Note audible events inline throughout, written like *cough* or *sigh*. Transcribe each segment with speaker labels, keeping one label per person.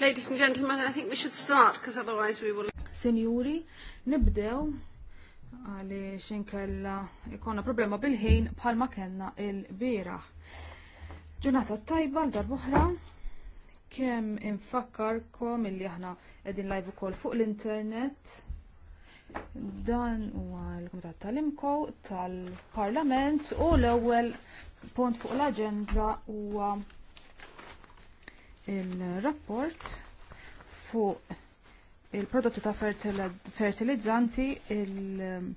Speaker 1: Ladies and gentlemen, I think we should start, because otherwise we will...
Speaker 2: Senjuri, nibdew għali xinkella ikonna problema bil-ħin bħalma kellna il-bira. Ġunata tajba l-darbuħra, kem infakkarkom il-li aħna edin live ukoll fuq l-internet. Dan huwa l-Kumitat tal-Imko tal-Parlament u l-ewwel punt fuq l agenda huwa il-rapport fuq il-prodotti ta' fertilizzanti il-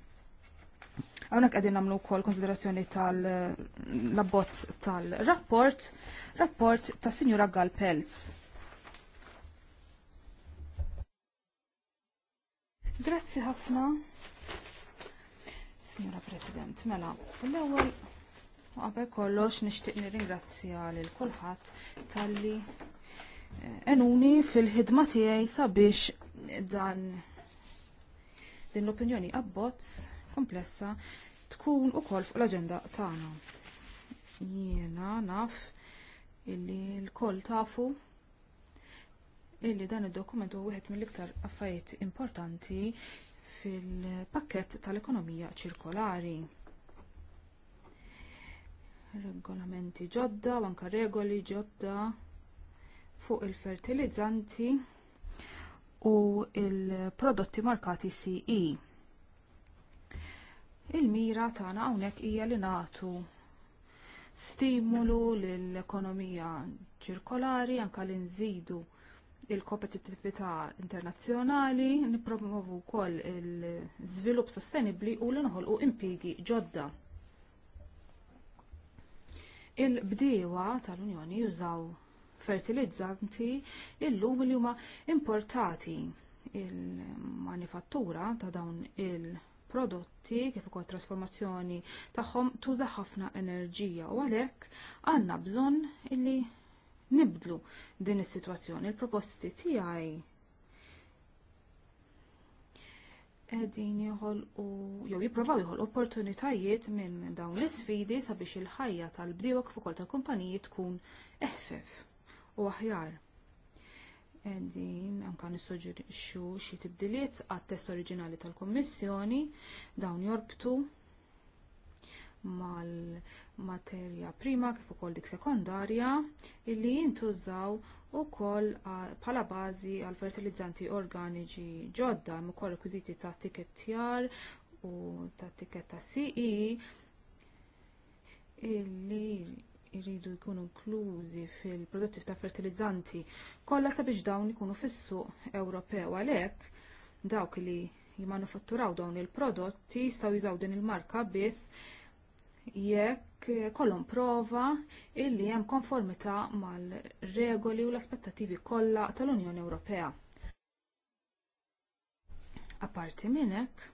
Speaker 2: Għawnek għedin namlu kol konsiderazzjoni tal-labbozz tal-rapport, rapport ta' Signora Gal Pelz. Grazzi ħafna, Signora President. Mela, l-ewel, għabbe kollox nishtiqni nirringrazzja l-kulħat tal-li enuni fil-ħidma tiegħi sabiex dan din l-opinjoni abbozz komplessa tkun ukoll fuq l-aġenda tagħna. Jiena naf illi l-koll tafu illi dan id-dokument huwa wieħed mill-iktar affarijiet importanti fil-pakkett tal-ekonomija ċirkolari regolamenti ġodda, u anke regoli ġodda fuq il-fertilizzanti u il-prodotti markati CE. Il-mira tagħna hawnhekk hija li nagħtu stimulu l ekonomija ċirkolari anke li nżidu il-kompetittività internazzjonali, nippromovu wkoll il-żvilupp sostenibbli u li noħolqu impjiegi ġodda. Il-bdiewa tal-Unjoni jużaw fertilizzanti illum li huma importati il-manifattura ta' dawn il-prodotti kif ukoll trasformazzjoni tagħhom tuża ħafna enerġija u għalhekk għandna bżonn illi nibdlu din is-sitwazzjoni. Il-proposti tiegħi qegħdin joħolqu jew jipprovaw joħolqu opportunitajiet minn dawn l isfidi sabiex il-ħajja tal-bdiewa kif ukoll tal-kumpaniji tkun eħfef u aħjar. Din anka nissuġġerixxu xi tibdiliet għat-test oriġinali tal-Kummissjoni dawn jorbtu mal-materja prima kif ukoll dik sekondarja illi jintużaw ukoll bħala bażi għal fertilizzanti organiċi ġodda hemm ukoll rekwiżiti ta' tikettjar u ta' tiketta CE illi iridu jkunu inklużi fil-prodotti ta' fertilizzanti kollha sabiex dawn ikunu fis-suq Ewropew għalhekk dawk li jimanufatturaw dawn il-prodotti jistgħu jużaw din il-marka biss jekk kollhom prova illi hemm konformità mal-regoli u l-aspettattivi kollha tal-Unjoni Ewropea. Apparti minn hekk,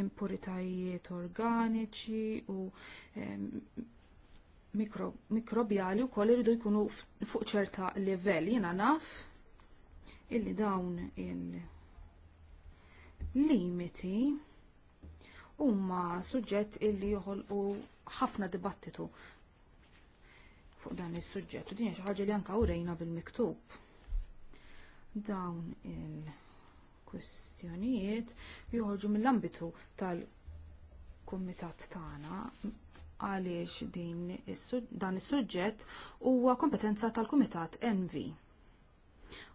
Speaker 2: impuritajiet organiċi u mikro, mikrobjali u koll iridu jkunu fuq ċerta level Jena naf illi dawn il-limiti huma suġġett illi joħolqu ħafna dibattitu fuq dan is-suġġett u din hija xi ħaġa li anka urejna bil-miktub. Dawn il- kwistjonijiet joħorġu mill-ambitu tal-kumitat tagħna għaliex dan is-suġġett huwa kompetenza tal-kumitat NV.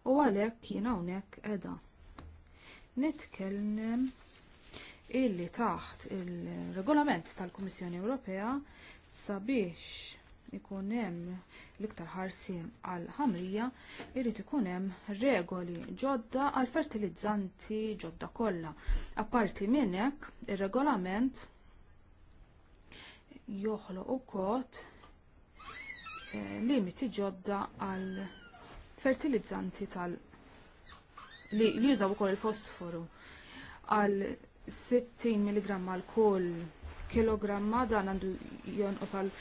Speaker 2: U għalhekk jien hawnhekk qiegħda. Nitkellem illi taħt il-regolament tal-Kummissjoni Ewropea sabiex ikun hemm l-iktar ħarsien għal ħamrija, irid ikun hemm regoli ġodda għal fertilizzanti ġodda kollha. Apparti minn hekk, ir-regolament joħloq ukoll eh, limiti ġodda għal fertilizzanti tal li jużaw ukoll il-fosforu għal 60 mg għal kull kilogramma dan għandu jonqos għal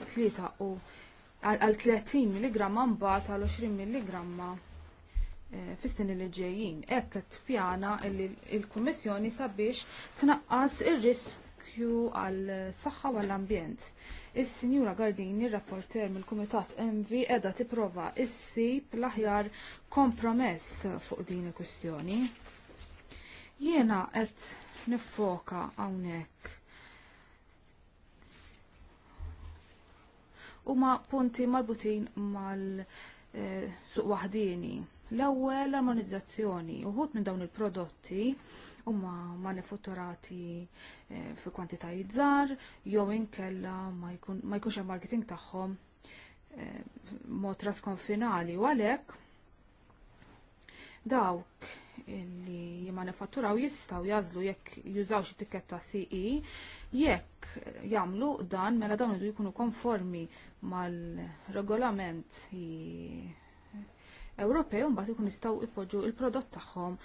Speaker 2: 3 u għal 30 mg mbagħad għal 20 mg eh, fis-snin li ġejjin. Hekk qed tpjana l-Kummissjoni sabiex tnaqqas ir-riskju għal saħħa u għall-ambjent. Is-Sinjura Gardini, rapporter mill-Kumitat MV, edha tipprova issib l-aħjar kompromess fuq din il-kwistjoni. Jiena qed niffoka hawnhekk huma punti marbutin mal-suq eh, wahdini. L-ewwel l-armonizzazzjoni. Uħud minn dawn il-prodotti huma manifutturati eh, fi kwantitajiet żgħar jew inkella ma jkunx hemm marketing tagħhom eh, mod trasconfinali u għalhekk dawk li jimmanufatturaw jistaw jazlu jekk jużaw xi tikketta CE, jekk jagħmlu dan mela dawn idu jkunu konformi mal-regolament Ewropew mbagħad ikun jistgħu ipoġġu l-prodott tagħhom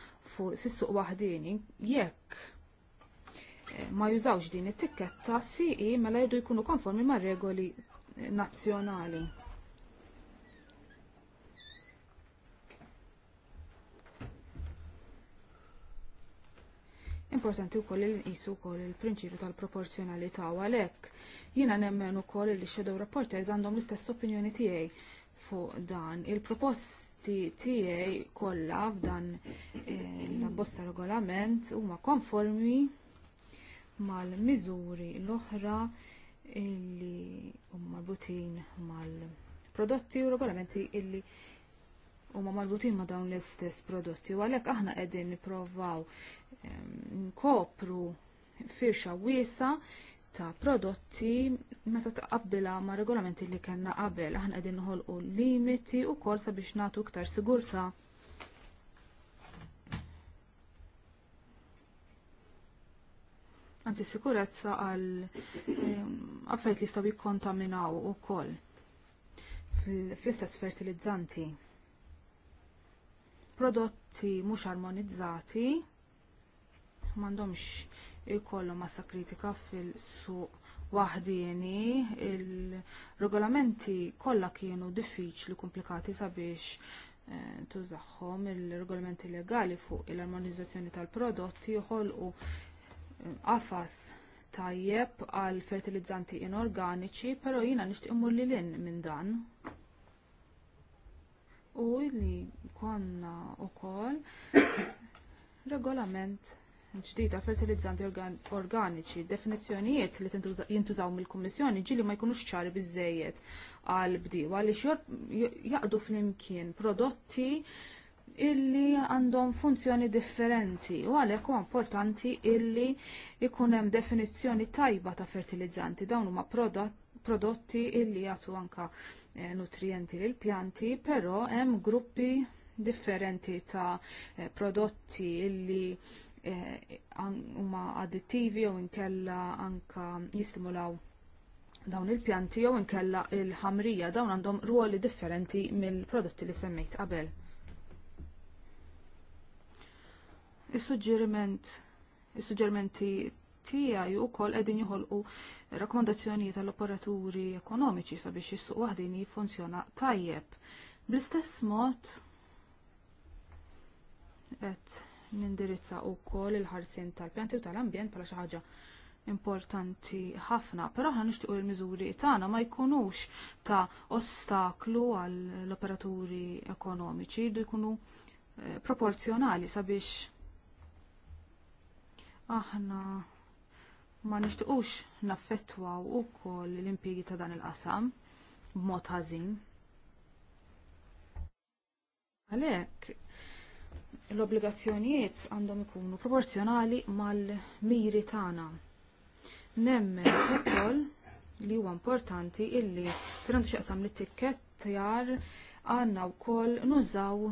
Speaker 2: fis-suq waħdini jekk eh, ma jużawx din it-tikketta CE mela jdu jkunu konformi mar-regoli nazzjonali. Importanti wkoll li nqisu wkoll il-prinċipju tal-proporzjonalità u għalhekk jiena nemmen ukoll li shadow reporters għandhom l-istess opinjoni tiegħi fuq dan. Il-proposti tiegħi kollha f'dan eh, l-abbosta regolament huma konformi mal-miżuri l-oħra illi huma marbutin mal-prodotti u regolamenti illi huma marbutin ma' dawn l-istess prodotti u għalhekk aħna qegħdin niprovaw nkopru firxa wiesa ta' prodotti meta taqabbilha ma' regolamenti li kellna qabel aħna qegħdin noħolqu limiti wkoll sabiex nagħtu iktar sigurtà. Anzi sikurezza għal affarijiet li jistgħu jikkontaminaw ukoll fl-istess fertilizzanti. Prodotti mhux armonizzati m'għandhomx ikollhom massa kritika fil-suq waħdieni, il-regolamenti kollha kienu diffiċli komplikati sabiex eh, tużaħħom il-regolamenti legali fuq il-armonizzazzjoni tal-prodotti joħolqu eh, qafas tajjeb għal fertilizzanti inorganiċi, però jiena nixtieq immur li lin minn dan. U li konna wkoll *coughs* regolament ġdida fertilizzanti organiċi, definizzjonijiet li jintużaw mill-Kummissjoni ġili ma jkunux ċari biżejjed għal bdi, li jaqdu flimkien prodotti illi għandhom funzjoni differenti u għalhekk huwa importanti illi ikun hemm definizzjoni tajba ta' fertilizzanti dawn huma prodotti illi jagħtu anka eh, nutrienti lil pjanti, però hemm gruppi differenti ta' eh, prodotti illi Eh, huma addittivi jew inkella anka jistimulaw dawn il-pjanti jew inkella il-ħamrija dawn għandhom ruoli differenti mill-prodotti li semmejt qabel. Is-suġġeriment is-suġġerimenti tiegħi wkoll qegħdin joħolqu rakkomandazzjonijiet tal-operaturi ekonomiċi sabiex is-suq waħdin jiffunzjona tajjeb. Bl-istess mod qed nindirizza wkoll il-ħarsien tal-pjanti u tal-ambjent bħala xi ħaġa importanti ħafna, però aħna nixtiequ l-miżuri tagħna ma jkunux ta' ostaklu għall operaturi ekonomiċi li jkunu eh, proporzjonali sabiex aħna ma nixtiequx naffettwaw ukoll l-impjiegi ta' dan il-qasam b'mod ħażin. Għalhekk l-obbligazzjonijiet għandhom ikunu proporzjonali mal-miri tagħna. Nemmen ukoll li huwa importanti illi firandu xaqsam li tikket tjar għanna wkoll nużaw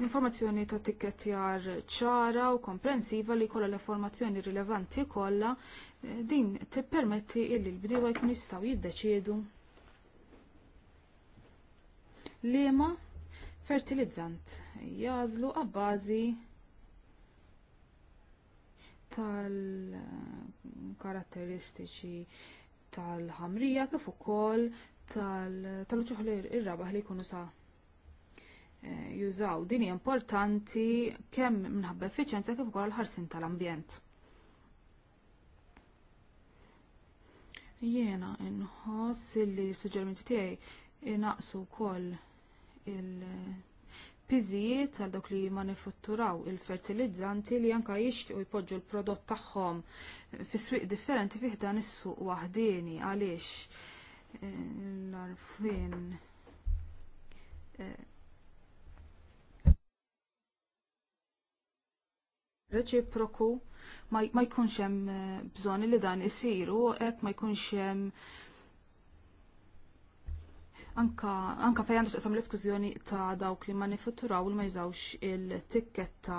Speaker 2: informazzjoni ta' tikketjar ċara u komprensiva li kollha l-informazzjoni rilevanti kollha din tippermetti illi l-bdiewa jkun jistgħu jiddeċiedu liema fertilizzant jażlu għabbażi tal-karatteristiċi tal-ħamrija kif ukoll tal-ċuħli ir-rabaħ li jkunu sa' eh, jużaw din hija importanti kemm minħabba effiċenza kif ukoll ħarsin tal-ambjent. Jiena nħoss li suġġerimenti tiegħi inaqsu wkoll il-piżijiet għal dawk li manifatturaw il-fertilizzanti li anke jixtiequ jpoġġu l-prodott tagħhom fis-swieq differenti fih dan is-suq waħdini għaliex eh, l-arfin eh, reċiproku ma jkunx hemm eh, bżonn li dan isir u hekk ma jkunx hemm anka anka fejn għandux qasam l-eskużjoni ta' dawk li ma nifutturaw li ma jużawx il-tikketta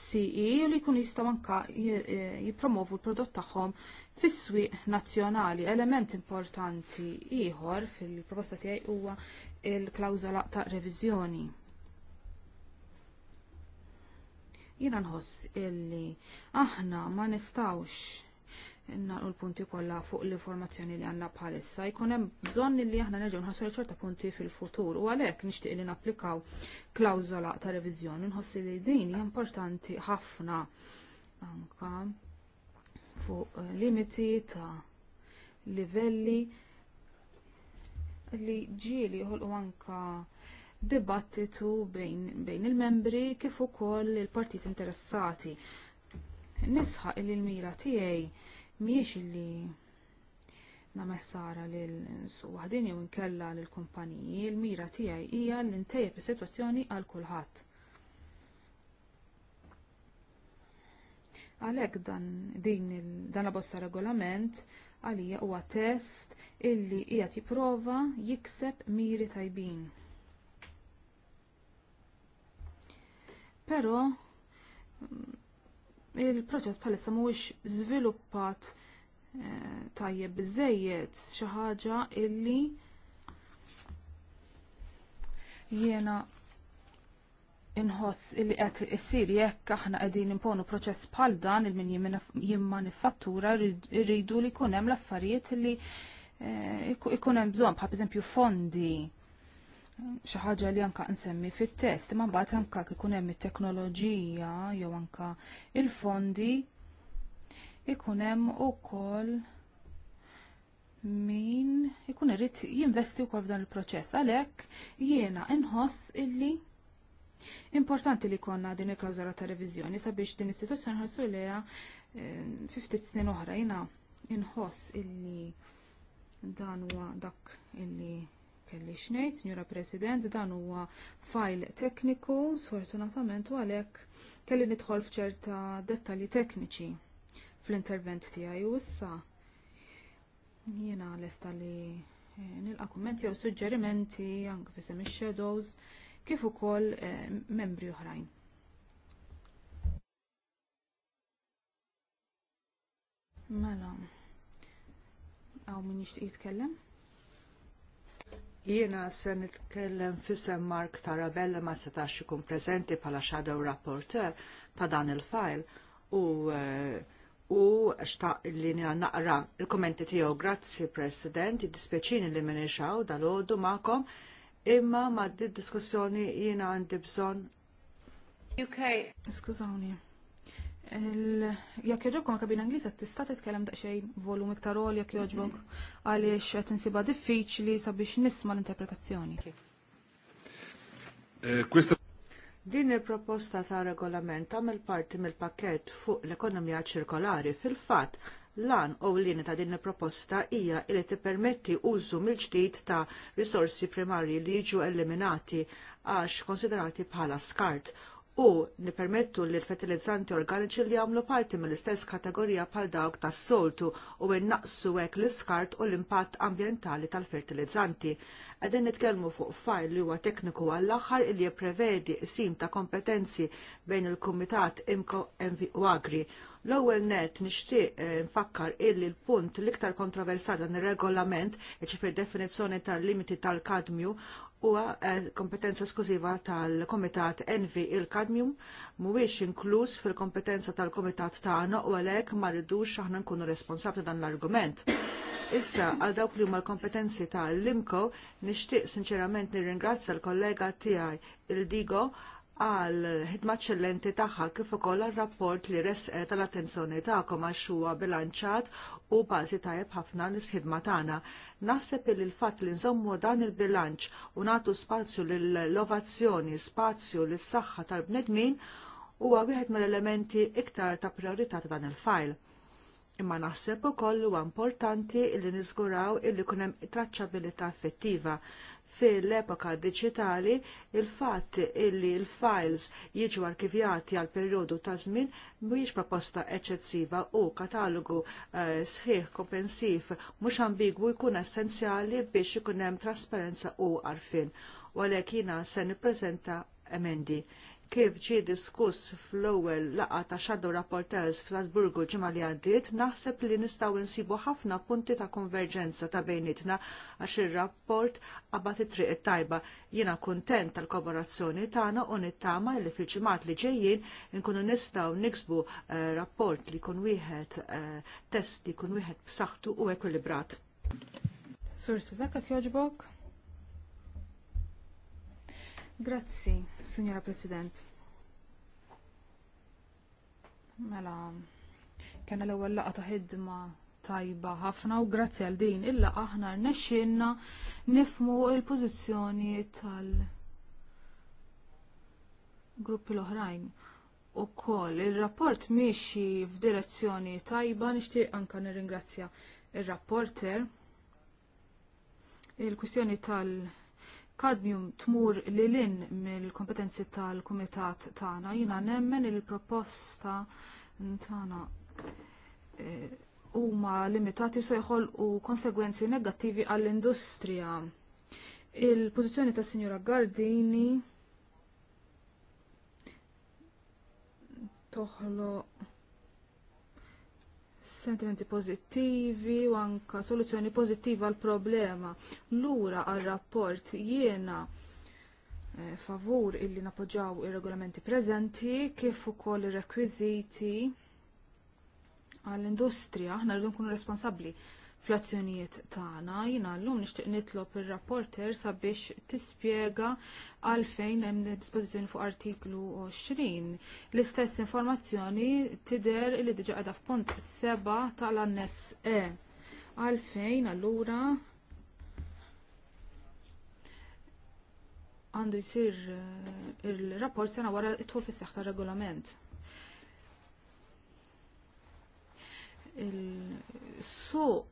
Speaker 2: CE u li jkun jistgħu anka jippromovu eh, l-prodott tagħhom fis-swieq nazzjonali. Element importanti ieħor fil-proposta tiegħi huwa il-klawżola ta' reviżjoni. Jiena nħoss illi aħna ma nistawx naqlu l-punti kollha fuq l-informazzjoni li għandna bħalissa jkun hemm bżonn li aħna nerġgħu nħassu ċerta punti fil-futur u għalhekk nixtieq li napplikaw klawżola ta' reviżjoni nħossi li din hija importanti ħafna anka fuq eh, limiti ta' livelli li ġieli joħolqu anka dibattitu bejn, bejn il-membri kif ukoll il-partit interessati. Nisħaq li l-mira tiegħi mhijiex illi nagħmel sara lil suq waħdin jew inkella l kumpaniji, l-mira tiegħi hija li ntejjeb fi sitwazzjoni għal kulħadd. Għalhekk dan din dan bossa regolament għalija huwa test illi qiegħed jipprova jikseb miri tajbin. Però mm, il-proċess bħalissa mhuwiex żviluppat eh, tajjeb biżejjed xi ħaġa illi jiena inħoss illi qed issir jekk aħna qegħdin imponu proċess bħal dan il min nifattura rridu li jkun hemm l-affarijiet li ikun eh, hemm bżonn bħal fondi xi ħaġa li anka nsemmi fit-test, imma mbagħad anka kikun hemm it-teknoloġija jew anka il-fondi ikun hemm ukoll min ikun irid jinvesti wkoll f'dan il-proċess. Għalhekk jiena inħoss illi importanti li konna din il-klawżola ta' reviżjoni sabiex din is-sitwazzjoni ħarsu lejha eh, fi ftit snin oħra jiena inħoss illi dan huwa dak illi kelli xnejt, Signora President, dan huwa fajl tekniku, sfortunatament u għalhekk kelli nidħol f'ċerta dettalji tekniċi fl-intervent tiegħi u issa jiena lesta li eh, nilqa' kummenti jew suġġerimenti anke fi ix-shadows kif ukoll eh, membri oħrajn. Mela, għaw min jishtiq jitkellem?
Speaker 3: Jiena se nitkellem fisem Mark Tarabella ma setax ikun preżenti bħala shadow rapporteur ta' dan il-file u eh, u xtaq li naqra il-kommenti tiegħu grazzi President, dispjaċini li minn ixaw dal-għodu ma'kom imma ma' diskussjoni jiena għandi bżonn. UK. Skużawni. Jekk joġobkom kabina Angliża
Speaker 2: tista' titkellem daqsxejn volum iktar għol jekk joġbok għaliex qed insiba diffiċli sabiex
Speaker 3: nisma' l-interpretazzjoni. Eh, din il-proposta ta' regolament tagħmel parti mill-pakkett fuq l-ekonomija ċirkolari fil-fatt lan u l ta' din il-proposta hija li tippermetti użu mill-ġdid ta' risorsi primarji li jiġu eliminati għax konsiderati bħala skart u nipermettu li l-fertilizzanti organiċi li jagħmlu parti mill-istess kategorija bħal dawk tas-soltu u innaqsu hekk l-iskart u l-impatt ambjentali tal-fertilizzanti. Qegħdin nitkellmu fuq fajl li huwa tekniku għall-aħħar li jipprevedi sim ta' kompetenzi bejn il-Kumitat Imko u Agri. L-ewwel net nixtieq eh, nfakkar illi l-punt l-iktar kontroversat dan ir-regolament, ġifier definizzjoni tal-limiti tal-kadmju huwa eh, kompetenza esklużiva tal-Komitat Envi il-Kadmium mhuwiex inkluż fil-kompetenza tal-Komitat tagħna u għalhekk ma rridux aħna nkunu responsabbli dan l-argument. Issa għal dawk li huma l-kompetenzi tal-Limko nixtieq sinċerament nirringrazzja l-kollega tiegħi il-Digo għal ħidma ċellenti tagħha kif ukoll ar-rapport li resqet tal-attenzjoni tagħkom għax huwa bilanċat u bażi tajjeb ħafna l ħidma tagħna. Naħseb li l-fatt li nżommu dan il-bilanċ u nagħtu spazju lill-ovazzjoni, spazju lis-saħħa tal-bnedmin huwa wieħed mill-elementi iktar ta' priorità ta' dan il-fajl. Imma naħseb ukoll huwa importanti li niżguraw illi jkun hemm traċċabilità effettiva fil-epoka diġitali il-fatt illi l-files jiġu arkivjati għal perjodu ta' żmien mhijiex proposta eċċessiva u katalogu eh, sħiħ komprensiv mhux ambigwu jkun essenzjali biex ikun hemm trasparenza u għarfien. U għalhekk jiena se nippreżenta emendi kif ġie diskuss fl-ewwel laqgħa ta' Shadow Rapporteurs f'Salzburgu ġimgħa li għaddiet, naħseb li nistgħu nsibu ħafna punti ta' konverġenza ta' bejnietna għax ir-rapport qabad it-triq tajba. Jiena kuntent tal-kooperazzjoni tagħna u nittama li fil-ġimgħat li ġejjin inkunu nistgħu niksbu eh, rapport li jkun wieħed eh, test li jkun wieħed b'saħħtu u ekwilibrat. Sur Suzaka kjoġbok? Grazzi, Signora President.
Speaker 2: Mela, kena l-ewwel laqa' ta' ħidma tajba ħafna u grazzi għal din illa aħna rnexxinna nifmu l-pożizzjoni tal gruppi l-oħrajn u koll il-rapport miexi f'direzzjoni tajba nixtieq anka nirringrazzja ir-rapporter il-kwistjoni tal- kadmium tmur li l-in mill-kompetenzi tal-kumitat tagħna jiena nemmen il-proposta tagħna eh, huma e, limitati se jħolqu konsegwenzi negattivi għall-industrija. Il-pożizzjoni tas Sinjura Gardini toħloq sentimenti pozittivi u anka soluzzjoni pozittiva għal problema. Lura għal rapport jiena eh, favur illi napoġaw ir-regolamenti preżenti kif ukoll ir-rekwiżiti għall-industrija, aħna rridu nkunu responsabbli fl-azzjonijiet tagħna. Jiena llum nixtieq nitlob ir-rapporter sabiex tispjega għalfejn hemm dispożizzjoni fuq artiklu 20. L-istess informazzjoni tidher li diġà qiegħda f'punt 7 tal-annes E. Għalfejn allura għandu jsir eh, il-rapport sena wara jidħol fis seħħ tar regolament. il-suq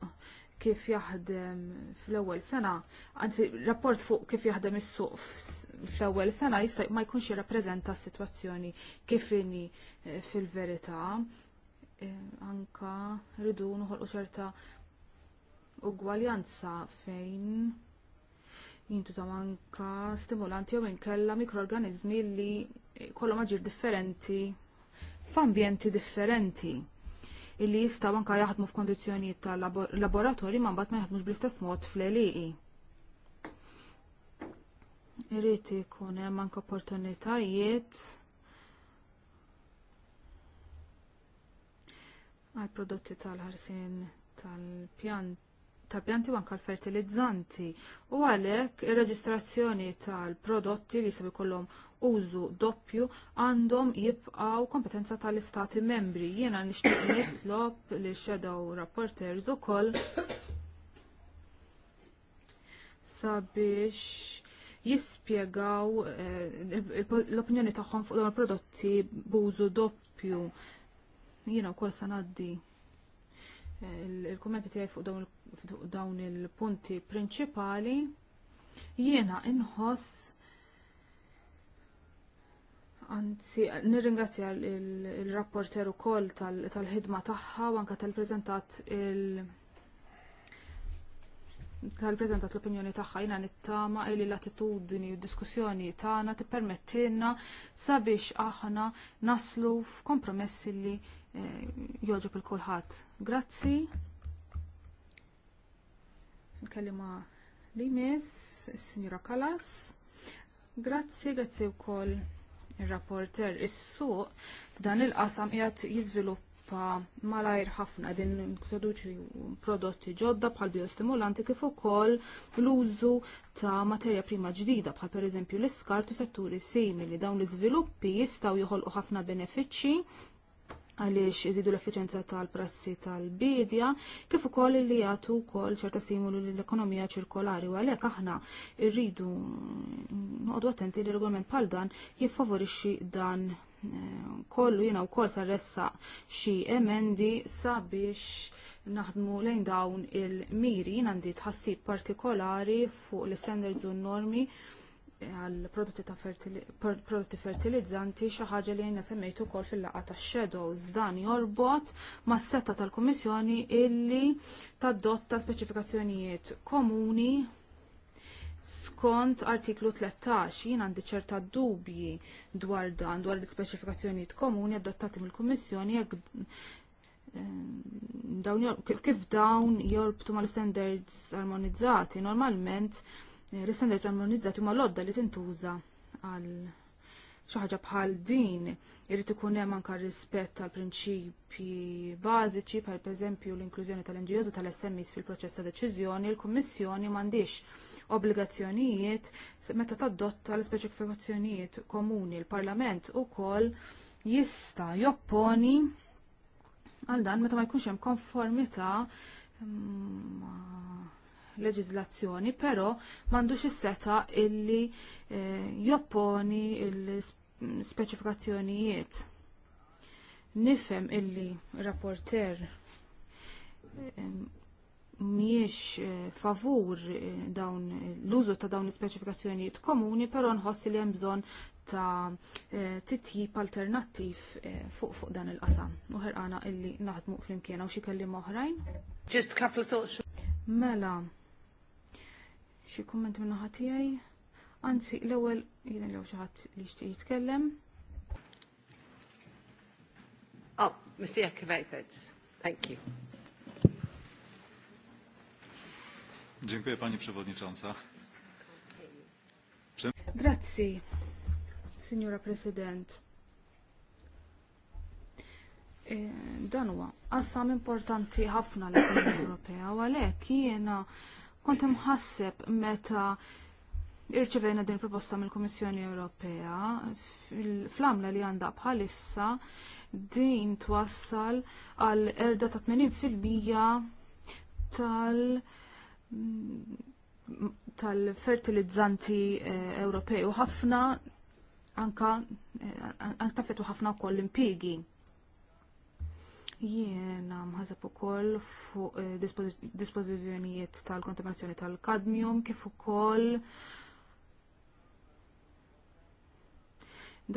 Speaker 2: kif jaħdem fl-ewwel sena, anzi rapport fuq kif jaħdem is-suq fl-ewwel sena jista' ma jkunx jirrappreżenta s-sitwazzjoni kif inhi eh, fil-verità. Eh, anka rridu noħolqu ċerta ugwaljanza fejn jintużaw anka stimulanti jew inkella mikroorganizmi li kollhom aġir differenti f'ambjenti differenti illi jistgħu anke jaħdmu f'kondizzjonijiet ta' laboratorji ma mbagħad ma jaħdmux bl-istess mod fl-eliqi. E. Irrid ikun hemm anke opportunitajiet għal prodotti tal-ħarsin tal-pjant tal-pjanti u anka l-fertilizzanti u għalhekk ir-reġistrazzjoni tal-prodotti li jsibu jkollhom użu doppju għandhom jibqgħu kompetenza tal-istati membri. Jiena nixtieq *coughs* nitlob li shadow rapporters ukoll sabiex jispjegaw eh, l-opinjoni tagħhom fuq dawn il-prodotti b'użu doppju. Jiena wkoll kol ngħaddi eh, il-kummenti tijaj fuq dawn il-punti prinċipali jiena inħoss Anzi, nirringrazzja il-rapporter u tal-ħidma taħħa u anka tal-prezentat il- tal-prezentat l-opinjoni taħħa jina nittama li l-attitudni u diskussjoni taħna tippermettilna sabiex aħna naslu f'kompromessi li eh, joġob pil-kulħadd. Grazzi. Nkellima li is signora Kalas. Grazzi, grazzi u il-rapporter is-suq f'dan il-qasam qiegħed jiżviluppa malajr ħafna din introduċi prodotti ġodda bħal biostimulanti kif ukoll l-użu ta' materja prima ġdida bħal pereżempju l-iskart u setturi simili dawn l-iżviluppi jistgħu joħolqu ħafna benefiċċji għaliex iżidu l-effiċenza tal-prassi tal-bidja, kif ukoll li jagħtu wkoll ċerta stimulu l-ekonomija ċirkolari u għalhekk aħna rridu noqogħdu attenti li regolament bħal dan jiffavorixxi dan eh, kollu jiena wkoll sarressa xi emendi sabiex naħdmu lejn dawn il-miri jien għandi tħassib partikolari fuq l-standards u n-normi għal prodotti ta' prodotti fertilizzanti xi ħaġa li jien semmejt wkoll fil-laqgħa tax-shadows dan jorbot mas setta tal-Kummissjoni illi tadotta speċifikazzjonijiet komuni skont artiklu 13 jien għandi ċerta dubji dwar dan dwar l-ispeċifikazzjonijiet komuni adottati mill-Kummissjoni jekk ehm, kif dawn jorbtu mal-standards armonizzati normalment l-standards armonizzati ma l-odda li tintuża għal xi ħaġa bħal din irrit ikun hemm anke rispett għal prinċipji bażiċi bħal pereżempju l-inklużjoni tal-NGOs u tal-SMEs fil-proċess ta' deċiżjoni, il-Kummissjoni m'għandix obbligazzjonijiet meta tadotta l-ispeċifikazzjonijiet komuni. l parlament ukoll jista' jopponi għal dan meta ma jkunx hemm konformità leġizlazzjoni, però m'għandux is-seta illi eh, jopponi il-speċifikazzjonijiet. Nifhem illi rapporter eh, miex eh, favur dawn l-użu ta' dawn l-speċifikazzjonijiet komuni, però nħossi li hemm bżonn ta' titjib alternattiv fuq fuq dan il-qasam. U għana illi naħdmu fl-imkiena u xi kelliem oħrajn.
Speaker 1: Just couple of thoughts.
Speaker 2: Mela, Xi kumment minn naħa tiegħi? Anzi, l-ewwel jiena l xi ħadd li jixtieq jitkellem.
Speaker 1: Oh, Mr. Jakovic, thank you.
Speaker 4: Dziękuję Pani Przewodnicząca.
Speaker 2: Grazzi, Signora President. E, dan huwa importanti ħafna l-Unjoni Ewropea u għalhekk jiena Kont imħasseb meta irċevejna din proposta mill-Kummissjoni Ewropea fl-għamla li għandha bħalissa din twassal għal erda ta' 80% tal- tal-fertilizzanti eh, Ewropej u ħafna anka għantafetu eh, ħafna wkoll l-impigi. Jiena mħasab ukoll fuq eh, dispożizzjonijiet tal-kontaminazzjoni tal-kadmium kif ukoll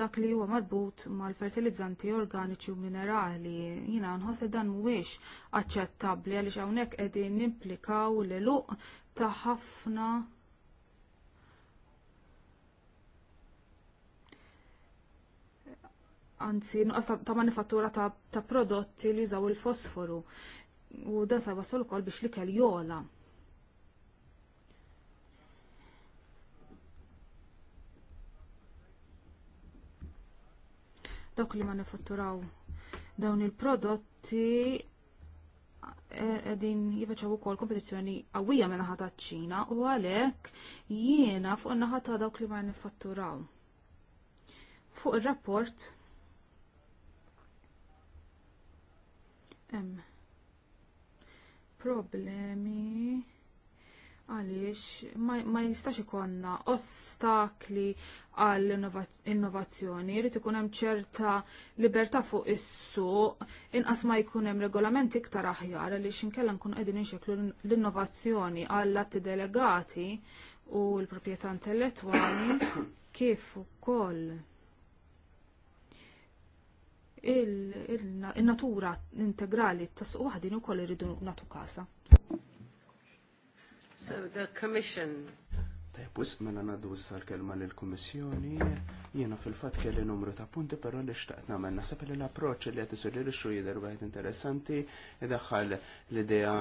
Speaker 2: dak li huwa marbut mal-fertilizzanti organiċi u minerali. Jiena nħos li dan mhuwiex aċċettabbli għaliex hawnhekk qegħdin nimplikaw l-luq ta' ħafna anzi nuqqas ta' manifattura ta' prodotti li jużaw il-fosforu u dan sa' wassal ukoll biex l kell jola. Dawk li manifatturaw dawn il-prodotti e, din jivaċaw u kol kompetizjoni għawija minna ħata ċina u għalek jiena fuq naħata dawk li manifatturaw. Fuq il-rapport hemm problemi għaliex ma, jistax ikonna ostakli għall innovazzjoni jrid ikun hemm ċerta libertà fuq is-suq inqas ma jkun hemm regolamenti iktar aħjar għaliex inkella nkun qegħdin inxeklu l-innovazzjoni għall atti delegati u l-proprjetà intellettwali kif ukoll il-natura integrali tas suq waħdin koll
Speaker 1: iridu natu kasa. So the commission
Speaker 5: Pus mela nadu sal-kelma l-Komissjoni, jiena fil-fat kelli numru ta' punti, però li xtaqt namen Nasab li l-approċ li għet li xu jider interesanti, interessanti, daħħal l-idea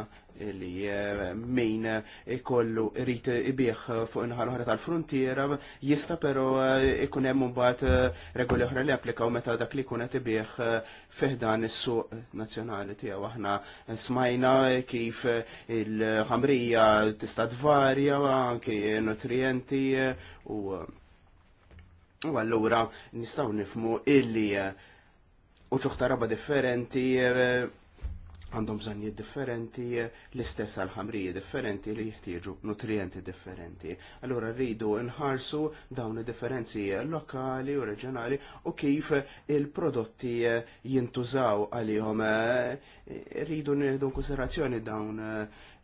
Speaker 5: li eh, min ikollu rrit ibieħ fuq inħal oħra tal-frontiera, jista però eh, ikun hemm mbagħad eh, regoli oħra li applikaw meta dak li kunet ibieħ fiħdan is-suq nazzjonali tiegħu aħna smajna kif il-ħamrija tista' tvarja anke nutrija klijenti eh, u eh, u allura nistaw nifmu illi eh, u ċuħta raba differenti għandhom bżonnijiet differenti, l-istess għal-ħamrija differenti li jħtieġu nutrienti differenti. Allura rridu nħarsu dawn differenzi lokali u reġjonali u kif il-prodotti jintużaw għalihom. Rridu nieħdu konsiderazzjoni dawn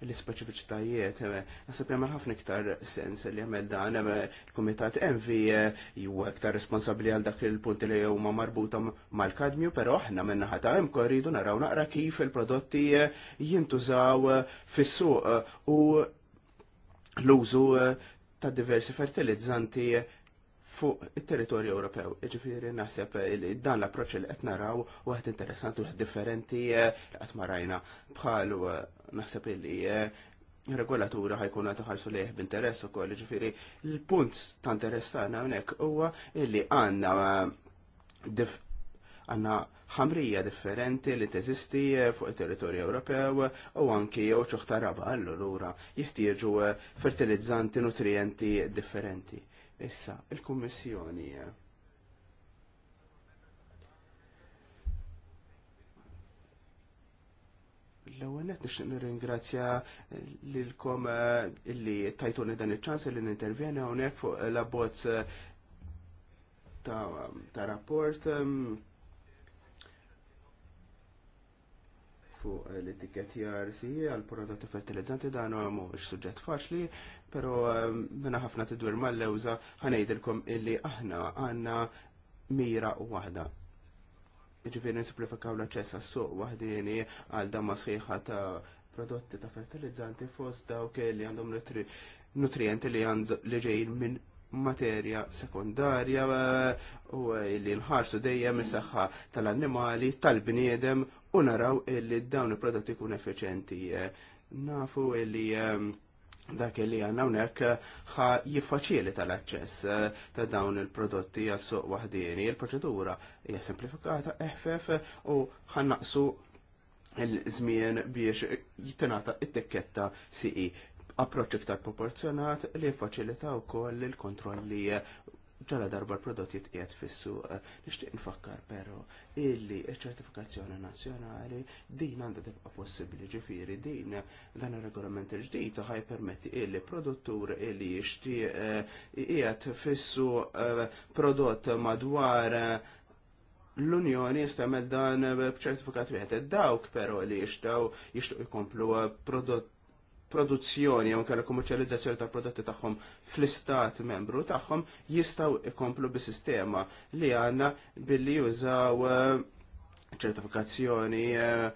Speaker 5: l-ispeċifiċitajiet. Eh, Nasab jagħmel ħafna iktar sens li jagħmel dan il-Kumitat eh, Envi eh, huwa iktar responsabbli għal dak il-punti li huma marbuta mal-kadmju, però aħna minna ħata ta' hemm korridu naraw naqra kif il-prodotti jintużaw fis-suq u l-użu ta' diversi fertilizzanti fuq il-territorju Ewropew. Ġifiri naħseb li dan l-approċċ li qed naraw waħed interessanti waħed differenti eh, qed marajna bħalu eh, naħseb li eh, regolatura ħajkun għat ħarsu leħ b'interess ukoll, ġifiri l-punt ta' interess tagħna hawnhekk huwa li għandna għanna ħamrija differenti li teżisti fuq il-territorju Ewropew u anki u ċoħta raba għallu l-ura jihtieġu fertilizzanti, nutrienti differenti Issa, il-Kummissjoni. L-ewwel qed nixtieq nirringrazzja lilkom eh, illi tajtuni dan iċ-ċans li nintervjeni hawnhekk fuq l-abbozz eh, ta' rapport ehm, fuq l-etiketti e RC għal prodotti fertilizzanti dan mhuwiex suġġett faċli pero ehm, minna ħafna tidwir mal-lewza ħanajdilkom illi aħna għanna mira waħda. Ġifiri nisimplifikaw l-aċċess għas-suq waħdini għal damma sħiħa ta' prodotti ta' fertilizzanti fost dawk li għandhom nutrienti li għand li ġejjin minn materja sekundarja eh, u li nħarsu dejjem is-saħħa tal-annimali, tal-bniedem u naraw illi dawn il-prodotti kun effiċenti. Eh, nafu illi ehm, dak li għanna unek eh, ħa jiffaċili tal-access eh, ta' dawn il-prodotti għas wahdini. Il-proċedura hija semplifikata, eħfef u ħannaqsu il-żmien biex jittenata it-tekketta CE approċċ iktar proporzjonat li jiffaċilita wkoll il-kontrolli ġala darba l-prodotti tqiet fissu, eh, nixtieq nfakkar pero illi ċ-ċertifikazzjoni nazzjonali din għandha tibqa' possibbli ġifiri din dan ir-regolament il-ġdid ħaj permetti illi produttur illi jishtiq eh, qiegħed fissu eh, prodott madwar l-Unjoni jistamel dan b'ċertifikat wieħed. Dawk però li jixtaw jixtieq jkomplu prodott produzzjoni jew kellha kommerċjalizzazzjoni ta' prodotti tagħhom fl-istat membru tagħhom jistgħu ikomplu bis-sistema li għandna billi jużaw eh, ċertifikazzjoni eh,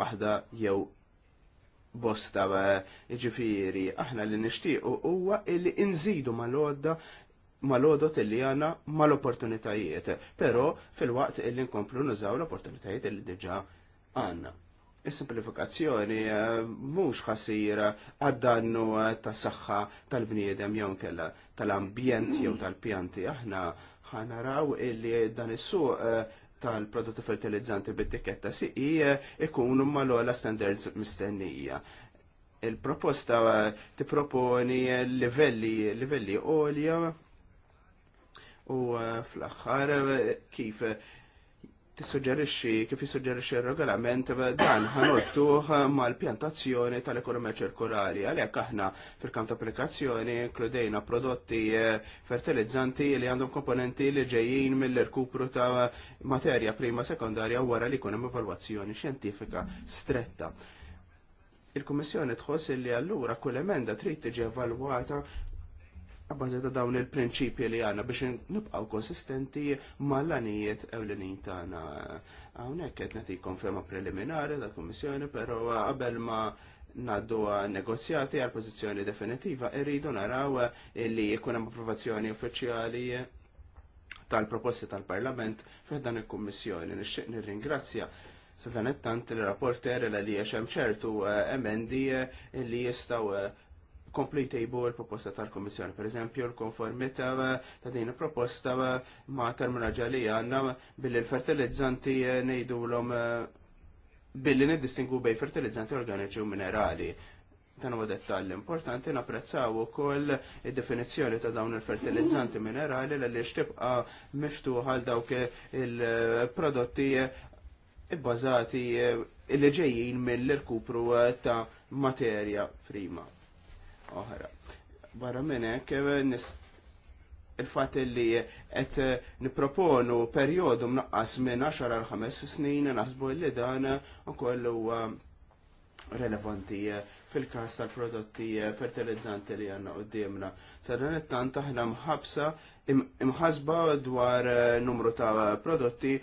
Speaker 5: waħda jew bosta eh, ġifiri aħna li nixtiequ huwa li inżidu mal-għodda mal-odot illi għana mal-opportunitajiet, pero fil-waqt illi nkomplu nużaw l-opportunitajiet li diġa għanna. Is-simplifikazzjoni eh, mhux ħasir għad-dannu eh, tas-saħħa tal-bniedem jew kella tal-ambjent jew tal-pjanti. Aħna ħanaraw illi dan is-suq eh, tal-prodotti fertilizzanti bit-tiketta siqi ikunu mal ogħla standards mistennija. Il-proposta tipproponi livelli livelli għolja u fl-aħħar kif tissuġġerixxi kif jissuġġerixxi r-regolament dan ħanottuh mal-pjantazzjoni tal-ekonomija ċirkolari. Għalhekk aħna fil-kamp ta' applikazzjoni inkludejna prodotti eh, fertilizzanti li għandhom komponenti li ġejjin mill-irkupru ta' materja prima sekondarja wara li jkun hemm evalwazzjoni xjentifika stretta. Il-Kummissjoni tħoss li allura kull emenda trid tiġi evalwata Għabbażi ta' dawn il-prinċipji li għanna biex nibqaw konsistenti mal-lanijiet ewlenin tagħna. Hawnhekk qed nati konferma preliminari ta' kummissjoni, però qabel ma naddu negozjati għal pożizzjoni definitiva irridu naraw li jkun hemm approvazzjoni uffiċjali tal-proposti tal-Parlament fejn dan il-Kummissjoni. Nixtieq nirringrazzja sa dan it-tant il-rapporter li hemm ċertu eh, emendi eh, li jistgħu eh, kompli l-proposta tal-Komissjoni. Per eżempju, l-konformita eh, ta' din proposta eh, ma' terminoloġa li għanna eh, billi l-fertilizzanti nejdu l-om billi nid-distingu bej fertilizzanti organiċi u minerali. Dan huwa dettall importanti napprezzaw ukoll id-definizzjoni ta' dawn il-fertilizzanti minerali li x'tibqa' miftuħa għal dawk il-prodotti bbażati li ġejjin mill-irkupru ta' materja prima oħra. Barra minn hekk il fat li qed nipproponu perjodu mnaqqas minn 10 għal 5 snin naħsbu li dan ukoll kollu relevanti fil-kas tal-prodotti fertilizzanti li għanna għoddimna. Sadan it-tant aħna mħabsa imħasba dwar numru ta' prodotti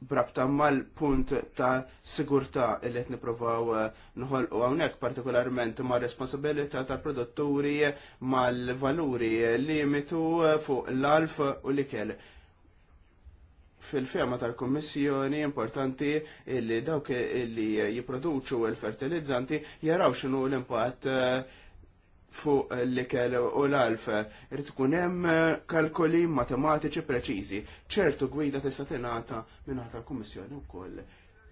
Speaker 5: brabta mal-punt ta' sigurta li qed nippruvaw eh, nħolqu hawnhekk partikolarment ma' responsabilità tal-produtturi mal-valuri limitu eh, fuq l-alf u l-ikel. Fil-fema tal-Kommissjoni importanti li dawk li jipproduċu l-fertilizzanti jaraw x'inhu l-impatt eh, fuq l-ikel u l-alf. rrit tkun hemm eh, kalkoli matematiċi preċiżi. ċertu gwida tista' tingħata mingħata l-Kummissjoni wkoll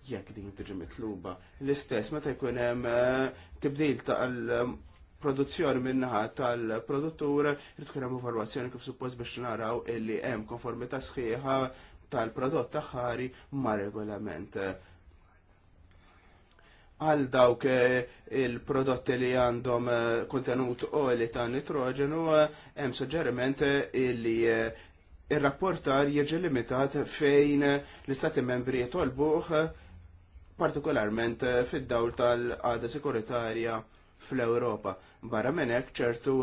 Speaker 5: jekk din tiġi mitluba. L-istess meta jkun hemm eh, tibdil tal-produzzjoni minnaħa tal-produttur, irid tkun hemm evalwazzjoni kif suppost biex naraw illi hemm konformità sħiħa tal-prodott taħħari ma' regolament għal dawk eh, il-prodotti li għandhom eh, kontenut oli ta' nitrogenu eh, hemm suġġeriment li il rapportar jiġi limitat fejn l-istati membri jitolbuħ, partikolarment fid-dawl tal-għada sekuritarja fl-Ewropa. Barra minn hekk ċertu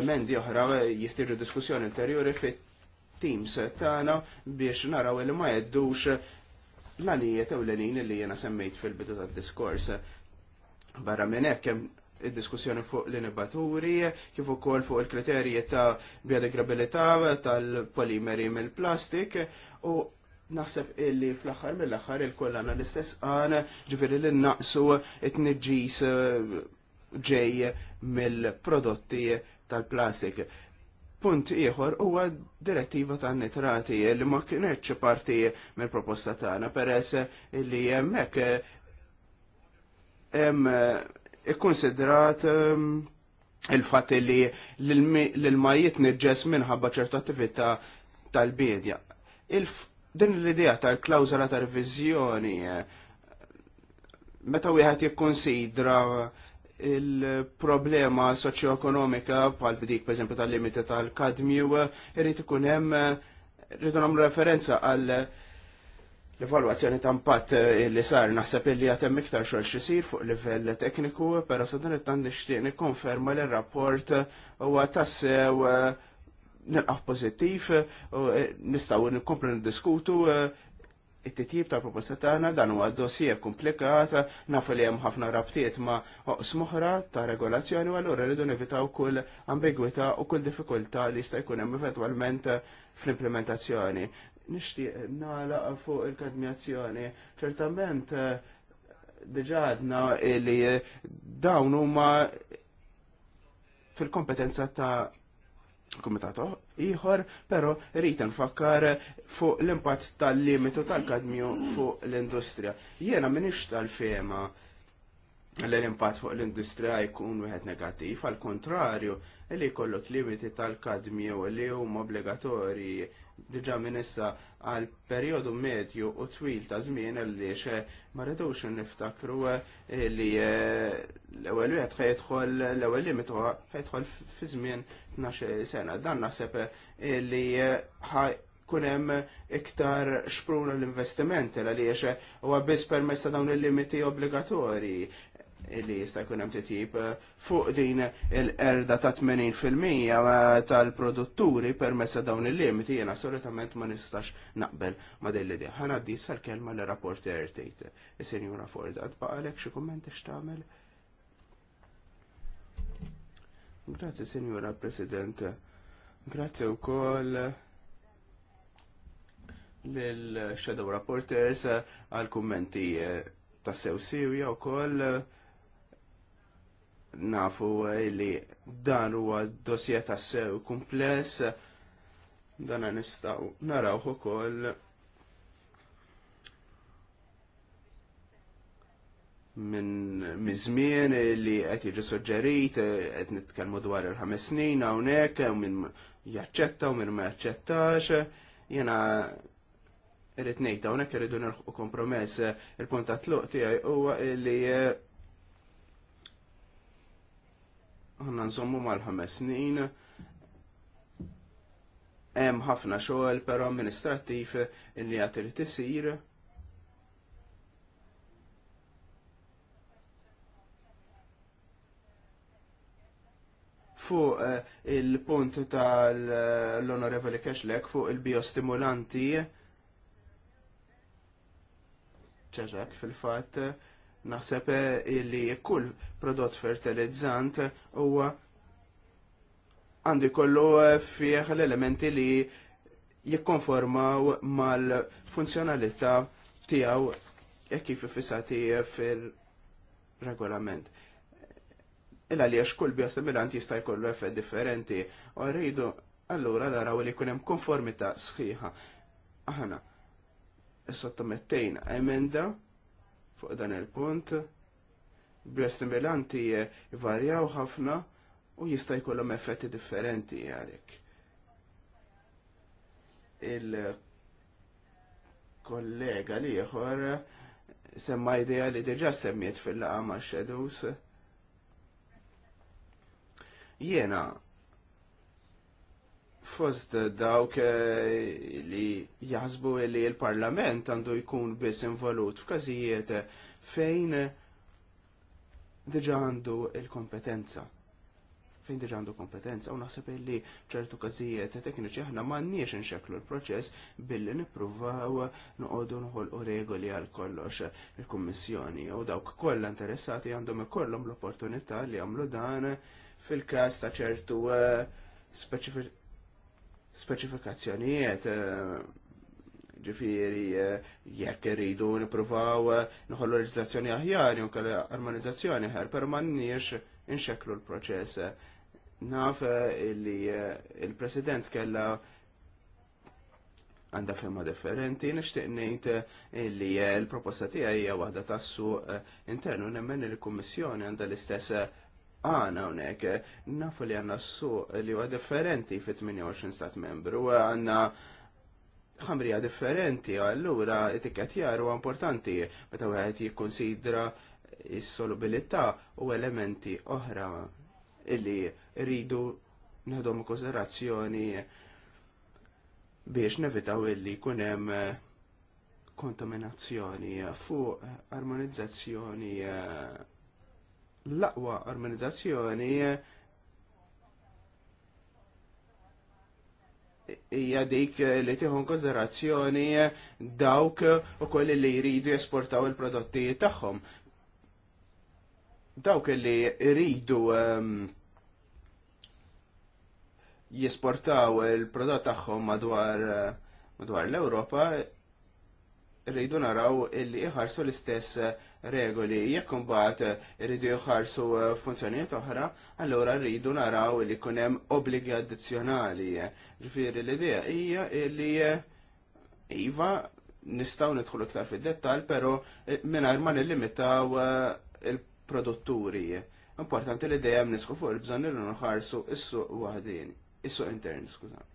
Speaker 5: emendi oħra jiħtieġu diskussjoni ulterjuri fit-teams tagħna biex naraw li ma jeddux l-għanijiet u l-għanin li jena semmejt fil-bidu tad diskors barra minn hekk diskussjoni fuq l-inibaturi, kif ukoll fuq il-kriterji ta' biodegrabilità tal-polimeri mill-plastik u naħseb illi fl-aħħar mill-aħħar il-koll għana l-istess għana ġifiri li naqsu it-tniġġis eh, ġej mill-prodotti tal-plastik. Punt ieħor huwa direttiva ta' nitrati li ma kienetx parti mill proposta tagħna peress li hemmhekk hemm eh, ikkonsidrat ehm, il-fatt li l-ilma jitniġġes minħabba ċertu attività tal-bidja. Din l-idea tal-klawżola ta' reviżjoni eh, meta wieħed jikkonsidra il-problema soċjoekonomika bħal bdik esempio tal-limiti tal-kadmju irid ikun hemm rridu nagħmlu referenza għal l-evalwazzjoni ta' impatt li sar naħseb li għad hemm iktar xogħol isir fuq livell tekniku, però sa dan it-tant nixtieq nikkonferma li r-rapport huwa tassew eh, nilqa' pożittiv u eh, nistgħu nkomplu niddiskutu eh, it-titjib ta' proposta tagħna dan huwa dossier komplikata, nafu li hemm ħafna rabtiet ma' oqs moħra ta' regolazzjoni u allura rridu nevitaw kull ambigwità u kull diffikultà li jista' jkun hemm eventwalment fl-implementazzjoni. Nixtieq nagħlaq fuq il-kadmjazzjoni. Ċertament diġà għadna li dawn huma fil-kompetenza ta' Kumitato ieħor, però rrid nfakkar fuq l-impatt tal-limitu tal-kadmju fuq l-industrija. Jiena m'iniex tal-fema l-impatt fuq l-industrija jkun wieħed negattiv, għal kontrarju li jkollok limiti tal-kadmju li huma obbligatorji diġa minn issa għal periodu medju u twil ta' żmien għaliex eh, ma rridux niftakru eh, li eh, l-ewwel wieħed ħejtħol l-ewwel limit ħejtħol fi żmien 12 sena. Dan naħseb li kun hemm iktar xpruna l-investimenti għaliex huwa biss permezz ta' dawn il-limiti obbligatorji Illi jista' jkun hemm titjib eh, fuq din il-erda ta' 80% eh, tal-produtturi permezz ta' dawn il-limiti jiena solitament ma nistax naqbel ma' din l-idea. Ħana di sal-kelma l rapporter tgħid is-Senjura Ford għad baqalek xi kumment tagħmel? Grazzi Senjura President. Grazzi wkoll lil Shadow Rapporters għal kummenti eh, ta' sew sirja u koll nafu li dan huwa dossier tassew kumpless dan nistgħu narawh ukoll minn mizmien li qed jiġi suġġerit, qed nitkellmu dwar il-ħames snin hawnhekk minn jaċċetta u minn ma jaċċettax. Jiena irrid ngħid hawnhekk irridu nerħu kompromess il-punt ta' tluq tiegħi huwa li għanna nżommu mal-ħames snin. Hemm ħafna xogħol però amministrattiv li għad irid isir. Fuq eh, il-punt tal-Onorevoli Kexlek fuq il-biostimulanti ċeġek fil-fat Naħseb eh, li kull prodott fertilizzant huwa għandu jkollu eh, fih l-elementi li jikkonformaw mal-funzjonalità tiegħu jekk kif fissati fil-regolament. Illa li għax kull biosimilant jista' jkollu effett differenti. U rridu allura naraw li jkun hemm konformità sħiħa. Aħna sottomettejna emenda fuq dan il-punt. Biostimulanti varjaw ħafna u jista' jkollhom effetti differenti għalhekk. Il-kollega li jħor semma idea li diġa' semmiet fil-laqa ma' shadows. Jena fost dawk eh, li jazbu li l-parlament għandu jkun biss involut f'każijiet fejn diġa għandu il-kompetenza. Fejn diġa għandu kompetenza, u naħseb li ċertu każijiet tekniċi aħna m'għandniex inxeklu l-proċess billi nippruvaw noqogħdu nħolqu regoli għal kollox il-Kummissjoni u dawk kollha interessati għandhom ikollhom l-opportunità li jagħmlu dan fil-każ ta' ċertu eh, speċifiċi speċifikazzjonijiet eh, ġifiri eh, jekk irridu nipruvaw eh, nħollu leġislazzjoni aħjar jew kellha armonizzazzjoni aħjar, però nniex inxeklu l-proċess. Naf li il-President kella għandha femma differenti, nixtieq ngħid li l-proposta tiegħi hija waħda tas-suq internu nemmen il-Kummissjoni għandha l-istess għana unek, nafu li għanna su li huwa differenti fit 28 stat membru, għanna ħamrija differenti, għallura etikettjar huwa importanti meta wieħed jikkonsidra is-solubilità u elementi oħra illi rridu naħdom konsiderazzjoni biex nevitaw illi jkun hemm kontaminazzjoni fuq armonizzazzjoni eh, l-aqwa organizzazzjoni hija dik li tieħu konsiderazzjoni dawk ukoll li jridu jesportaw il-prodotti tagħhom. Dawk li jridu ehm, jesportaw il-prodott tagħhom madwar eh, madwar l-Ewropa rridu naraw illi iħarsu l-istess eh, regoli. Jekk imbagħad eh, rridu jħarsu eh, funzjonijiet oħra, allura rridu naraw li jkun hemm obbligi addizzjonali. Ġifieri l-idea hija illi iva nistgħu nidħlu iktar fid-dettall, però mingħajr ma nillimitaw il-produtturi. Importanti l dejjem nisku fuq il-bżonn li nħarsu is-suq waħdin, is-suq intern, skużani.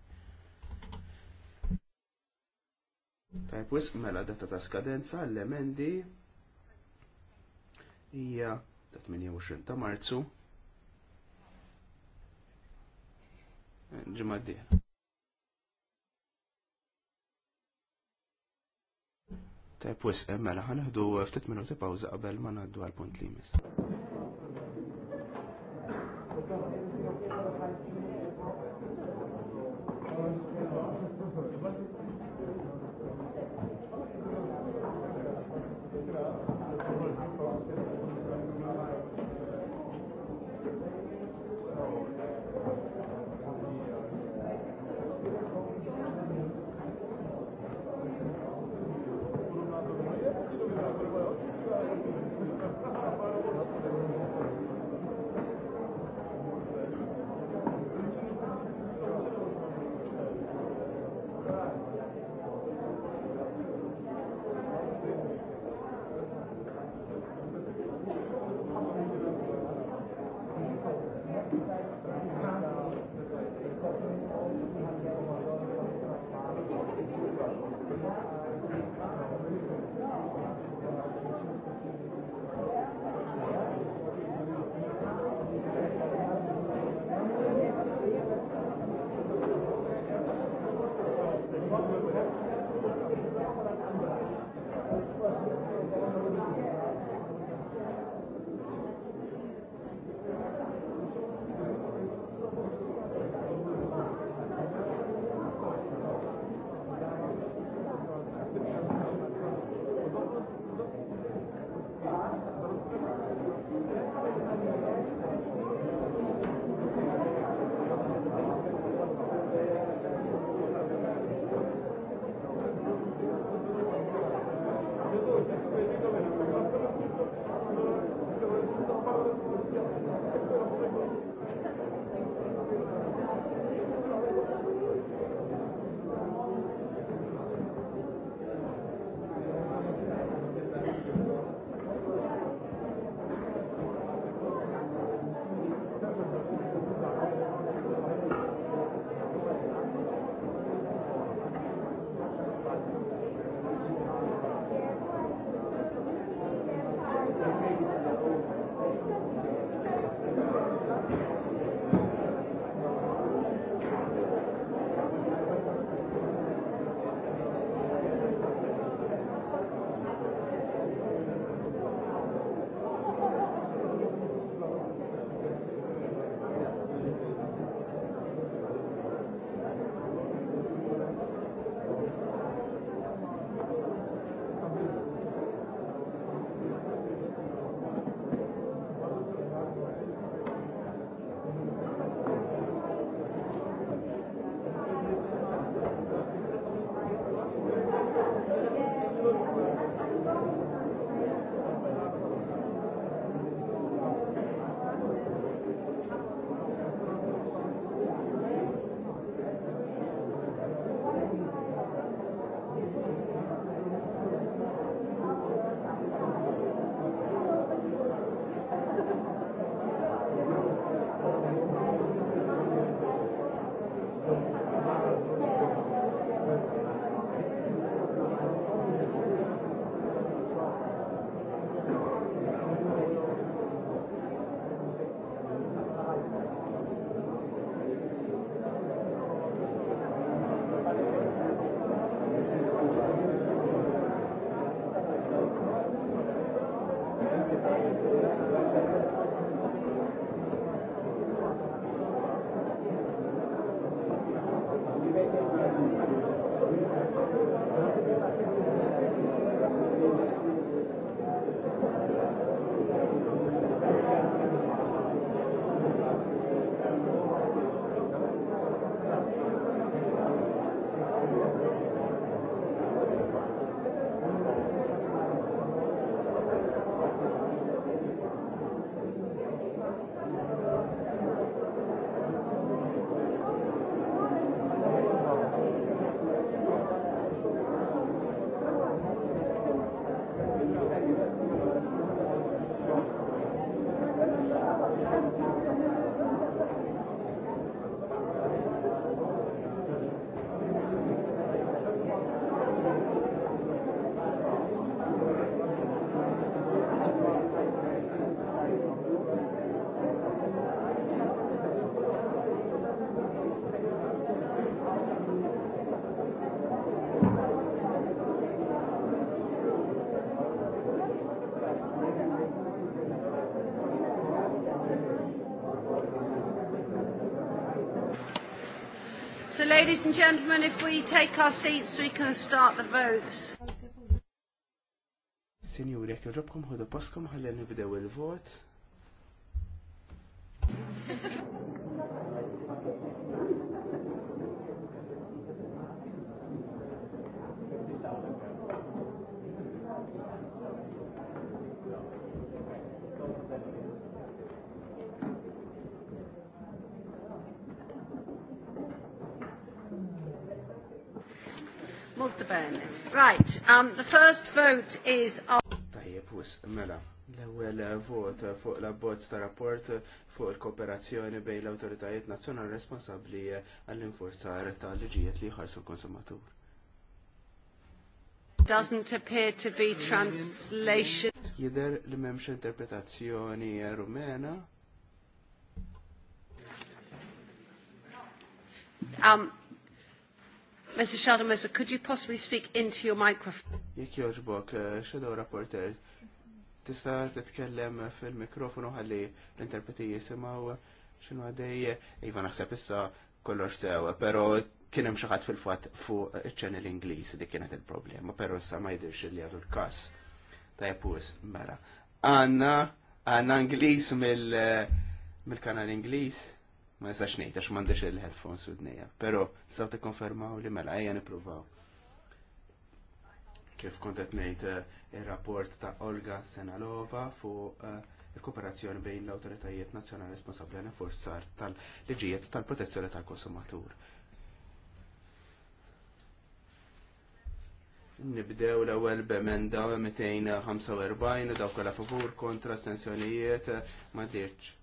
Speaker 5: Tajb, wisq mela data ta' skadenza l-emendi hija ta' 28 ta' Marzu. Eh, ġimgħa Tajb, wisq eh, mela ħaneħdu ftit minuti pawża qabel ma ngħaddu għal punt li jmiss.
Speaker 1: ladies and gentlemen, if we take our seats, we can start the votes.
Speaker 5: Signori, jekk joġobkom ħodu poskom ħalli nibdew il-vot.
Speaker 1: Right, um, the first vote is on...
Speaker 5: Tajjeb, wis, mela, l-ewel vot fuq la bozz ta' rapport fuq il-kooperazzjoni bejn l-autoritajiet nazzjonali responsabbli għall-infurzar ta' liġijiet li jħarsu l-konsumatur.
Speaker 1: Doesn't appear to be translation.
Speaker 5: Jider li memx interpretazzjoni rumena.
Speaker 1: Um, Mr. Sheldon Mercer, could you possibly speak into your microphone?
Speaker 5: Jek joġbok, xedaw eh, rapporter, tista titkellem fil-mikrofonu għalli l-interpreti jisimaw xinu għaddej, iva naħseb issa kollox sew, pero kienem xaħat fil-fat fu il-ċanel Ingliż dik kienet il-problema, pero issa ma jidirx li għadu l-kas. Tajapus, mela. Anna, Anna Ingliż mill-kanal Ingliż ma jistax ngħid għax m'għandix il-headphones u d-nejja. Però saw tikkonfermaw li mela ejja nippruvaw. Kif kont qed ngħid eh, ir-rapport ta' Olga Senalova fuq eh, il-kooperazzjoni bejn l-autoritajiet nazzjonali responsabbli għal forzar tal-liġijiet tal-protezzjoni tal-konsumatur. Nibdew l-ewwel b'emenda 245 daw kollha favur kontra stensjonijiet ma dirċ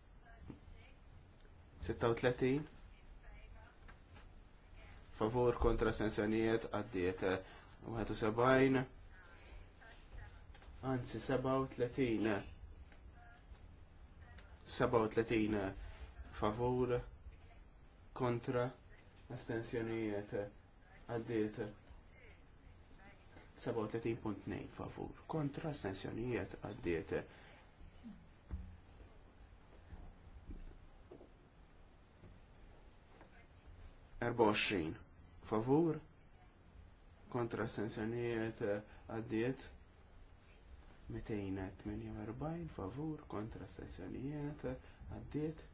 Speaker 5: 36 favur kontra sensjonijiet għaddiet 71 anzi 37 37 favor kontra astensjonijiet għaddiet 37.2 favur kontra astensjonijiet għaddiet eh, 24 favur kontra sensjonijiet eh, għaddiet 248 favur kontra sensjonijiet eh, għaddiet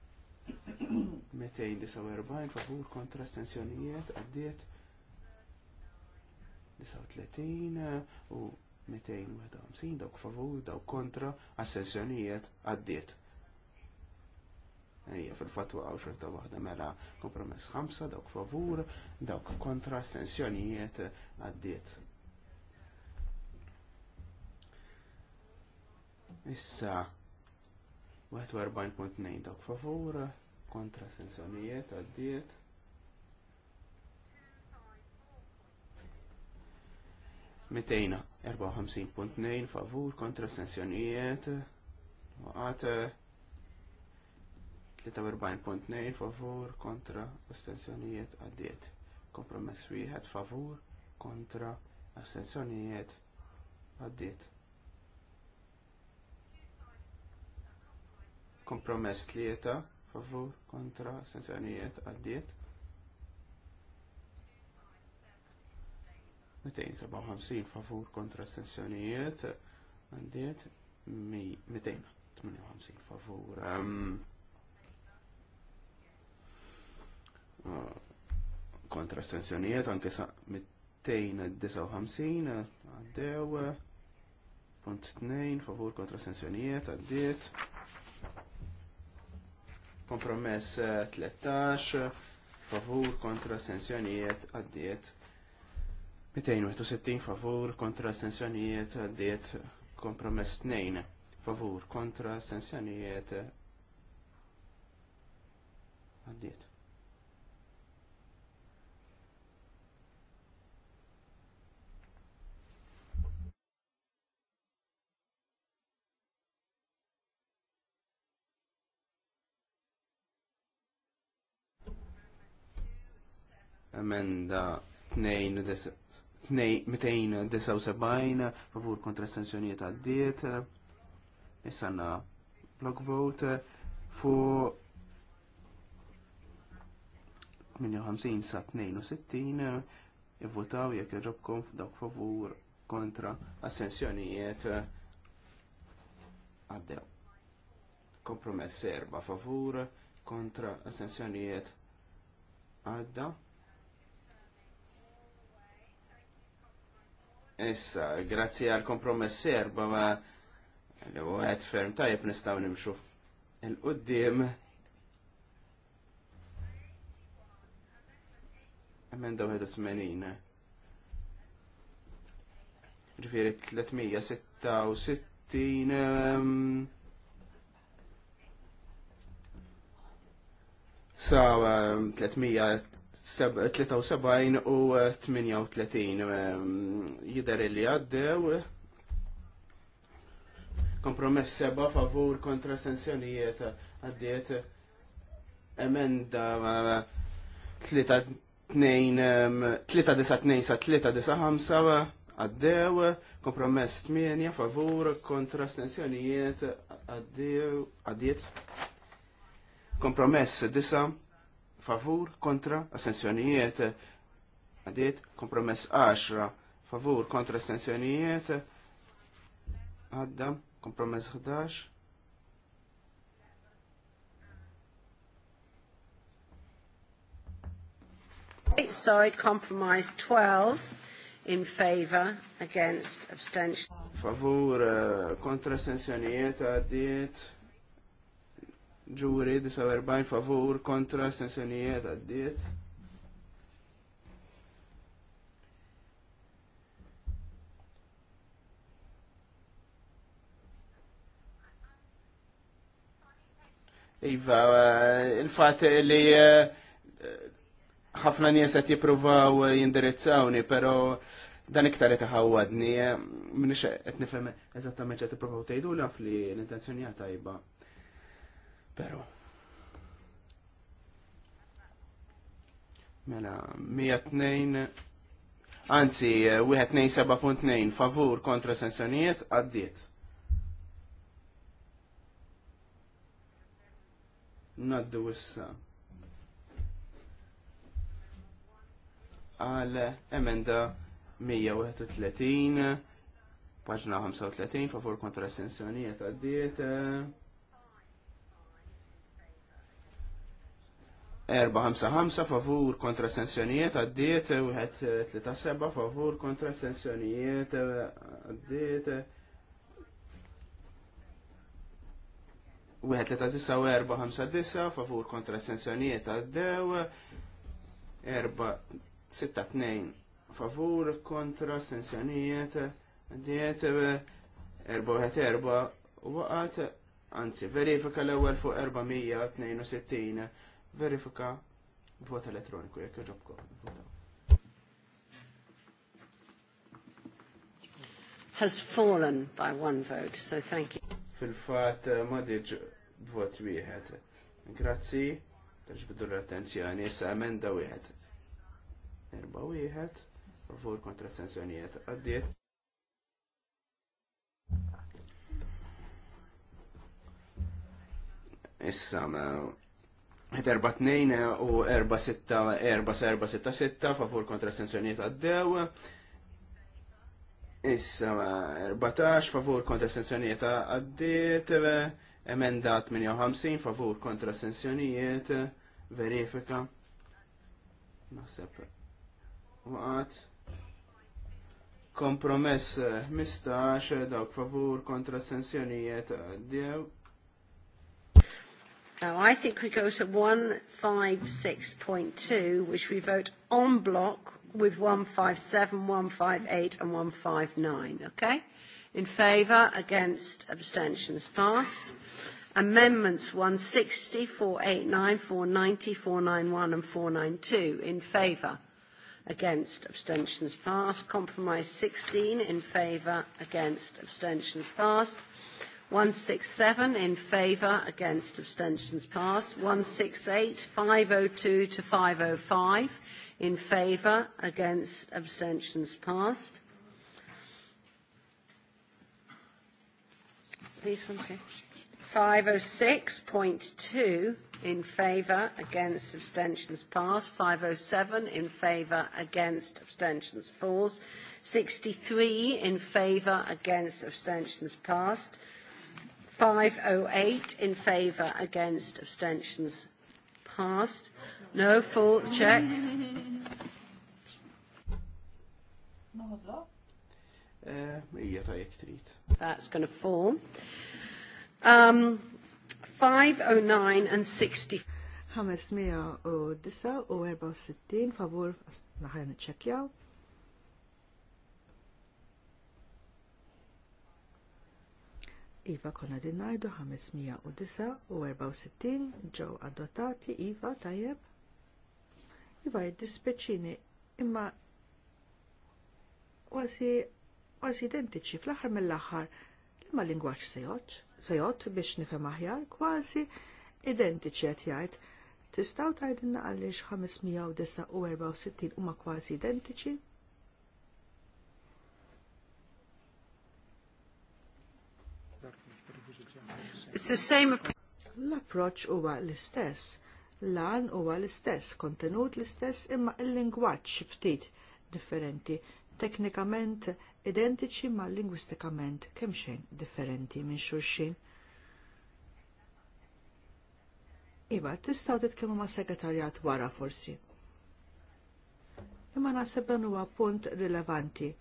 Speaker 5: 249 favur kontra sensjonijiet għaddiet 39 eh, u 250 dawk favur daw kontra assenzjonijiet għaddiet. Ejja, fil-fatwa għaw xorta waħda mela kompromess ħamsa, dawk favur, dawk kontra, stensjonijiet għaddiet. Issa, 41.9 dawk favur, kontra stensjonijiet għaddiet. Mitejna, 54.9 favur kontra stensjonijiet, għat 43.2 favur kontra astensjonijiet għaddiet. Kompromess wieħed favur kontra astensjonijiet għaddiet. Kompromess tlieta favur kontra astensjonijiet għaddiet. 257 favur kontra astensjonijiet għaddiet 258 favur. Um, kontra stensjonijiet anke sa' 259 e, e, għaddew e, punt 2 favur kontra stensjonijiet għaddiet kompromess 13 favur kontra stensjonijiet għaddiet 261 favur kontra sensjonijiet, għaddiet kompromess 2 favur kontra sensjonijiet. għaddiet emenda 279 favur kontra sanzjonijiet għaddiet. diet jessanna block vote fu 58 sa 62 jivvotaw jek jirrobkom f'dawk favur kontra assenzjonijiet għaddew. Kompromess erba favur kontra assenzjonijiet għadda. Issa, grazzi għal kompromess serba ma li u għed ferm tajib nistaw nimxu. Il-qoddim. Għemmen daw Emenda 81. Ġifiri 366 Sawa 300 73 u 38 jider li għaddew kompromess seba favur kontra sanzjonijiet għaddiet emenda 392 eh, ehm, sa 395 għaddew kompromess 8 favur kontra sanzjonijiet għaddiet kompromess 9 favur kontra astensjonijiet għadiet kompromess 10 favur kontra astensjonijiet għaddam kompromess 11
Speaker 1: Side compromise 12 in favor against abstention.
Speaker 5: Favur eh, kontra astensjonijiet għaddiet ġuri 49 favur kontra sensjonijiet għaddiet. Iva, eh, il-fat li eh, ħafna nies qed jippruvaw jindirizzawni, però dan iktar qed iħawwadni, eh, minix qed nifhem eżattament qed ippruvaw tgħidu li l intenzjonijiet tajba pero. Mela, 102, anzi, 127.2, eh, favur kontra sensjonijiet, għaddiet. Naddu issa. Għal emenda 131, paġna 35, favur kontra sensjonijiet, għaddiet. Uh, 4-5-5 favur kontra sensjonijiet għaddiet, u għed 3 7 favur kontra sensjonijiet għaddiet, U għed 3 9 4 5 9 favur kontra sensjonijiet għaddew, 4-6-2 favur kontra sensjonijiet għaddiet, 4 4 4 waqat, anzi verifika l-ewel fuq 462 verifika vot elettroniku
Speaker 1: jekk jogħġobkom. Has fallen by one vote, so thank you. Fil-fat eh, ma diġ
Speaker 5: vot wieħed. Grazzi, terġbidu l-attenzjoni, jessa emenda wieħed. Erba wieħed, vot kontra sensjonijiet għaddiet. Issa ma' 4-2 u 4-6-4-6-6 favur kontra d dew Issa 14 favur kontra d-diet. Emenda 58 favur kontra stenzjoniet. Verifika. Naħseb. Waqt. Kompromess 15 dawk favur kontra d għaddew.
Speaker 1: Now, I think we go to 156.2, which we vote en bloc with 157, 158 and 159, okay? In favour, against, abstentions passed. Amendments 160, 489, 490, 491 and 492 in favour. Against, abstentions passed. Compromise 16 in favour, against, abstentions passed. 167 in favour, against abstentions passed. 168, 502 to 505 in favour, against abstentions passed. These ones here. 506.2 in favour, against abstentions passed. 507 in favour, against abstentions falls. 63 in favour, against abstentions passed. 508 in favour, against, abstentions passed. No, fault check. Eh, That's going to fall. Um, 509 and 60. 509 u
Speaker 3: sittin favur naħar niċċekjaw. Iva konna dinajdu 569 ġew adottati Iva tajjeb. Iva jiddispeċini imma quasi quasi identiċi fl-aħħar mill-aħħar imma lingwaġġ sejot biex nifhem aħjar kważi identiċi qed jgħid. Tistgħu tgħidilna għaliex 569 huma kważi identiċi? It's the same L-approċ huwa l-istess. Lan huwa l-istess, kontenut l-istess imma l-lingwaġġ ftit differenti, teknikament identiċi ma lingwistikament kemm xejn differenti minn xulxin. Iva, tistaw titkellmu ma' segretarjat wara forsi. Imma naħseb dan huwa punt rilevanti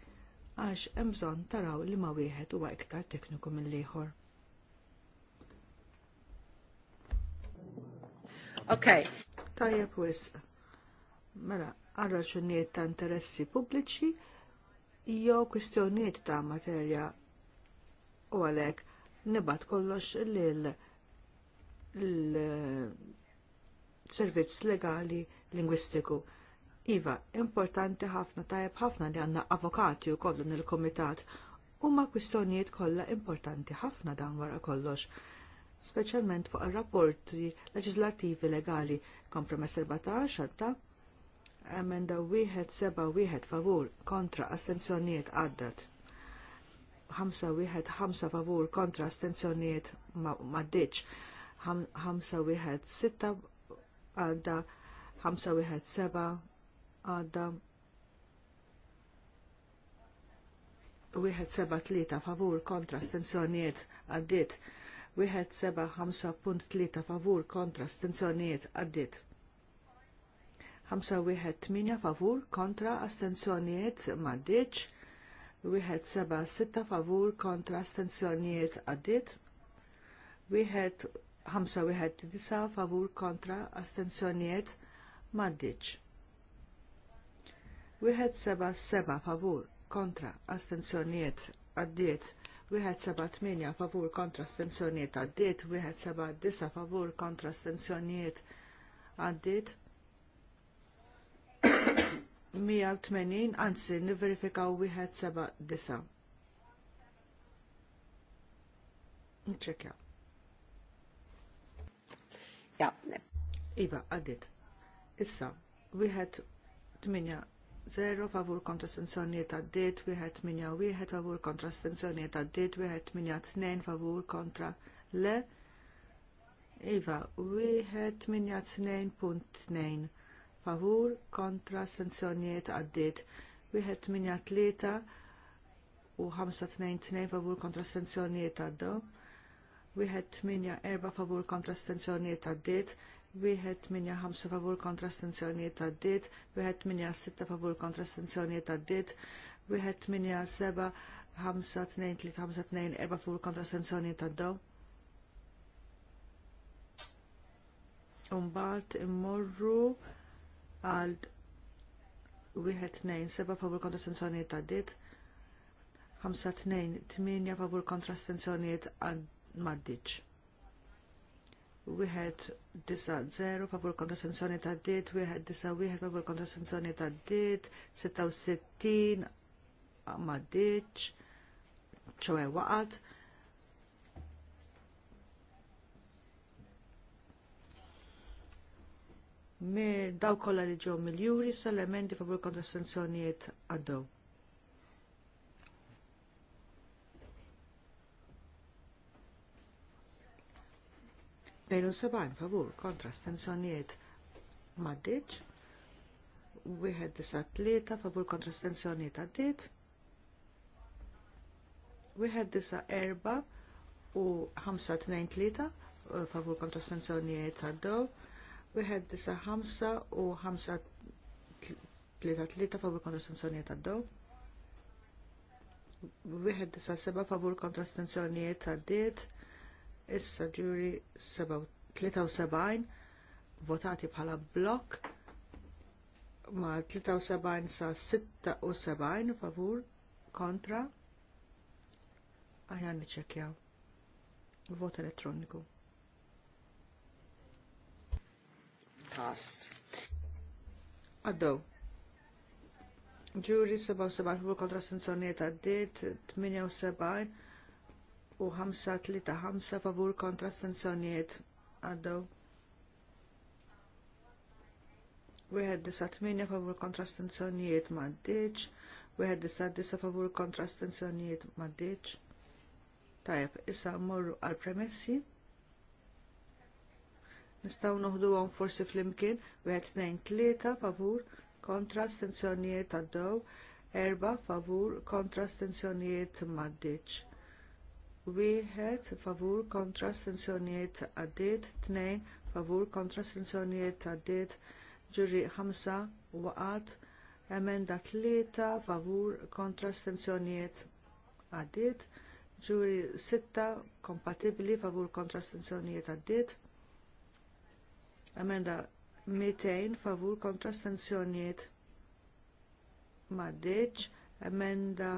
Speaker 3: għax hemm bżonn taraw li ma wieħed huwa iktar tekniku mill-ieħor. Ok. Tajjeb wis. Mela, għarra ta' interessi pubbliċi jew kwistjonijiet ta' materja u għalhekk nibat kollox lil l-servizz eh, legali lingwistiku. Iva, importanti ħafna tajjeb ħafna li għandna avokati wkoll kollu il kumitat ma kwistjonijiet kollha importanti ħafna dan wara kollox Specialment fuq ir-rapporti leġislativi legali. Kompromess 14 għadda emenda wieħed seba wieħed favur kontra astenzjonijiet għaddat. Ħamsa wieħed ħamsa favur kontra astenzjonijiet maddiċ. Ħamsa wieħed sitta għadda. Ħamsa wieħed seba għadda. Wieħed seba tlieta favur kontra astenzjonijiet għaddit. 175.3 favur kontra astenzjonijiet għaddit. 518 favur kontra astenzjonijiet maddiċ, 176 favur kontra astenzjonijiet għaddit, 159 favur kontra astenzjonijiet maddiċ. 177 favur kontra astenzjonijiet għaddiet 178 favur kontra stenzjoniet għaddit, 179 favur kontra stenzjoniet għaddit, 180, *coughs* anzi, niverifikaw 179. Nċekja. Ja, ne. Iva, għaddit. Issa, 1 0 favur kontra stenzjonijiet għaddiet, wieħed minja wieħed favur kontra stenzjonijiet għaddiet, wieħed minja tnejn favur kontra le. Iva, wieħed minja tnejn punt tnejn favur kontra stenzjonijiet għaddiet, wieħed minja tlieta u 5.2 2 2 favur kontra stenzjonijiet għaddom, wieħed minja erba' favur kontra stenzjonijiet għaddiet, wieħed minja ħamsa favur kontra stenzjonijiet tad-diet, wieħed minja sitta favur kontra stenzjonijiet tad-diet, wieħed minja seba' ħamsa tnejn tliet ħamsa tnejn erba' favur kontra stenzjonijiet tad-daw. Umbagħad immorru għal wieħed tnejn seba' favur kontra stenzjonijiet tad-diet, ħamsa tnejn tminja favur kontra stenzjonijiet għad maddiċ wieħed disa' zero favur kontra sanzjoni ta' dit, wieħed disa' wieħed favur kontra sanzjoni ta' ditt, 66 ma ditx, ċoħe waqat. Mir daw kolla li ġew miljuri sal-emendi favur kontra sanzjonijiet għaddew. sebajn, favur kontra stenzjoniet maddiċ, wieħed disa tlieta favur kontra stenzjonijiet għaddit, wieħed disa erba u ħamsa t tnejn tlieta favur kontra stenzjonijiet għaddew, wieħed disa ħamsa u ħamsa tlieta tlieta favur kontra stenzjonijiet għaddew wieħed disa seba' favur kontra stenzjoniet għaddiet, issa ġuri 73 votati bħala blok ma 73 sa 76 favur kontra għajan niċekjaw. Vot elettroniku. Past. Għaddow. Ġuri 77 favur kontra sanzjoniet għaddit 78 u 5-3-5 favur kontra stenzjonijiet għaddew. Wieħed disa' tminja favur kontra stenzjonijiet maddiċ. Wieħed disa' disa' favur kontra stenzjonijiet maddiċ. Tajab, issa mmorru għal premessi. Nistgħu noħduhom forsi flimkien wieħed 2 tlieta favur kontra stenzjonijiet għaddew. Erba' favur kontra stenzjonijiet maddiċ wieħed favur kontra astensjonijiet għaddiet, tnejn favur kontra astensjonijiet għaddiet, ġuri ħamsa waqat, emenda tlieta favur kontra astensjonijiet għaddiet, ġuri sitta kompatibbli favur kontra astensjonijiet għaddiet, emenda 200 favur kontra astensjonijiet maddeċ, emenda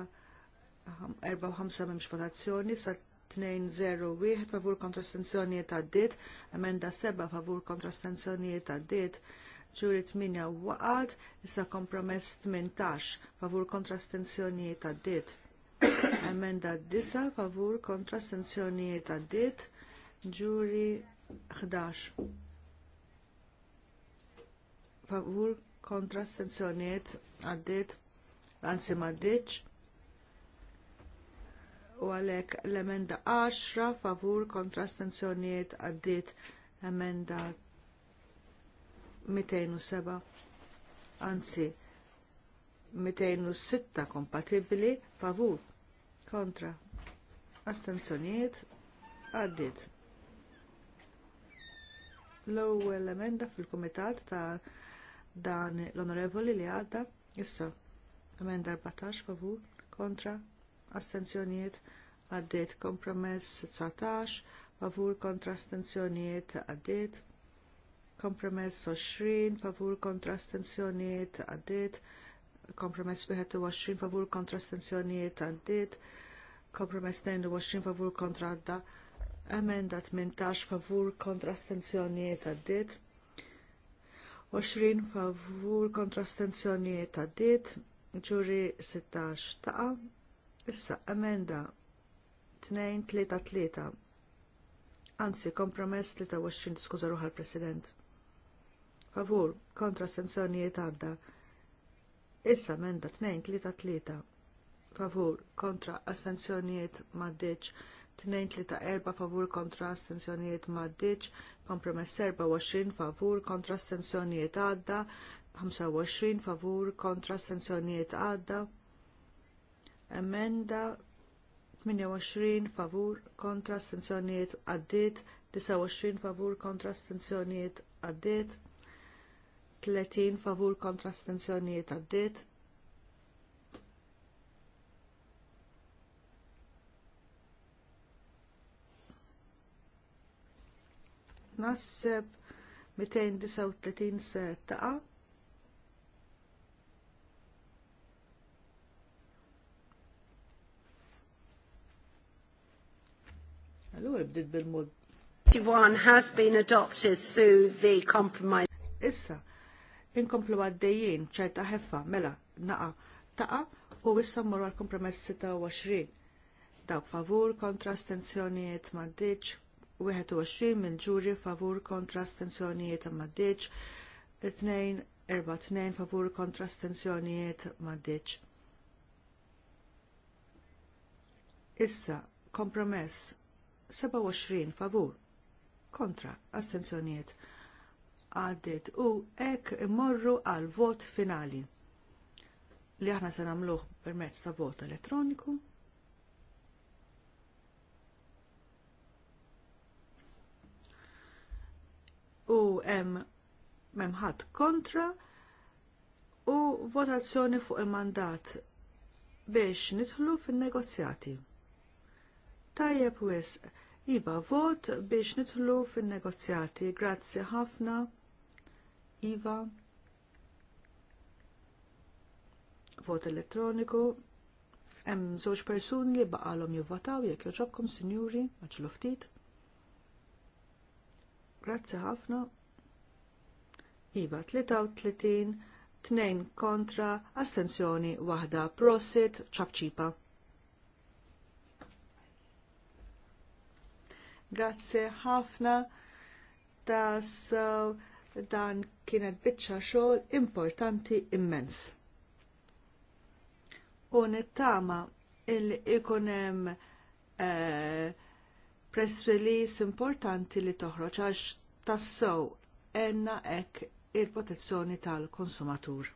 Speaker 3: 4 5 memx votazzjoni sa 2-0-1 favur kontra stenzjonijiet ta' dit, emenda 7 favur kontra stenzjonijiet ta' dit, ġuri 8 waqat, issa kompromess 18 favur kontra stenzjonijiet ta' dit. *coughs* Emenda 9 favur kontra stenzjonijiet ta' dit, ġuri 11 favur kontra stenzjonijiet għaddit, għansi maddiċ, u għalhekk l-emenda 10 favur kontra astenzjonijiet għaddiet emenda 207 anzi 206 kompatibbli favur kontra astenzjonijiet għaddiet l-ewwel emenda fil-kumitat ta' dan l-onorevoli li għadda issa emenda 14 favur kontra astenzjonijiet għaddiet kompromess 19 favur kontra astenzjonijiet għaddiet kompromess 20 favur kontra astenzjonijiet għaddiet kompromess 21 favur kontra astenzjonijiet għaddiet kompromess 22 favur kontra għadda emenda 18 favur kontra astenzjonijiet għaddiet 20 favur kontra astenzjonijiet għaddiet ġuri 16 taqa' Issa, emenda 233, 3 Anzi, kompromess 23, skuza ruħa l-President. Favur, kontra sanzjonijiet għadda. Issa, emenda 233, 3 Favur, kontra astenzjonijiet maddeċ. 234 4 favur kontra astenzjonijiet maddeċ. Kompromess 24 favur kontra astenzjonijiet għadda. 25 favur kontra astenzjonijiet għadda. Emenda 28 favur kontra astenzjonijiet għaddiet, 29 favur kontra astenzjonijiet għaddiet, 30 favur kontra astenzjonijiet għaddiet, nasseb 239 se taqa'
Speaker 1: Allura bdiet bil-mod. has been adopted through the compromise. Issa, inkomplu għaddejjien
Speaker 3: ċerta ħeffa, mela, naqa, taqa u issa mmorru għal kompromess 26. Dawk favur kontra stenzjonijiet maddiċ, 21 minn ġuri favur kontra stenzjonijiet maddiċ, 2-4-2 favur kontra stenzjonijiet maddiċ. Issa, kompromess 27 favur kontra astenzjoniet għaddit u ek morru għal vot finali li aħna se nagħmluh permezz ta' vot elettroniku. U hemm memħat kontra u votazzjoni fuq il-mandat biex nidħlu fin-negozjati. Tajjeb wisq Iva, vot biex nidħlu fin negozjati Grazzi ħafna. Iva. Vot elettroniku. Em żewġ persuni li baqalhom jivvotaw jekk joġobkom sinjuri maġlu ftit. Grazzi ħafna. Iva, 33, 2 kontra, astensjoni waħda, prosit, ċabċipa. Grazzi ħafna ta' so dan kienet biċċa xogħol importanti immens. U nittama il ikun hemm eh, press release importanti li toħroġ għax tassow enna hekk il-protezzjoni tal-konsumatur.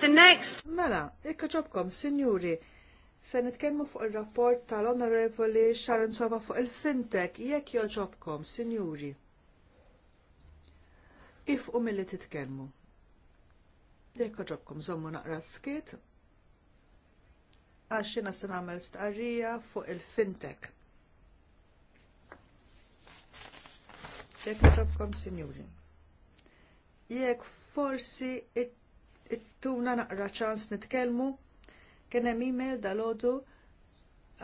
Speaker 3: the next. Mela, ikka ġobkom, sinjuri, se nitkellmu fuq il-rapport tal-Onorevoli Sharon Sova fuq il-Fintech, jekk joġobkom, sinjuri. If u mill-li titkellmu. Jekk joġobkom, zommu naqra skiet, Għaxina jina se nagħmel stqarrija fuq il-Fintech. Jekk joġobkom, sinjuri. Jekk forsi it tuna naqra ċans nitkellmu. Kien hemm email dal-ħodu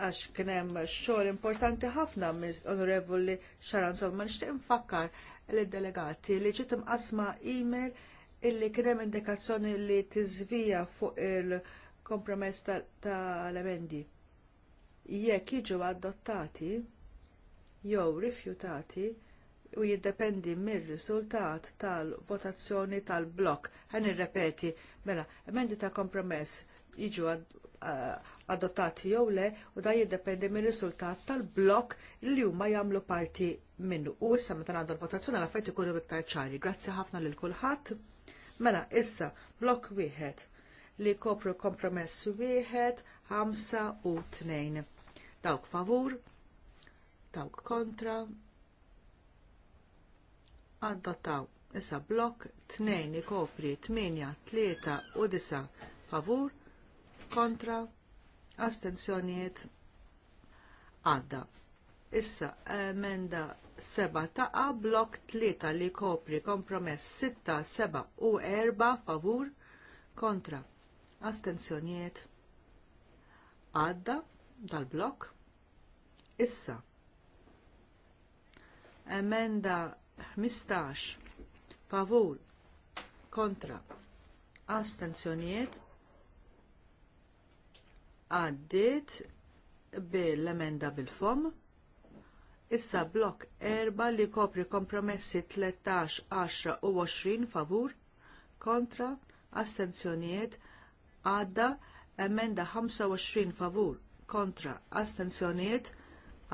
Speaker 3: għax kien hemm xogħol importanti ħafna Miss Onorevoli Xaranzov, ma nixtieq nfakkar lid delegati li ġiet imqasma email illi kien hemm indikazzjoni li tiżvija fuq il-kompromess tal-emendi. Jekk jiġu adottati jew rifjutati, u jiddependi mir-riżultat tal-votazzjoni tal-blok. Għan irrepeti, mela, emendi ta' kompromess jiġu adottati jew le u da jiddependi mir-riżultat tal-blok li huma jagħmlu parti minnu. U issa meta għandu l-votazzjoni għal affarijiet ikunu iktar ċari. Grazzi ħafna lil kulħadd. Mela, issa blok wieħed li kopru kompromess wieħed, ħamsa u tnejn. Dawk favur, dawk kontra, taw. Issa blok 2 ikopri 8, 3 u 9 favur kontra astenzjonijiet għadda. Issa emenda 7 taqa blok 3 li kopri kompromess 6, 7 u 4 favur kontra astenzjonijiet għadda dal-blok. Issa emenda 15 favur kontra astenzjonijiet għaddiet bil-emenda bil-fom issa blokk erba li kopri kompromessi 13, 10 u 20 favur kontra astenzjonijiet għadda emenda 25 favur kontra astenzjonijiet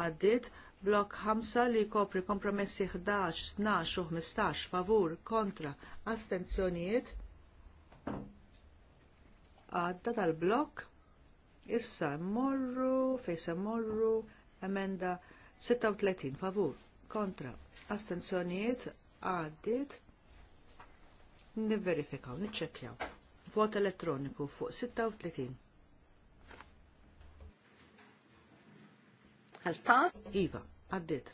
Speaker 3: għaddiet Blok 5 li jkopri kompromessi 11, 12 u 15 favur kontra astenzjonijiet għadda tal-blok issa mmorru fejn morru emenda 36 favur kontra astenzjonijiet għaddit nivverifikaw, niċċekkjaw. Vot elettroniku fuq 36. Has passed? Iva għaddit.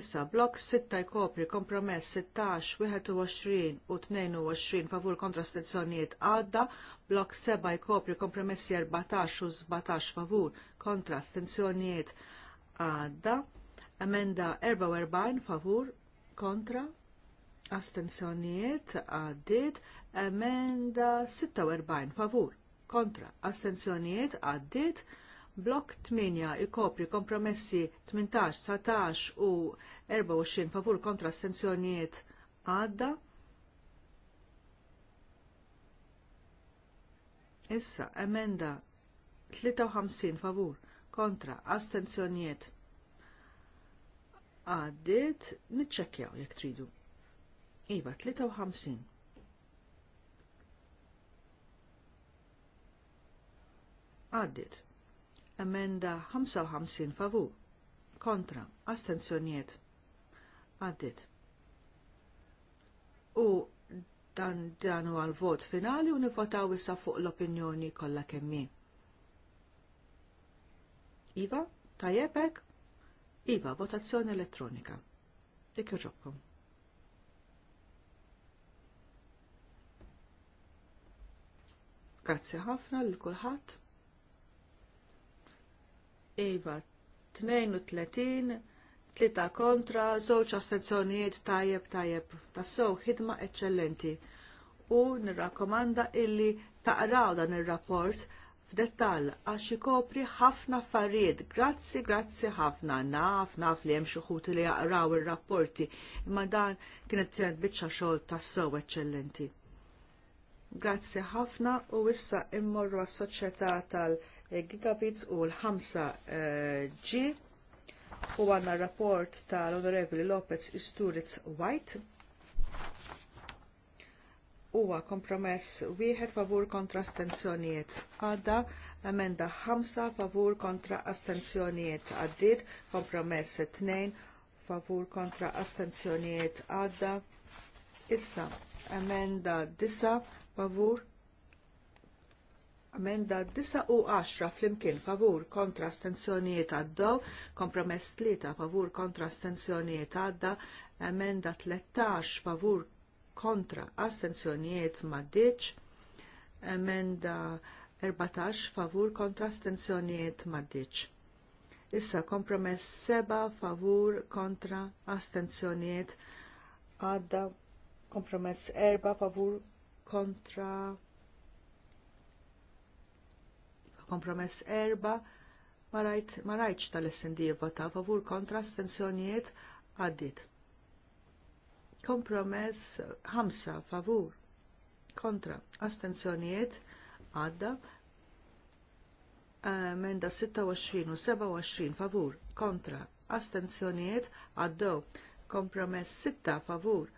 Speaker 3: Issa, blok 6 jkopri kompromess 16, 21 u 22 favur kontra stazzjonijiet għadda, blok 7 jkopri kompromessi 14 u 17 favur kontra stazzjonijiet għadda, emenda 44 favur kontra astenzjoniet għaddit, emenda 46 favur kontra astenzjonijiet għaddit, Blok 8 ikopri kompromessi 18, 19 u 24 favur kontra astenzjonijiet għadda. Issa emenda 53 favur kontra astenzjonijiet għaddit niċċekkjaw jekk tridu. Iva 53. Għaddit. Emenda 55 favur. Kontra. Astenzjoniet. Għaddit. U dan dan huwa l-vot finali u nivvotaw issa fuq l-opinjoni kollha kemm Iva, tajjebek? Iva, votazzjoni elettronika. Dik joġobkom. Grazzi ħafna lil kulħadd. Iva, 32, tlita kontra, żewġ astenzjonijiet tajjeb tajjeb, sow ħidma eċċellenti. U nirrakkomanda illi taqraw dan ir-rapport f'dettall għax ikopri ħafna affarijiet. Grazzi, grazzi ħafna. Naf, naf li hemm xi xuħuti li jaqraw ir-rapporti, imma dan kienet trend biċċa xogħol tassew eċċellenti. Grazzi ħafna u issa immorru għas-soċjetà tal- gigabits u l-5G eh, u għanna rapport tal-Onorevoli Lopez Isturitz White huwa kompromess wieħed favur kontra astensjonijiet għadda, emenda ħamsa favur kontra astensjonijiet għaddit, kompromess tnejn favur kontra astensjonijiet għadda, issa emenda disa favur Amenda 9 u 10 flimkien favur kontra stenzjonijiet għaddew, kompromess 3 favur kontra stenzjonijiet għadda, emenda 13 favur kontra astenzjonijiet maddiċ, emenda 14 favur kontra astenzjonijiet maddiċ. Issa kompromess 7 favur kontra astenzjonijiet għadda kompromess erba' favur kontra Kompromess erba ma rajtx tal-SND vota favur kontra stenzjonijiet għaddit. Kompromess ħamsa favur kontra astenzjonijiet għadda menda 26 u 27 favur kontra astenzjonijiet għaddew kompromess 6 favur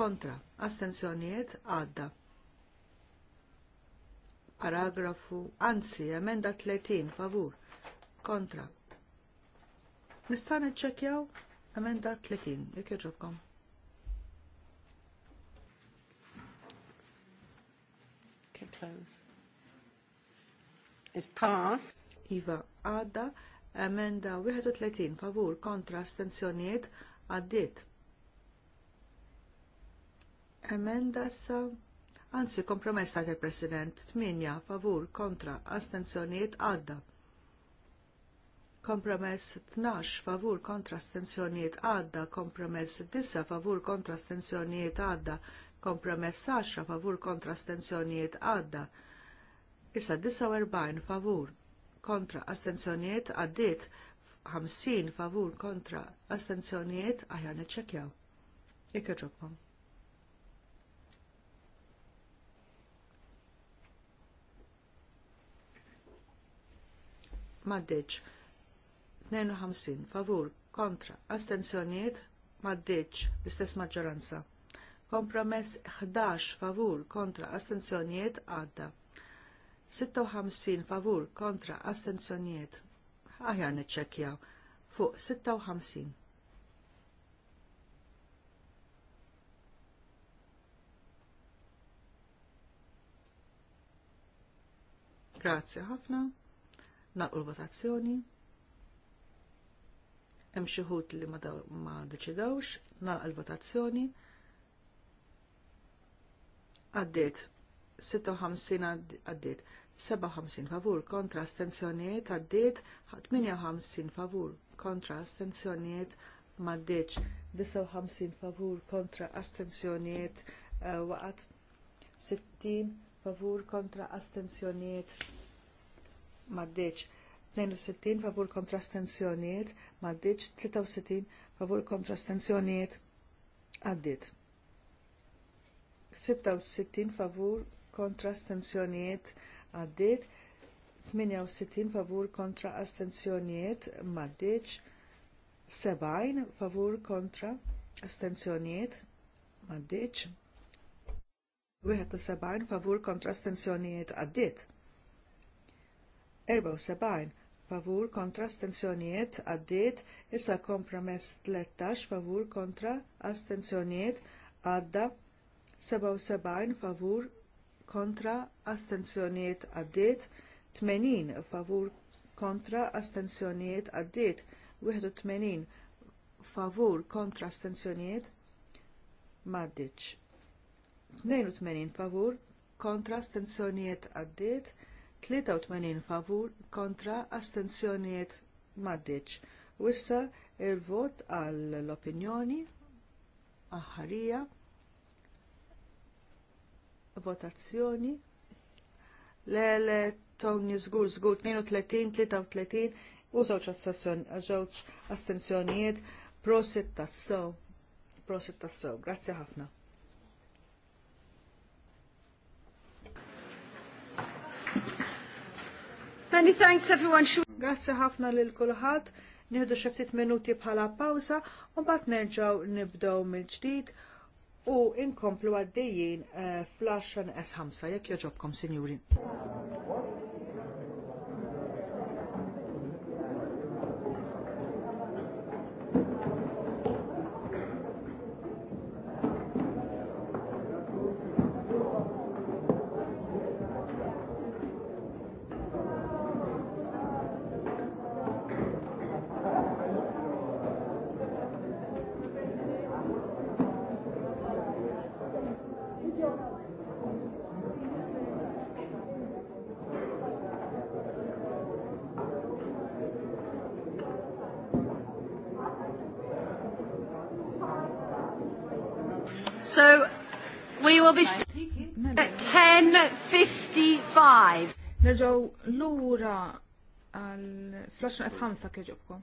Speaker 3: kontra astenzjonijiet għadda paragrafu, anzi, emenda 30, favur, kontra. Nista' niċċekkjaw emenda 30, jekk jogħġobkom. Okay, close. Is pass. Iva, għadda, emenda 31, favur, kontra, astenzjonijiet, għaddiet. Emenda sa' Anzi, kompromess ta' il-President, 8 favur kontra astenzjoniet, għadda. Kompromess 12 favur kontra stenzjoniet għadda, kompromess 9 favur kontra stenzjoniet għadda, kompromess 10 favur kontra stenzjoniet għadda. Issa 49 favur kontra astenzjoniet għaddit, 50 favur kontra astenzjoniet aħjar niċċekjaw. Ikke maddiċ 52 favur kontra astensjoniet maddiċ l-istess maġġoranza. Kompromess 11 favur kontra astensjoniet għadda. 56 favur kontra astensjoniet. Aħjar neċċekjaw fuq 56. Grazie Hoffnung naqru l-votazzjoni. Hemm xi ħut li ma, ma deċidawx, naqra l-votazzjoni. Għaddiet 56 għaddiet 57 favur kontra astenzjonijiet għaddiet 58 favur kontra astenzjonijiet maddeċ 59 favur kontra astenzjonijiet uh, eh, waqat 60 favur kontra astenzjonijiet maddeċ 62 favur kontra stenzjoniet, maddeċ 63 favur kontra stenzjoniet, għaddit. 66 favur kontra stenzjoniet, għaddit. 68 favur kontra astenzjoniet maddeċ, 70 favur kontra astenzjoniet maddeċ, 71 favur kontra astenzjoniet għaddit. 74 favur kontra astenzjonijiet għaddiet, issa kompromess 13 favur kontra astenzjonijiet għadda 77 favur kontra astenzjonijiet għaddiet, 80 favur kontra astenzjonijiet għaddiet, 81 favur kontra astenzjonijiet maddiċ. 82 favur kontra astenzjonijiet għaddiet, 83 favur kontra astenzjonijiet maddiċ. Wissa il-vot għall-opinjoni aħħarija votazzjoni l-elettoni zgur zgur 32, 33 u zawċ ġewċ astenzjonijiet prosit tassew. Prosit tassew. Grazie ħafna. Many thanks everyone. Grazzi ħafna lil kulħadd. Nieħdu xi ftit minuti bħala pawsa u mbagħad nerġgħu nibdew mill-ġdid u inkomplu għaddejjin eh, fl-10 S5 jekk joġobkom, sinjuri.
Speaker 2: Nerġaw ura għal flash naqs ħamsa kieġobkom.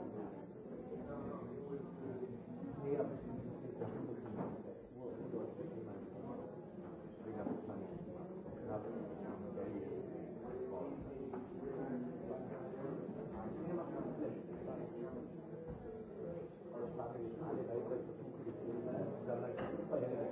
Speaker 4: ta'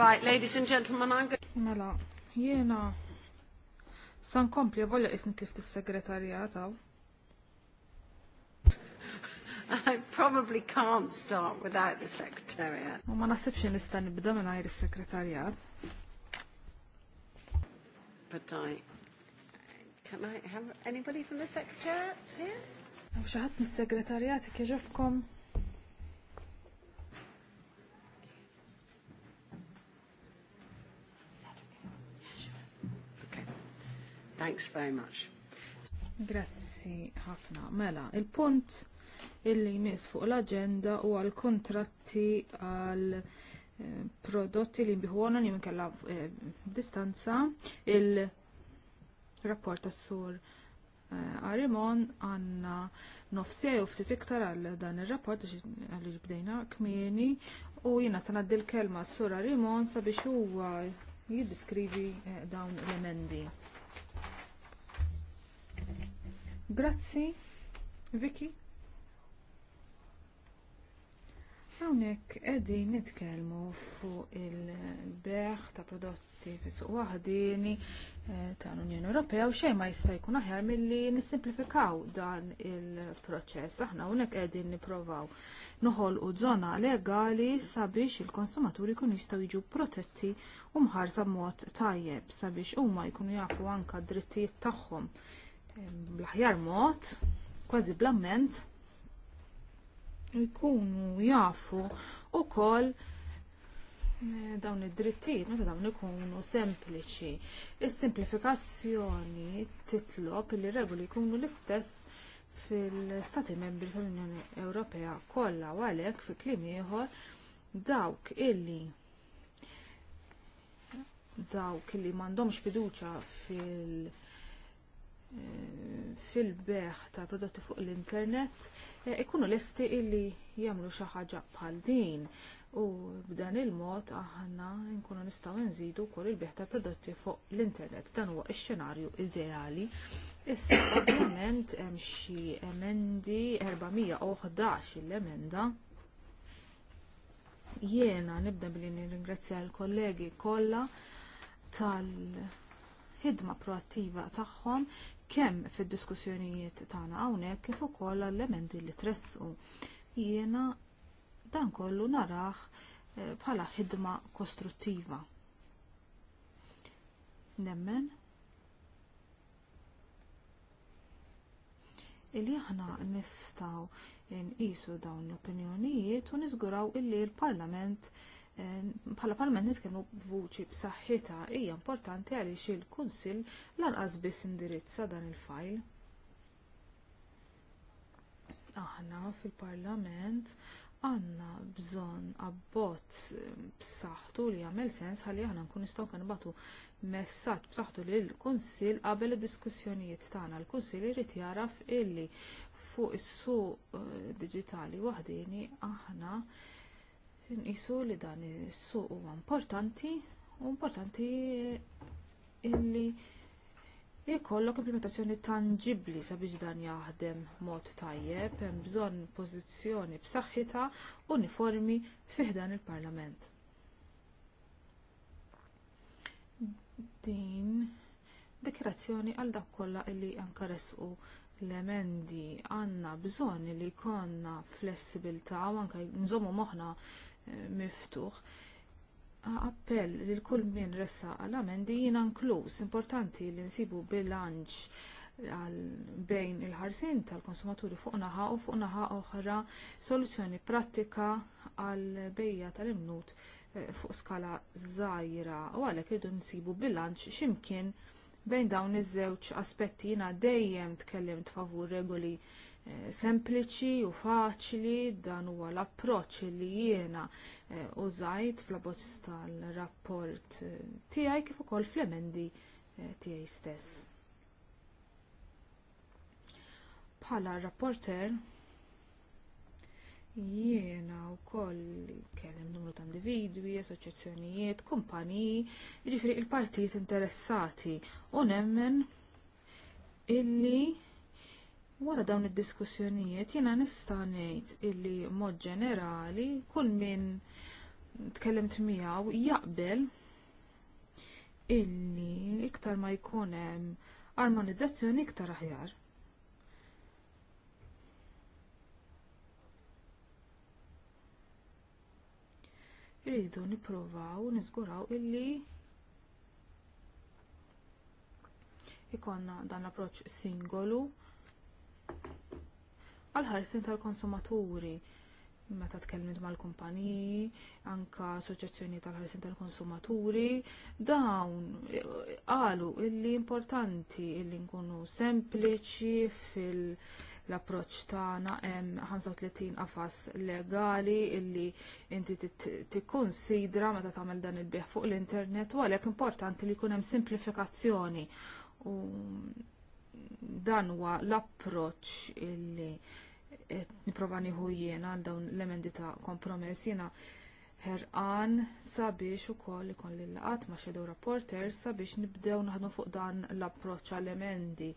Speaker 4: Right, ladies
Speaker 1: and gentlemen,
Speaker 2: I'm good. Mela, jena. San kompli, volja isni il-segretariat,
Speaker 1: għaw. I probably can't start without the secretariat.
Speaker 2: U ma nasibx nista' nibda mingħajr il-segretariat.
Speaker 1: But I can I have anybody from the secretariat here?
Speaker 2: Hawn xi ħadd mis-segretarjat kieġofkom
Speaker 1: Thanks very much.
Speaker 2: Grazzi ħafna. Mela, il-punt illi jmiss fuq l-agenda u għal kontratti eh, għal prodotti li għonan jom kella eh, distanza il-rapport tas-sur eh, Arimon għanna nofsija u ftit iktar għal dan il-rapport għal bdejna kmieni u jina sanaddi l-kelma s-sur Arimon sabiex huwa jiddiskrivi dawn l-emendi. Grazzi, Vicky. Hawnhekk qegħdin nitkellmu fuq il-beħ ta' prodotti fi suq waħdini eh, tal-Unjoni Ewropea u xejn ma jista' jkun aħjar milli nissimplifikaw dan il-proċess. Aħna hawnhekk qegħdin nipprovaw noħolqu żona legali sabiex il-konsumaturi jkunu jistgħu jiġu protetti u mħarsa mod tajjeb sabiex huma jkunu jafu anke d-drittijiet tagħhom bl-aħjar mod, kważi blamment, jkunu jafu u kol eh, dawn id-drittijiet meta dawn ikunu sempliċi. Is-simplifikazzjoni titlob li regoli jkunu l-istess fil-Stati Membri tal-Unjoni Ewropea kollha u għalhekk fi kliem ieħor dawk illi dawk illi m'għandhomx fiduċja fil- fil-beħ ta' prodotti fuq l-internet eh, ikunu l-esti illi jagħmlu xi ħaġa bħal din u b'dan il-mod aħna nkunu nistgħu nżidu wkoll il-beħ ta' prodotti fuq l-internet. Dan huwa x-xenarju ideali. Issa *coughs* ovvjament hemm xi emendi 411 l-emenda. Jiena nibda billi nirringrazzja l-kollegi kollha tal ħidma proattiva tagħhom kemm fid-diskussjonijiet tagħna hawnhekk kif ukoll għall-elementi li tressu. Jiena dan kollu narah eh, bħala ħidma kostruttiva. Nemmen illi aħna nistgħu nqisu dawn l-opinjonijiet u niżguraw illi l-Parlament il Eh, bħala parlament nitkellmu b'vuċi b'saħħitha hija importanti għaliex il-Kunsill lanqas biss indirizza dan il-fajl. Aħna fil-Parlament għandna bżonn abbozz eh, b'saħħtu li jagħmel sens ħalli aħna nkun nistgħu kanbatu messaġġ b'saħħtu lill kunsill qabel id-diskussjonijiet tagħna. Il-Kunsill irid jaraf illi fuq is-suq eh, diġitali waħdini aħna Inqisu li dan is-suq huwa importanti u importanti illi jkollok implementazzjoni tangibbli sabiex dan jaħdem mod tajjeb hemm bżonn pożizzjoni b'saħħitha uniformi fih dan il-Parlament. Din dikjerazzjoni għal dak kollha illi anke resqu l-emendi għandna bżonn li jkollna flessibilità u anke nżommu moħħna miftuħ. Appell li l kull min ressa għal-amendi jina nkluż. importanti li nsibu bilanċ bejn il ħarsien tal-konsumaturi fuq naħa u fuq naħa oħra soluzzjoni prattika għal bejja tal-imnut eh, fuq skala żgħira u għalhekk irdu nsibu bilanċ x'imkien bejn dawn iż-żewġ aspetti jiena dejjem tkellimt favur regoli Eh, sempliċi u faċli dan huwa l-approċċ li jiena eh, użajt fl-abbozz tal-rapport eh, tiegħi kif ukoll fl-emendi tiegħi stess. Bħala rapporter jiena wkoll kellem numru ta' individwi, assoċjazzjonijiet, kumpaniji, jiġifieri l partijiet interessati u nemmen illi Wara dawn id-diskussjonijiet jiena nista' ngħid illi mod ġenerali kull min tkellimt miegħu jaqbel illi iktar ma jkun hemm armonizzazzjoni iktar aħjar. Irridu nippruvaw niżguraw illi ikonna dan l-approċċ singolu għal-ħarsin tal-konsumaturi meta tkellimt mal-kumpaniji, anka assoċjazzjoni tal-ħarsin tal-konsumaturi, dawn qalu illi importanti illi nkunu sempliċi fil-approċċ tagħna hemm 35 afas legali illi inti tikkonsidra meta tagħmel dan il bih fuq l-internet u għalhekk importanti li jkun hemm simplifikazzjoni dan huwa l-approċċ li nipprova nieħu jiena għal dawn l-emendi ta' kompromess jiena ħerqan sabiex ukoll ikun lil laqat ma' shadow reporters sabiex nibdew naħdmu fuq dan l-approċċ għall emendi.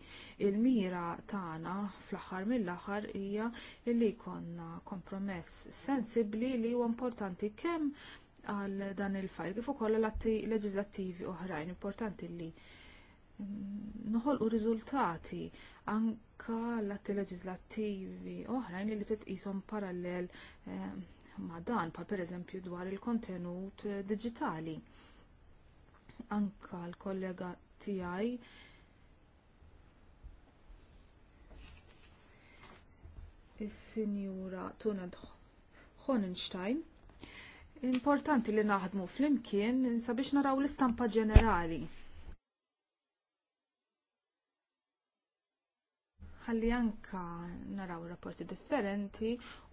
Speaker 2: Il-mira tagħna fl-aħħar mill-aħħar hija li jkollna kompromess sensibbli li huwa importanti kemm għal dan il-fajl kif ukoll l-atti leġislattivi oħrajn importanti li mm, noħolqu riżultati anka l-atti leġislattivi oħrajn li titqishom parallel eh, ma' dan pa' pereżempju dwar il-kontenut eh, diġitali. Anka l-kollega tiegħi il sinjura Tunad Honenstein importanti li naħdmu flimkien sabiex naraw l-istampa ġenerali ħalli anka naraw rapporti differenti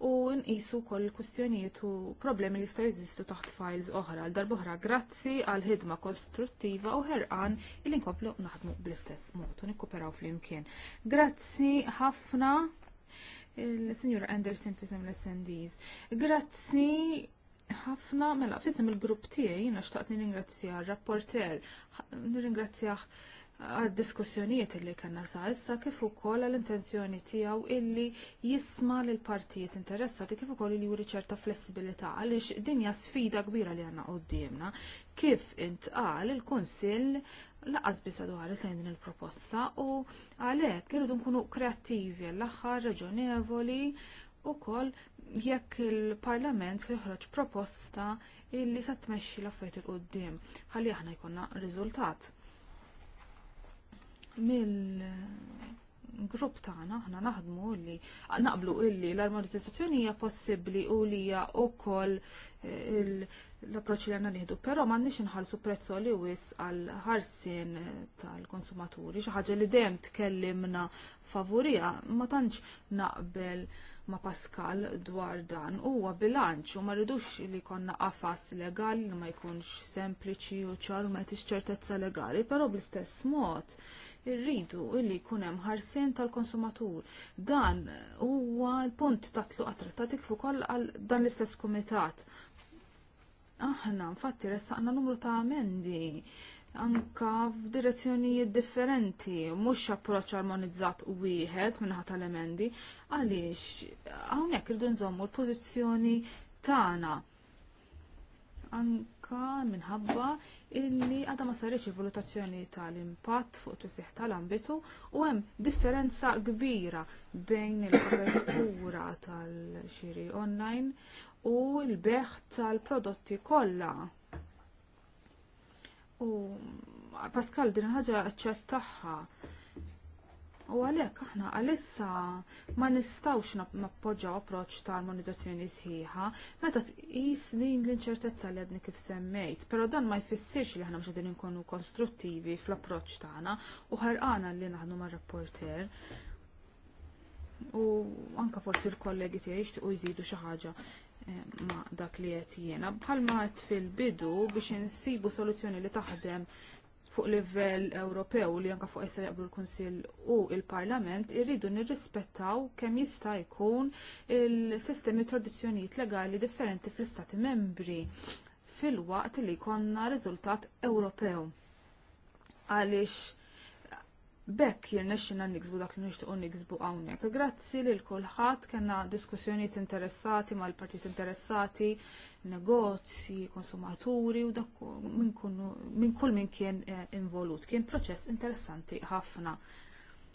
Speaker 2: u nqisu wkoll il-kustjonijiet u problemi li jistgħu jeżistu taħt files oħra għal darbohra grazzi għal ħidma kostruttiva u ħerqan li nkomplu naħdmu bl-istess mod u nikkuperaw flimkien. Grazzi ħafna il-Sinjur Anderson fisem l-SNDs. Grazzi ħafna mela fisem il-grupp tiegħi jiena xtaqt nirringrazzja r-rapporter, nirringrazzjah għad-diskussjonijiet li kanna sa' issa kif ukoll għall-intenzjoni tiegħu illi jisma' lil partijiet interessati kif ukoll li juri ċerta flessibilità għaliex din hija sfida kbira li għandna qudiemna kif intqal il-Kunsill laqas biss dwar lejn din il-proposta u għalhekk irridu nkunu kreattivi l-aħħar raġonevoli ukoll jekk il-Parlament se joħroġ proposta illi se tmexxi l-affarijiet il-qudiem ħalli aħna jkollna riżultat mill-grupp tagħna aħna naħdmu li naqblu illi l-armonizzazzjoni hija possibbli u li hija wkoll eh, l-approċċ li għandna nieħdu, però m'għandniex inħallsu prezz li wis għal ħarsien eh, tal-konsumaturi, xi ħaġa li dejjem tkellimna favorija, ma tantx naqbel ma' Pascal dwar dan huwa bilanċ u ma rridux li konna qafas legali li ma jkunx sempliċi u ċar ma jtix ċertezza legali, però bl-istess mod irridu illi jkun hemm ħarsien tal-konsumatur. Dan huwa l-punt ta' tluqa attrattatik fuq koll għal dan l-istess kumitat. Aħna infatti ressaqna numru ta' amendi anka f'direzzjonijiet differenti, mhux approċċ armonizzat u wieħed minħat tal-emendi, għaliex hawnhekk irdu nżommu l-pożizzjoni tagħna anka minħabba illi għadha ma sarriċ valutazzjoni tal-impatt fuq twisih tal-ambitu u hemm differenza kbira bejn il-kopertura tal-xiri online u l-beħ tal-prodotti kollha. U Pascal din ħaġa ċettaħħa. taħħa U għalhekk aħna għalissa ma nistgħux nappoġġaw approċċ ta' armonizzazzjoni sħiħa meta tqis din l-inċertezza li għadni kif semmejt, però dan ma jfissirx li aħna mhux qegħdin inkunu konstruttivi fl-approċċ tagħna u ħarqana li naħdmu mar-rapporter u anka forsi l-kollegi tiegħi jixtiequ jżidu xi ħaġa eh, ma' dak li qed jiena. Bħalma qed fil-bidu biex insibu soluzzjoni li taħdem fuq livell Ewropew li anke fuq issa jaqblu l-Kunsill u l parlament irridu nirrispettaw kemm jista' jkun il-sistemi tradizzjonijiet legali differenti fl-Istati membri fil-waqt li jkollna riżultat Ewropew. Għaliex bekk jirnexxina niksbu dak li nixtiequ niksbu hawnhekk. Grazzi lil kulħadd kena diskussjonijiet interessati mal-partit interessati, negozji, konsumaturi u dak minn kull minn kien eh, involut. Kien proċess interessanti ħafna.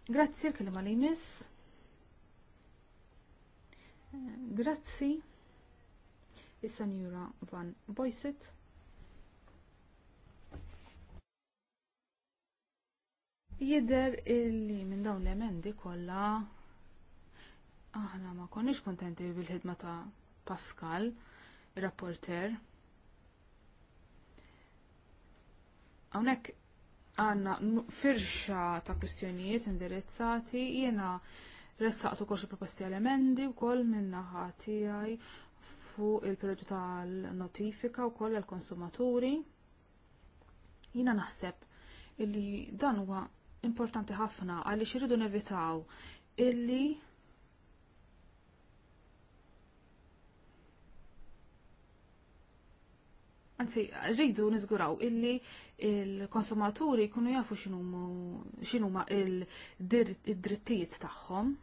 Speaker 2: Grazzi l-kelma li jmiss. Grazzi. Issa Njura Van Bojsit. Jider illi minn dawn l-emendi kollha aħna ma konniex kontenti bil-ħidma ta' Pascal, rapporter. Hawnhekk għandna firxa ta' kwistjonijiet indirizzati jiena ressaqtu kol xi proposti tal-emendi wkoll min-naħa tiegħi fuq il-periodu tal-notifika wkoll għall konsumaturi Jiena naħseb illi dan huwa importanti ħafna għaliex iridu nevitaw illi Anzi, rridu nizguraw illi il-konsumaturi kunu jafu xinuma il-drittijiet tagħhom.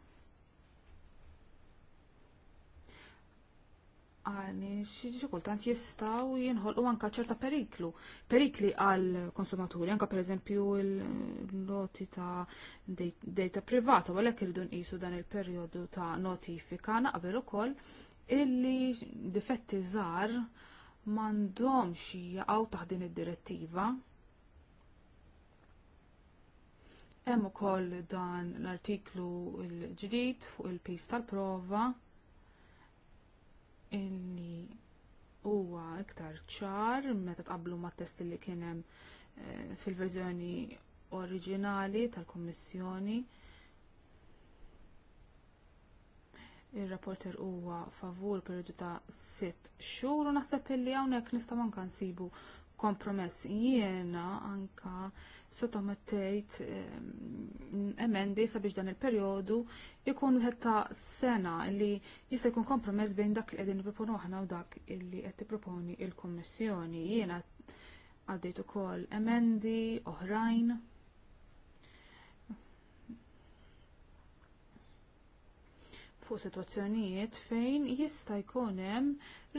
Speaker 2: għaliex xi kultant jistgħu jinħolqu anke ċerta periklu, perikli għal konsumaturi, anke pereżempju l noti ta' data privata, u għalhekk dun nqisu dan il-perjodu ta' notifika naqbel ukoll illi difetti żgħar m'għandhomx jaqgħu għaw taħdin id-direttiva. Hemm ukoll dan l-artiklu l-ġdid fuq il-pis tal-prova illi huwa iktar ċar meta tqablu mat test li kien hemm eh, fil-verżjoni oriġinali tal-Kummissjoni. Ir-rapporter huwa favur periodu ta' sitt xhur u naħseb illi hawnhekk nista' manka nsibu kompromess jiena anka sottomettejt ehm, emendi sabiex dan il-perjodu jkun wieħed ta' sena li jista' jkun kompromess bejn dak li qegħdin nipproponu aħna u dak li qed tipproponi l kummissjoni Jiena għaddejt ukoll emendi oħrajn. fuq situazzjonijiet fejn jista' jkun hemm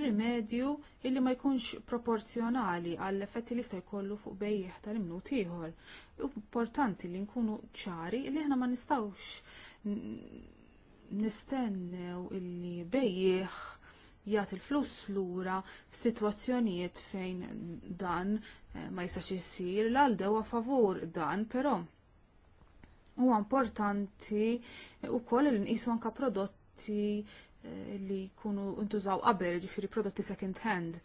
Speaker 2: rimedju illi ma jkunx proporzjonali għall effetti li jista' jkollu fuq bejjeħ tal-imnut ieħor. Importanti li nkunu ċari li aħna ma nistgħux nistennew illi bejjeħ jagħti il-fluss lura f'sitwazzjonijiet fejn dan eh, ma jistax jissir l-għaldew favur dan, però Huwa importanti wkoll li nqisu anke prodotti eh, li jkunu ntużaw qabel, ġifieri prodotti second hand.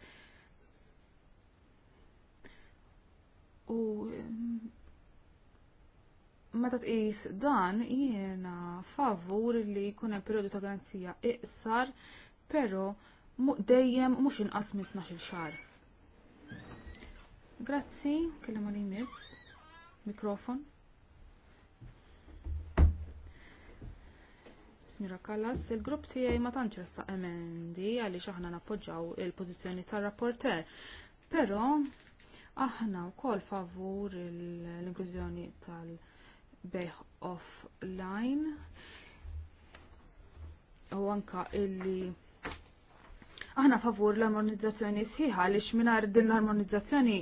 Speaker 2: U mm, meta tqis dan jiena favur li jkun hemm perjodu ta' garanzija iqsar, però dejjem mhux inqas minn tnax il xahar. Grazzi, kellem għal Mikrofon. Sinjura Kallas, il-grupp tiegħi ma tantx ressa emendi għaliex aħna nappoġġaw il-pożizzjoni tar-rapporter. Però aħna wkoll favur l-inklużjoni tal-bejħ offline u anka illi aħna favur l-armonizzazzjoni sħiħa għaliex mingħajr din l-armonizzazzjoni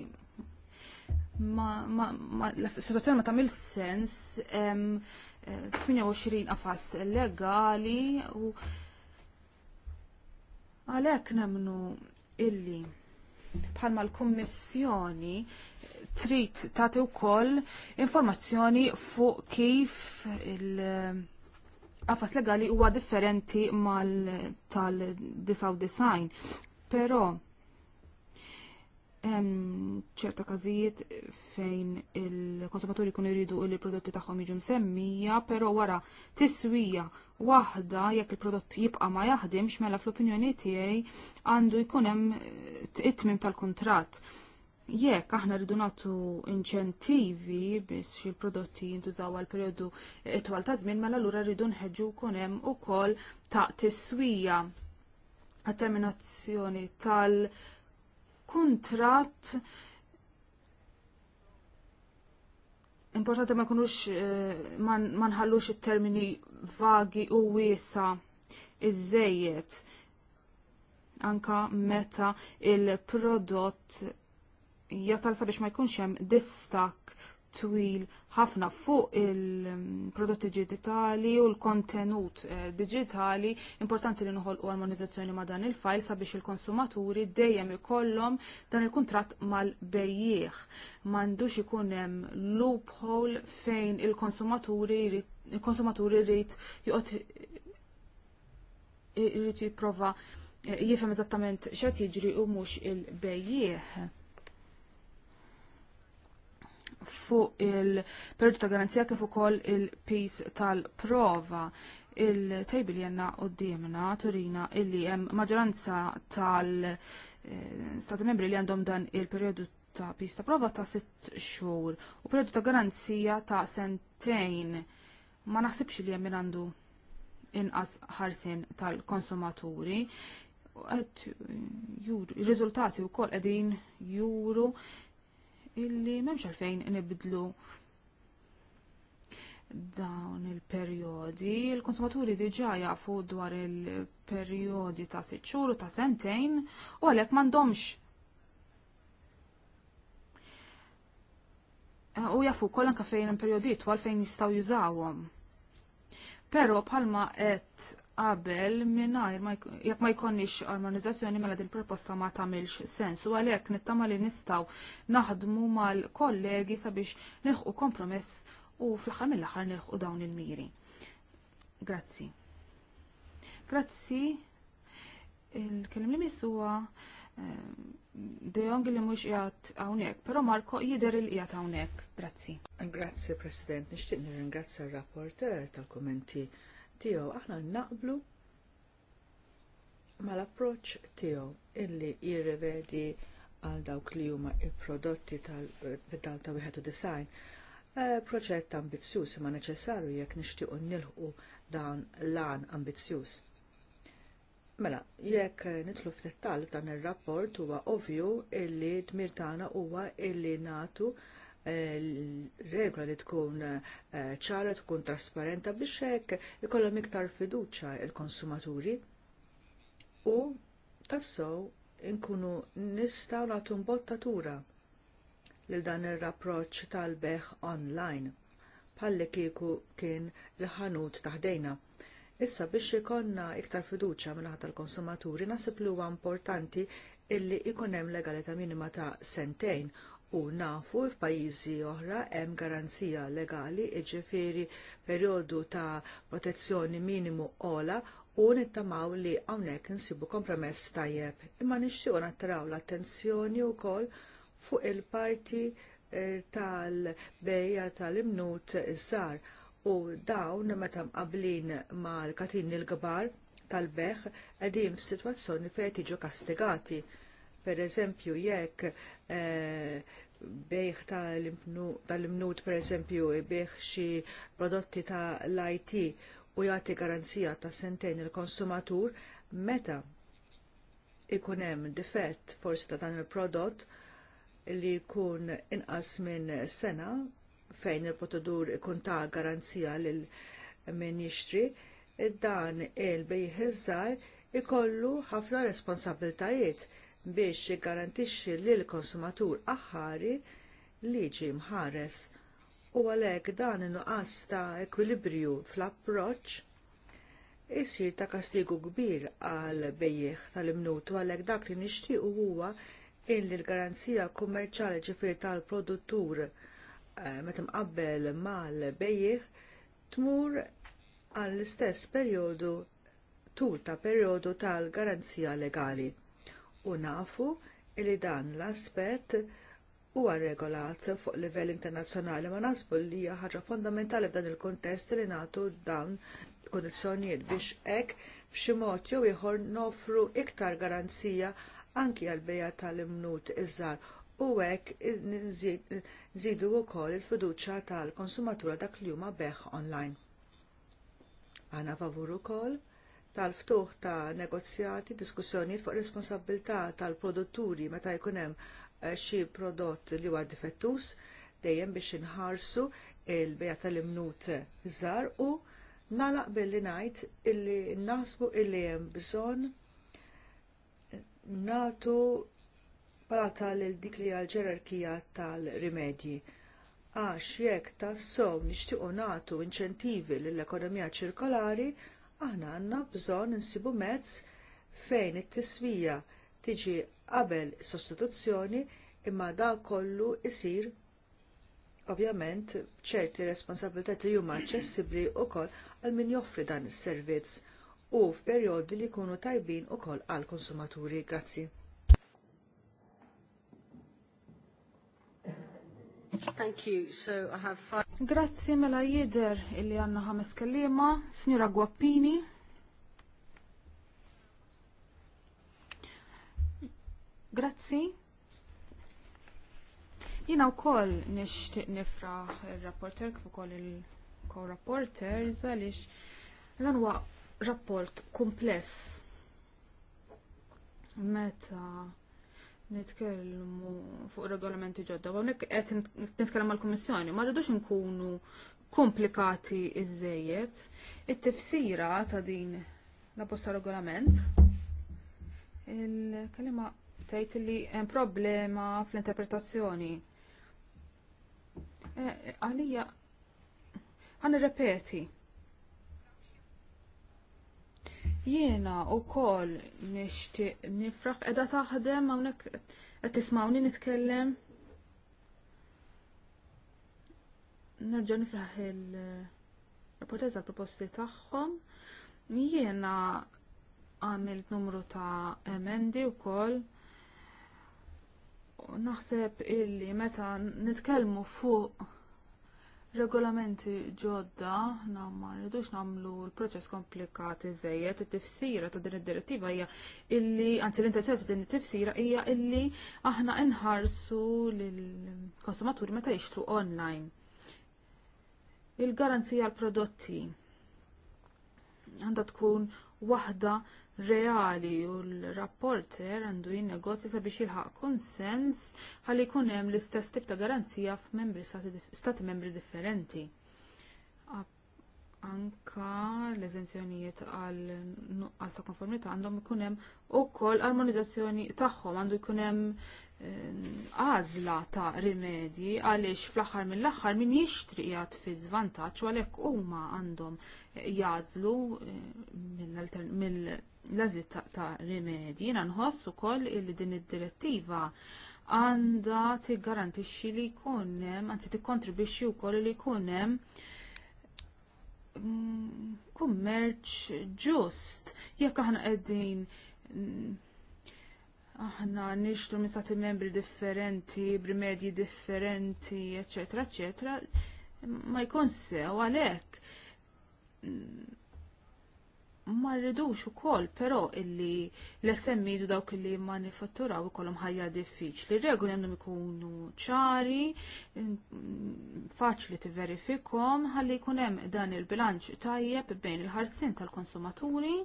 Speaker 2: ma, ma, ma, la situazzjoni ma tagħmel sens 28 qafas legali u għalhekk nemnu illi bħalma l-Kummissjoni trid tagħti wkoll informazzjoni fuq kif il- qafas legali huwa differenti mal tal-99. Però Hemm ċerta każijiet fejn il-konsumaturi jkunu jridu li l-prodotti tagħhom jiġu semmija, però wara tiswija waħda jekk il-prodott jibqa' ma jaħdimx mela fl-opinjoni tiegħi għandu jkun hemm it-tmim tal-kuntratt. Jekk aħna rridu nagħtu inċentivi biex il-prodotti jintużaw għal perjodu itwal ta' żmien, mela allura rridu nħeġġu jkun hemm ukoll ta' tiswija għat-terminazzjoni tal- kuntratt importanti ma kunux eh, ma nħallux it-termini vagi u wiesa iżejjed anka meta il-prodott jasal sabiex ma jkunx hemm distak twil ħafna fuq il-prodotti digitali u l-kontenut eh, digitali importanti li nħolqu armonizzazzjoni ma' dan il-fajl sabiex il-konsumaturi dejjem ikollhom dan il-kuntratt mal-bejjieħ. M'għandux ikun hemm loophole fejn il-konsumaturi il-konsumaturi rrit joqgħod irrid jipprova eh, jifhem eżattament x'qed jiġri u mhux il-bejjieħ fuq il-periodu ta' garanzija kif ukoll il-pis tal-prova il-tejbi li jenna u d-diemna turina illi jem maġoranza tal-stati eh, membri li għandhom dan il-periodu ta' pista prova ta' 6 xhur u periodu ta' garanzija ta' sentejn. Ma naħsibx li jem għandu inqas ħarsin tal-konsumaturi. Għed juru, il-rizultati u kol edin juru illi memx għalfejn nibdlu dawn il-perjodi. Il-konsumaturi diġa jafu dwar il-perjodi ta' sitxur u ta' sentejn u għalek mandomx. Eh, u jafu kollan ka fejn il-perjodi twal fejn jistaw jużawom. Pero bħalma qed qabel minnajr jekk ma jkollniex armonizzazzjoni mela din proposta ma tagħmilx sens u għalhekk nittama li nistgħu naħdmu mal-kollegi sabiex nilħqu kompromess u fl-aħħar mill-aħħar nilħqu dawn il-miri. Grazzi. Grazzi. Il-kelim li missuwa eh, dejong li mhux qiegħed hawnhekk, però Marko jidher il qiegħed
Speaker 3: hawnhekk. Grazzi. Grazzi, President. nixtieq nirringrazzja r rapporter tal kummenti tiegħu aħna naqblu mal-approċċ tiegħu illi jirrevedi għal dawk li huma l prodotti tal-bidal ta' wieħed u design. Eh, proġett ambizzjuż ma neċessarju jekk nixtiequ nilħu dan lan ambizzjuż. Mela, jekk nitlu f'dettall f'dan ir-rapport huwa ovvju illi dmir tagħna huwa illi nagħtu regola li tkun eh, ċara, tkun trasparenta biex hekk ikollhom iktar fiduċja il-konsumaturi u tassow inkunu nistgħu nagħtu mbottatura lil dan ir-rapproċċ tal-beħ online bħalli kieku kien il-ħanut taħdejna. Issa biex ikonna iktar fiduċja minn tal-konsumaturi nasib li huwa importanti illi ikun hemm legalità minima ta' sentejn u nafu f'pajjiżi oħra hemm garanzija legali jiġifieri perjodu ta' protezzjoni minimu ola u nittamaw li hawnhekk insibu kompromess tajjeb. Imma nixtiequ nattraw l-attenzjoni wkoll fuq il-parti eh, tal-bejja tal-imnut iż-żar u dawn meta mqablin mal-katin il-kbar tal-beħ qegħdin f'sitwazzjoni fejn jiġu kastigati pereżempju jekk eh, bejħ tal-imnut pereżempju bejħ xi prodotti ta' l-IT u jagħti garanzija ta' sentejn il-konsumatur meta ikun hemm difett forsi ta' dan il-prodott li jkun inqas minn sena fejn il potodur ikun ta' garanzija lil min jixtri, dan il-bejħiżżar ikollu ħafna responsabiltajiet biex jiggarantixxi lill konsumatur aħħari li jiġi mħares u għalhekk dan in-nuqqas ta' ekwilibrju fl-approċċ isir ta' kastigu kbir għal bejjeħ tal-imnut u għalhekk dak li nixtiequ huwa li l-garanzija kummerċjali ġifieri tal-produttur eh, meta mqabbel mal-bejjeħ tmur għall-istess perjodu tul ta' perjodu tal-garanzija legali u nafu li dan l-aspett huwa regolat fuq livell internazzjonali ma nasbu li hija ħaġa fondamentali f'dan il-kuntest li nagħtu dawn kondizzjonijiet biex hekk b'xi mod jew ieħor nofru iktar garanzija anki għal beja tal-imnut iż-żgħar u hekk nżidu wkoll il-fiduċja tal-konsumatura dak li huma beħ online. Għana favur ukoll tal-ftuħ ta' negozjati, diskussjonijiet fuq responsabilità tal-produtturi meta jkun hemm eh, xi prodott li huwa difettus dejjem biex inħarsu il-beja tal-imnut żar u nalaq billi ngħid illi naħsbu illi hemm bżonn nagħtu palata lil dik li għal ġerarkija tal-rimedji għax jekk tassom nixtiequ nagħtu inċentivi lill-ekonomija ċirkolari aħna għandna bżonn insibu mezz fejn it-tiswija tiġi qabel sostituzzjoni imma dak kollu isir ovvjament ċerti li huma aċċessibbli wkoll għal min joffri dan is-servizz u f'perjodi li jkunu tajbin ukoll għall konsumaturi. Grazzi.
Speaker 1: Thank you. So I have five.
Speaker 2: Grazzi mela jider illi għanna ħames kellima, Signora Guappini. Grazzi. Jina u koll nishtiq nifra il-rapporter kif ukoll il co rapporter għaliex dan huwa rapport kumpless meta nitkellmu fuq regolamenti ġodda, u nek għet nitkellmu għal-Komissjoni, ma rridux nkunu komplikati iż-żejiet. It-tifsira ta' din la bosta regolament, il-kelima tgħid li hemm problema fl-interpretazzjoni. Eh, għalija, għan repeti Jiena u kol nishtiq nifraħ edha taħdem għawnek għed tismawni nitkellem. Nerġa nifraħ il-reportez għal-proposti taħħom. Jiena għamilt numru ta' emendi u kol. Naħseb illi meta nitkellmu fuq regolamenti ġodda ma rridux nagħmlu l-proċess komplikati żejjed it-tifsira ta' din id-direttiva hija illi anzi l-intenzjoni ta' din it-tifsira hija illi aħna nħarsu lill-konsumaturi meta jixtru online. Il-garanzija għall prodotti għandha tkun waħda reali u l-rapporter għandu jinnegozja sabiex jilħaq konsens ħalli jkun hemm l-istess tip ta' garanzija f'membri stati membri differenti. Anka l-eżenzjonijiet għal nuqqas ta' konformità għandhom ikun hemm ukoll armonizzazzjoni tagħhom għandu jkun hemm għażla ta' rimedji għaliex fl-aħħar mill-aħħar min jishtri jgħat fi żvantaġġ u għalhekk huma għandhom jgħazlu eh, mill-għażliet ta' rimedji. Jiena nħoss ukoll li din id-direttiva għandha tiggarantixxi li jkun hemm, anzi tikkontribwixxi wkoll li jkun hemm mm, kummerċ ġust jekk aħna qegħdin mm, aħna nixtru minn membri differenti, brimedji differenti, eccetera, eccetera, ma jkun sew għalhekk. Ma rridux ukoll però illi l-SMI du dawk li manifatturaw ikollhom ħajja diffiċli. Regoli għandhom ikunu ċari, faċli tiverifikhom ħalli jkun hemm dan il-bilanċ tajjeb bejn il-ħarsin tal-konsumaturi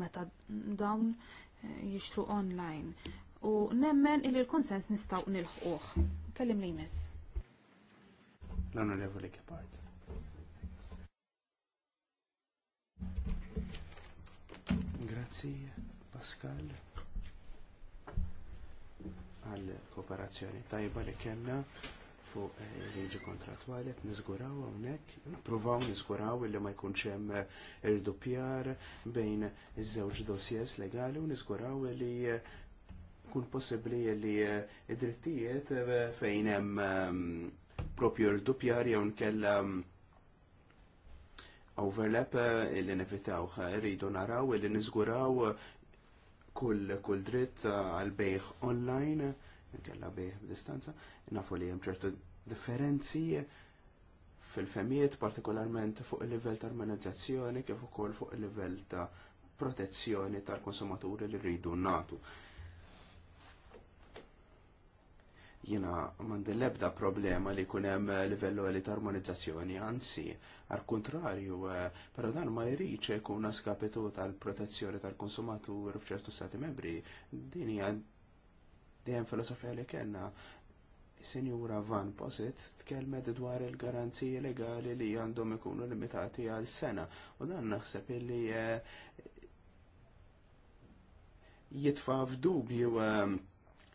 Speaker 2: meta dawn jishtru online u nemmen il l-konsens nistaw nil-ħuħ. Kallim li jmiss.
Speaker 5: l Grazzi, Pascal għal kooperazzjoni tajba li kellna fuq eh, liġi kontratwali, nizguraw hawnhekk, nippruvaw nizguraw illi ma jkunx hemm eh, il-dupjar bejn iż-żewġ dossiers legali u nizguraw li eh, kun possibbli li id-drittijiet fejn hemm ehm, propju l-dupjar jew nkella ehm, overlap illi nevitawh rridu naraw illi niżguraw kull kull dritt għal bejħ online kella bih distanza, nafu li hemm ċertu differenzi fil-femijiet, partikolarment fuq il-livell ta' armonizzazzjoni kif ukoll fuq il-livell ta' protezzjoni tal-konsumaturi li rridu natu. Jina mandi lebda problema li kunem livello li ta' armonizzazzjoni, anzi, ar kontrarju, eh, pero dan ma jriċ kun skapitu tal-protezzjoni tal-konsumatur f'ċertu stati membri, din dejjem filosofija li kellna. Sinjura Van Posit tkellmet dwar il-garanziji legali li għandhom ikunu limitati għal sena u dan naħseb li eh, jitfa f'dubju eh,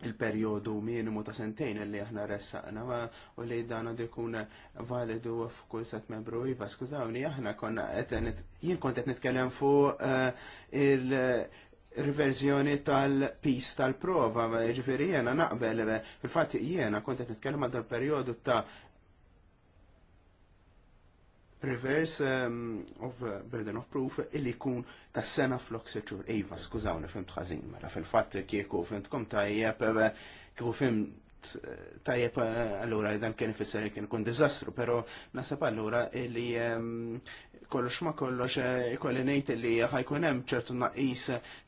Speaker 5: il-periodu minimu ta' sentejn li aħna ressaqna eh, u li dan għandu validu f'kull set membru iva. Skużawni, aħna konna jien kont qed nitkellem fuq il- riverżjoni tal-pis tal-prova, ġifiri jena naqbel, fil-fat jena kontet nitkellem għal periodu ta' reverse um, of burden of proof illi kun ta' sena flok seċur. Iva, skużawni, fimt ħazin, mela fil-fat kieku fimtkom tajjeb, eh, kieku fimt eh, tajjeb eh, allura dan kien ifisser kien kun dizastru, pero nasab allura illi um, kollox ma kollox eh, ikolli ngħid li ħajkun hemm ċertu naqis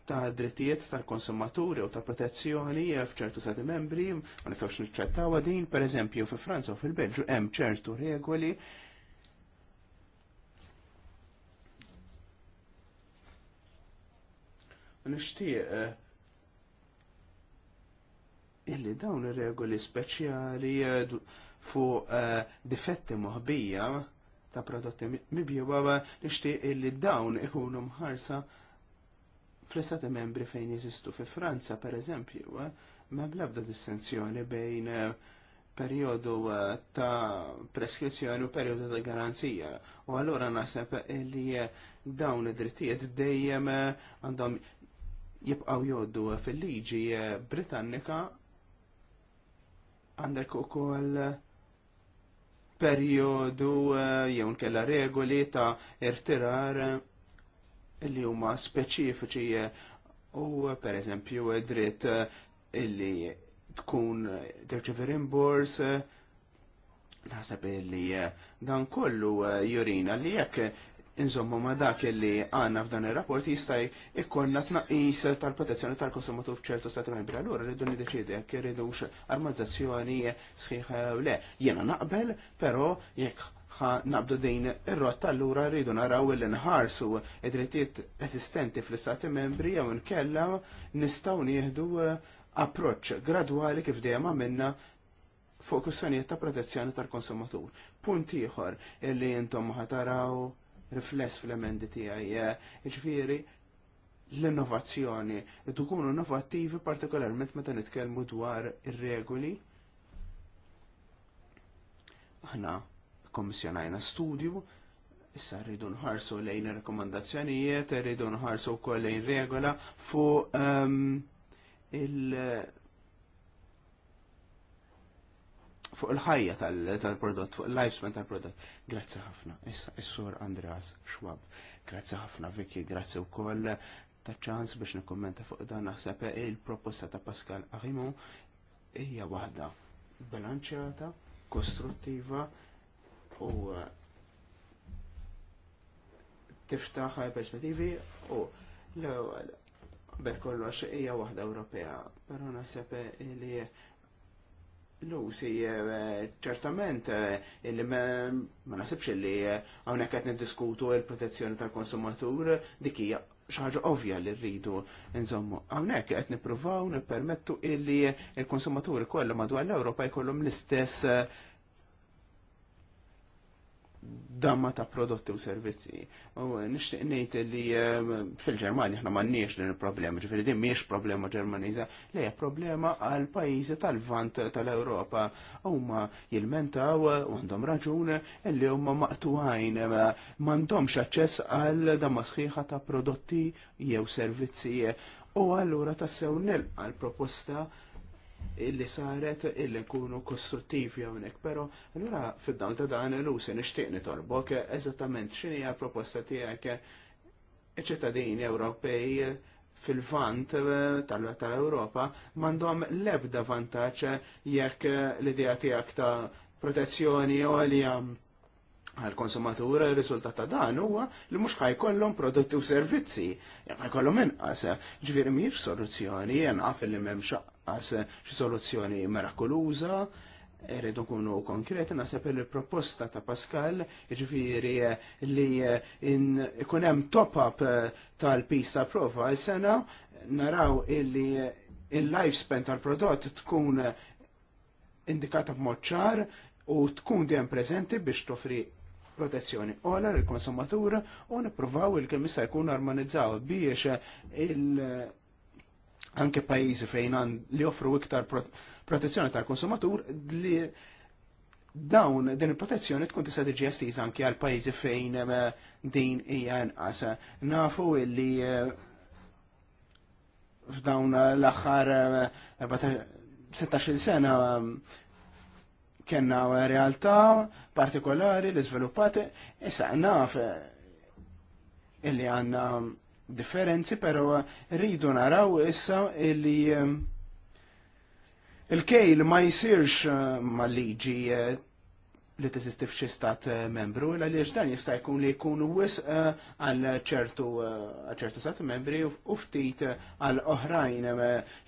Speaker 5: ta' drittijiet tal-konsumaturi u ta' protezzjoni eh, f'ċertu stati membri, ma nistgħux niċċettaw din, pereżempju fi Franza u fil-Belġu hemm ċertu regoli Nixtieq eh, illi dawn ir-regoli speċjali fuq difetti moħbija ta' prodotti mibjuba ba nixtieq illi dawn ikunu mħarsa fl-istati membri fejn jeżistu fi Franza per eżempju, eh, ma blabda distenzjoni bejn eh, periodu eh, ta' preskrizzjoni u periodu ta' garanzija. U allura naħseb li dawn id-drittijiet dejjem għandhom jibqaw joddu fil-liġi Britannika għandek u koll periodu eh, jew kella regoli ta' irtirar eh, li huma speċifiċi eh, u pereżempju dritt illi tkun tirċivi rimbors naħseb illi dan kollu jurina li jekk Insomma ma dak li għanna f'dan il-rapport jistaj ikkonna tnaqis tal-protezzjoni tal-konsumatur f'ċertu stati membri. Allura rridu nideċidi jekk x armazzazzjoni sħiħa u le. Jena naqbel, però jekk ħa naqbdu din ir-rotta allura rridu naraw li nħarsu id-drittijiet esistenti fl-istati membri jew nkella nistgħu nieħdu uh, approċċ gradwali kif dejjem għamilna fuq kwistjonijiet ta' protezzjoni tal-konsumatur. Punt ieħor illi intom ħataraw rifless fl-emendi tiegħi. Eh, jiġifieri l-innovazzjoni, tkunu innovattivi partikolarment meta nitkellmu dwar ir-regoli. Aħna kommissjonajna studju, issa rridu nħarsu lejn rekomandazzjonijiet, rridu nħarsu wkoll lejn regola fuq ehm, il- fuq il-ħajja tal-prodott, fuq il-lifespan tal-prodott. Grazzi ħafna. Issa, is-sur Andreas Schwab. Grazzi ħafna, Vicky, grazzi u koll ta' ċans biex nikkommenta fuq dan naħseb il-proposta ta' Pascal Arimo hija waħda bilanċjata, kostruttiva u uh, tiftaħ perspettivi u l-ewwel kollox hija waħda Ewropea, però naħseb li Lu, si, eh, ċertament, eh, illi ma nasibx li għawnek eh, għetni diskutu il-protezzjoni tal-konsumatur dikija xaġa ovvja li rridu. nżommu. għawnek għetni provaw nipermettu illi il-konsumaturi kollha madwar l-Ewropa jkollhom l-istess damma ta' prodotti u servizzi. nishtiq nejt li eh, fil-Ġermanja aħna m'għandniex din il-problema, ġifiri din mhijiex problema Ġermaniża, li hija problema għal pajjiżi tal-vant tal-Ewropa. Huma jilmentaw u għandhom raġun li huma maqtuħajn eh, m'għandhomx aċċess għal damma sħiħa ta' prodotti jew servizzi. U allura tassew nil għal proposta illi saret illi nkunu kostruttivi hawnhekk, però allura fid-dawn ta' dan l-usi nixtieq nitolbok eżattament x'inhi proposta tiegħek iċ-ċittadini Ewropej fil-vant tal-Ewropa m'għandhom l-ebda vantaġġ jekk l-idea tiegħek ta' protezzjoni għolja għal konsumatura il-rizultat ta' dan huwa li mhux ħajkollhom prodotti u servizzi, ħajkollhom inqas. Ġifieri mhijiex soluzzjoni, naf li m'hemm għas eh, xi soluzzjoni mirakoluża, Eridu kunu konkreti, nasab il-proposta ta' Pascal, ġifiri eh, li eh, ikun hemm top-up tal pista ta' prova sena naraw illi il-lifespan tal-prodott tkun indikata b'mod ċar u tkun dejjem prezenti biex toffri protezzjoni ola l-konsumatura u nippruvaw il kemissa jista' jkun armonizzaw biex il- anke pajjiżi fejn li offru iktar protezzjoni tal-konsumatur li dawn din il-protezzjoni tkun tista' tiġi estiża anke għal pajjiżi fejn eh, din hija inqas. Nafu li eh, f'dawn l-aħħar 16 eh, sena kena realtà partikolari li sviluppate, issa naf illi għandna differenzi, pero rridu naraw issa illi ehm, il-kejl ma jisirx eh, mal-liġi eh, li t f'xi stat eh, membru, l għaliex dan jista' jkun li jkun wis għal ċertu ċertu stat membri u ftit għal oħrajn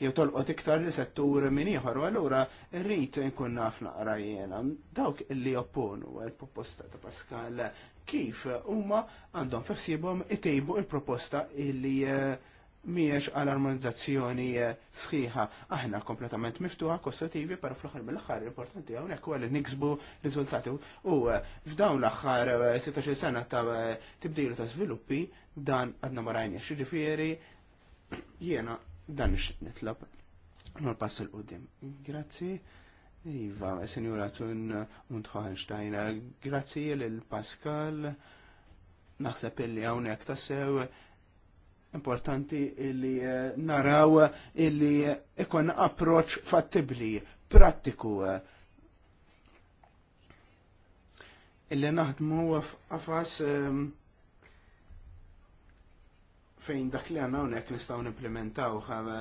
Speaker 5: jew tolqot iktar li settur minn ieħor u allura rrid nkun naf naqra jiena. Dawk li opponu għal proposta ta' Pascal kif huma għandhom fissibhom itejbu il-proposta illi eh, miex għal-armonizzazzjoni eh, sħiħa. Aħna kompletament miftuħa, kostativi, pero fl-axar mill-axar importanti għawnek u għalli niksbu rizultati. U eh, f'dawn l-axar 16 sena ta' tibdilu ta' sviluppi, dan għadna marajni xirrifieri, jena dan nix nitlob. Nol pass il-qudim. Grazzi. Iva, senjura tun un Hohensteiner, grazzi l-Pascal, naħseb illi hawnhekk tassew importanti illi eh, naraw illi ikon approċ fattibli, prattiku illi naħdmu għafas ehm, fejn dak li għanna għonek nistaw nimplementaw eh,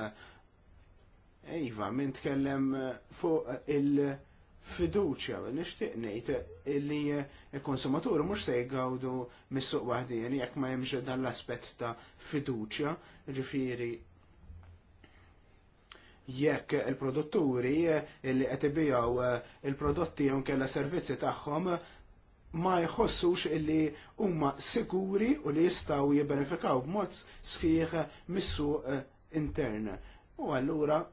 Speaker 5: Iva, minn tkellem eh, fuq eh, il-fiduċja, nishtiq ngħid eh, illi il-konsumatur mhux se jgawdu mis-suq waħdien jekk ma jemx dan l-aspett ta' fiduċja, ġifiri jekk il-produtturi li qed il-prodotti jew kella servizzi tagħhom ma jħossux illi huma siguri u li jistgħu jibbenefikaw b'mod sħiħ mis-suq intern. U allura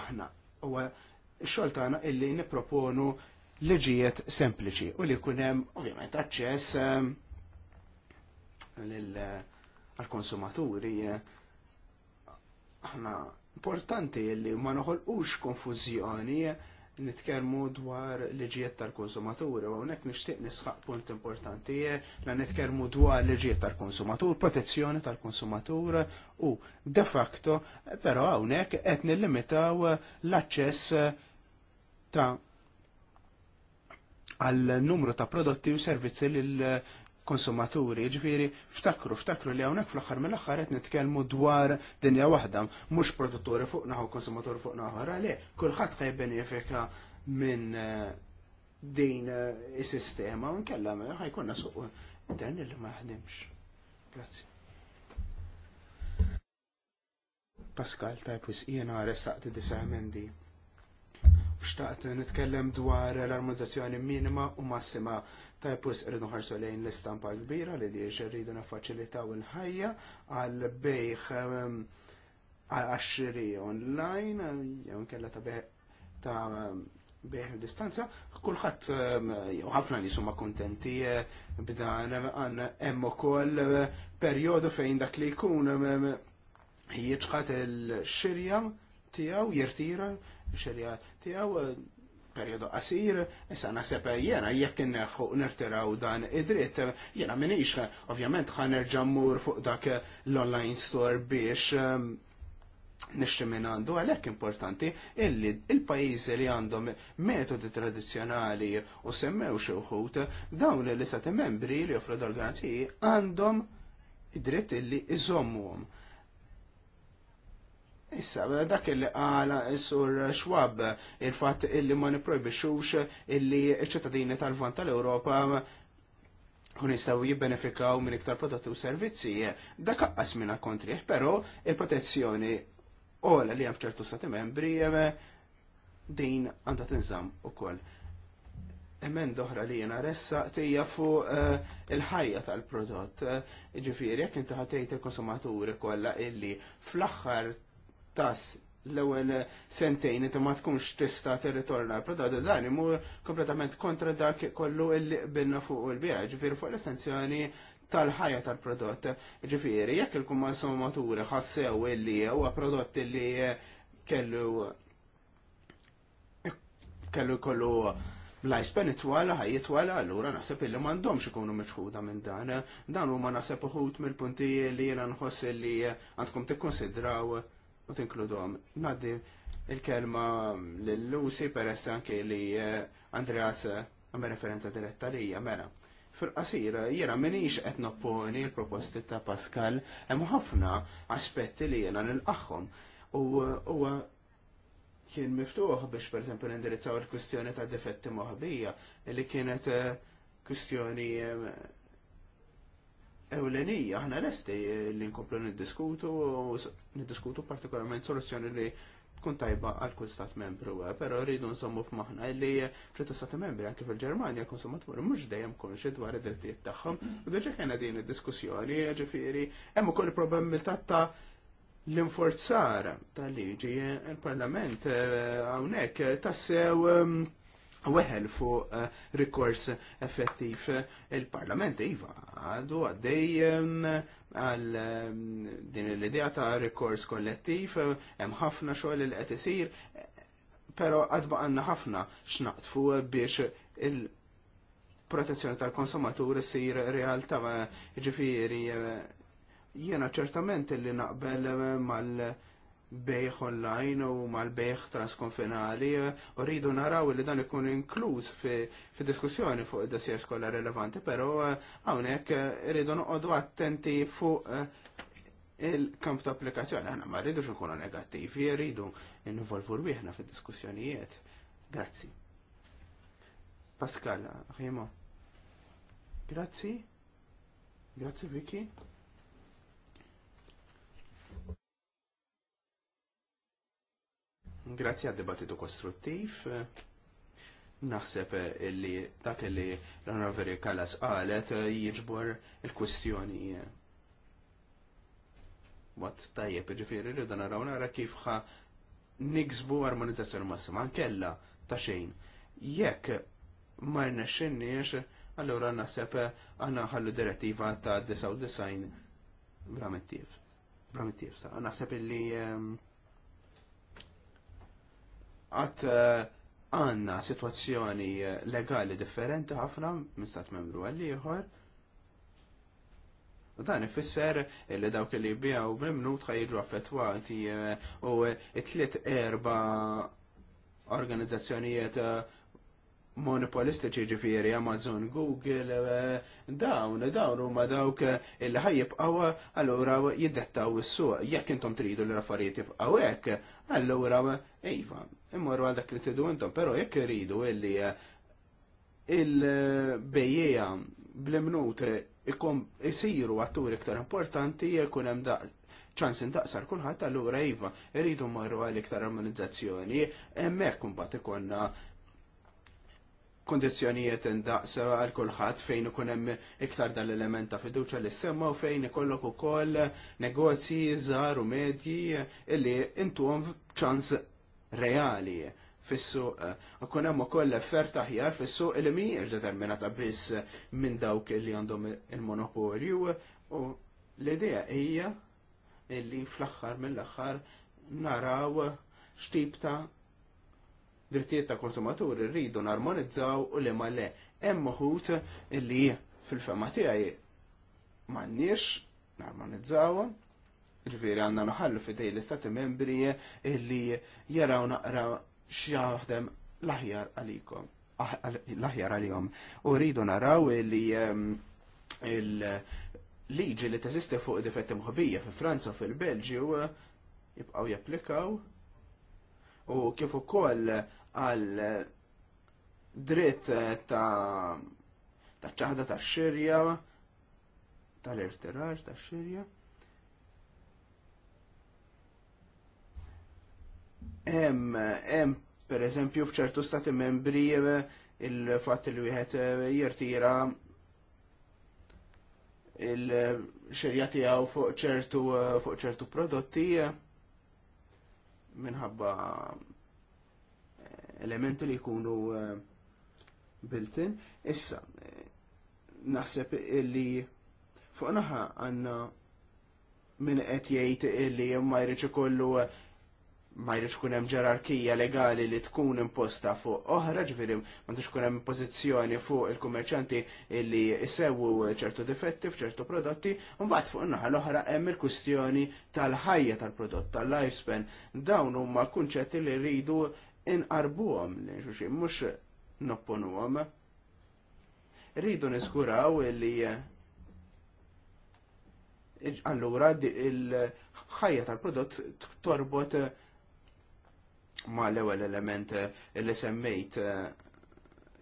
Speaker 5: aħna u x-xogħol tagħna illi nipproponu liġijiet sempliċi u li jkun hemm ovvjament aċċess ehm, eh, għal-konsumaturi eh, aħna importanti li ma noħolqux konfużjoni eh, nitkellmu dwar liġijiet tal-konsumatur, u hawnhekk nixtieq nisħaq punt importanti la mela nitkellmu dwar liġijiet tal-konsumatur, protezzjoni tal-konsumatur u de facto, però hawnhekk qed nillimitaw l-aċċess ta' għal numru ta' prodotti u servizzi lil konsumaturi, ġifiri, ftakru, ftakru li għonek fl-axar mill-axar għet nitkelmu dwar dinja wahda, mux produttori fuq naħu, konsumaturi fuq naħu, għale, kullħat kaj benefika minn eh, din eh, il-sistema, unkella ħajkunna suq dan li maħdimx. Grazie. Pascal tajpus jena resaqt disa emendi. Xtaqt nitkellem dwar l-armonizzazzjoni minima u massima ta' jpus rridu ħarsu lejn l-istampa kbira li li rridu nafaċilitaw il-ħajja għal bejħ um, għaxri online, jew kella ta' bejħ ta' bejħ distanza, kullħat um, ħafna li summa kontenti eh, b'dan għan hemm ukoll eh, periodu fejn dak li jkun um, jieċħat il-xirja tiegħu jirtira xirja tijaw, periodu qasir, issa naħseb jena jekk neħu nirtiraw dan id-dritt, jena minix, ovvjament xan nerġammur fuq dak l-online store biex ehm, nixtri minn għandu, għalek importanti illi il-pajizi li għandhom metodi tradizjonali u semmew xewħut, dawn li l-istati membri li joffru d garanziji għandhom id-dritt illi iżommu Issa, dak il għala sur xwab il-fat illi ma niprojbixux illi ċittadini tal-vant tal-Europa kun jistaw jibbenefikaw minn iktar prodotti u servizzi. Dak għas minna kontriħ, pero il-protezzjoni ola li hemm ċertu stati membri din għandha tinżamm ukoll. Emen doħra li jena ressa tija fuq eh, il-ħajja tal-prodott. Ġifiri, jek inti ħatejt il-konsumaturi kollha illi fl-aħħar tas l-ewwel sentejn inti ma tkunx tista' tirritorna l-prodott dan imu kompletament kontra dak kollu illi binna fuq il-bieħ, ġifiri fuq l-estenzjoni tal-ħajja tal-prodott. Ġifieri, jekk il-konsumaturi ħassew illi u prodott illi kellu kellu kollu it-twala, ħaj it-twala, allura naħseb illi m'għandhomx ikunu miċħuda minn dan. Dan huma naħseb uħut mill-punti li jiena nħoss li għandkom tikkonsidraw u tinkludhom. Naddi il-kelma l Lusi, per anke li eh, Andreas eh, għam referenza diretta li mela. Fil-qasira, jena minix qed nopponi l-proposti ta' Pascal, hemm ħafna aspetti li jena nil axħom U eh, kien miftuħ biex per esempio nindirizzaw il kustjoni ta' difetti moħbija li kienet kwistjoni ewlenija, aħna lesti eh, li nkomplu niddiskutu, niddiskutu partikolarment soluzzjoni li tkun tajba għal kull stat membru, eh, pero rridu nsommu f'maħna li eh, ċerta stat membri anke fil-Ġermanja konsumatur mhux dejjem konxi dwar id-drittijiet tagħhom. U diġà kena din id-diskussjoni, ġifieri hemm ukoll problemi ta' l-inforzar tal-liġi, il-Parlament hawnhekk tassew ehm, weħel fuq eh, rikors effettiv il-parlament iva għadu għaddej eh, għal eh, din l-idea ta' rikors kollettiv hemm ħafna xogħol li qed isir però għadba għandna ħafna x'naqtfu biex il-protezzjoni tal-konsumatur isir realtà ġifieri jiena ċertament li naqbel mal- bejħ online u mal-bejħ transkonfinali u rridu naraw li dan ikun inkluż fi, fi diskussjoni fuq id-dossier skola relevanti, pero eh, hawnhekk eh, rridu noqogħdu attenti fuq eh, il-kamp ta' applikazzjoni. Aħna ma rridu nkunu negattivi, rridu involvu rwieħna fid-diskussjonijiet. Grazzi. Pascal, ħajma. Grazzi. Grazzi Vicky. Grazzi għad dibattitu kostruttiv. Naħseb illi dak illi l-onorveri Kallas qalet eh, jiġbor il-kwistjoni eh, Wat tajjeb, ġifiri li dan naraw nara kif ħa niksbu armonizzazzjoni massima, kella ta' xejn. Jekk ma jnexxinniex, allura naħseb għandna ħallu direttiva ta' 99 bramittiv. Bramittiv, sa' naħseb illi ehm, għat eh, għanna situazzjoni eh, legali differenti ħafna minn stat membru għal ieħor. U dan ifisser li dawk li bijaw mimnut tħajġu affettwati eh, u it-tliet erba organizzazzjonijiet monopolistiċi ġifiri Amazon, Google, dawn, dawn u ma dawk il ħajibqaw allura jiddettaw is-suq. Jekk intom tridu l-raffariet jibqaw hekk, allura iva, immorru għal dak li tridu intom, però jekk iridu illi eh, il-bejjeja bl-imnut ikom isiru għattur iktar importanti jekun hemm ċans intaqsar kulħadd allura iva, iridu marru għal iktar armonizzazzjoni, hemmhekk imbagħad ikonna kondizjonijiet indaqsa għal kulħadd fejn ikun hemm iktar dal-element ta' fiduċa li semma u fejn ikollok ukoll negozji żgħar u medji illi intuhom ċans reali fis-suq eh, u kun hemm ukoll offerta taħjar fis-suq li mhijiex determinata biss minn dawk li għandhom il-monopolju u l-idea hija li fl-aħħar mill-aħħar naraw x'tip ta' drittijiet ta' konsumaturi rridu narmonizzaw u li ma le hemm uħut li fil-fema tiegħi m'għandniex narmonizzawhom ġifiri għanna nħallu fidej l-istati membri illi jaraw naqra xjaħdem l-aħjar għalikom. Ah, l-aħjar għalikom. U rridu naraw illi ehm, il-liġi li teżisti fuq difetti mħobija fi Franza u fil-Belġju jibqaw japplikaw u kif ukoll għal dritt ta' ta' ċaħda ta' xirja tal irtiraġ ta' xirja. Ta hemm hemm pereżempju f'ċertu stati membri eh, il-fatt li wieħed eh, jirtira il-xirja tiegħu fuq ċertu eh, fuq ċertu prodotti minħabba elementi li jkunu built-in. Issa, naħseb illi fuq naħa għanna minn qed jgħid illi ma jridx ikollu ma jridx kunem hemm ġerarkija legali li tkun imposta fuq oħra ġifieri ma jridx kunem hemm pożizzjoni fuq il-kummerċanti li jisewu ċertu difetti f'ċertu prodotti, u mbagħad fuq unnaħa l-oħra hemm il-kwistjoni tal-ħajja tal-prodott, tal-lifespan. Dawn huma kunċetti li rridu inqarbuhom li xulxin mhux nopponuhom. Rridu niskuraw li allura il-ħajja tal-prodott torbot ma l-ewel element eh, li semmejt eh,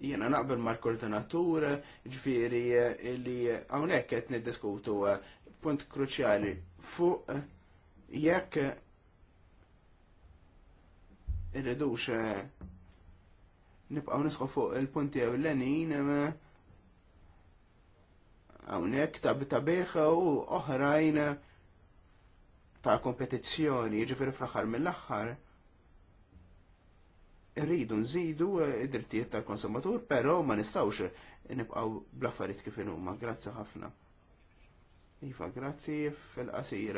Speaker 5: jiena naqbel mal-koordinatur ġifieri eh, li għawnek qed niddiskutu punt kruċjali fuq jekk irridux nibqaw nisħu fuq il-punti ewlenin hawnhekk ta' bitabeħa u oħrajn ta' kompetizzjoni, ġifiri fl-aħħar mill-aħħar rridu nżidu eh, id-drittijiet tal-konsumatur, pero ma nistawx eh, nibqaw blaffariet kif huma. Grazzi ħafna. Iva, grazzi fil-qasir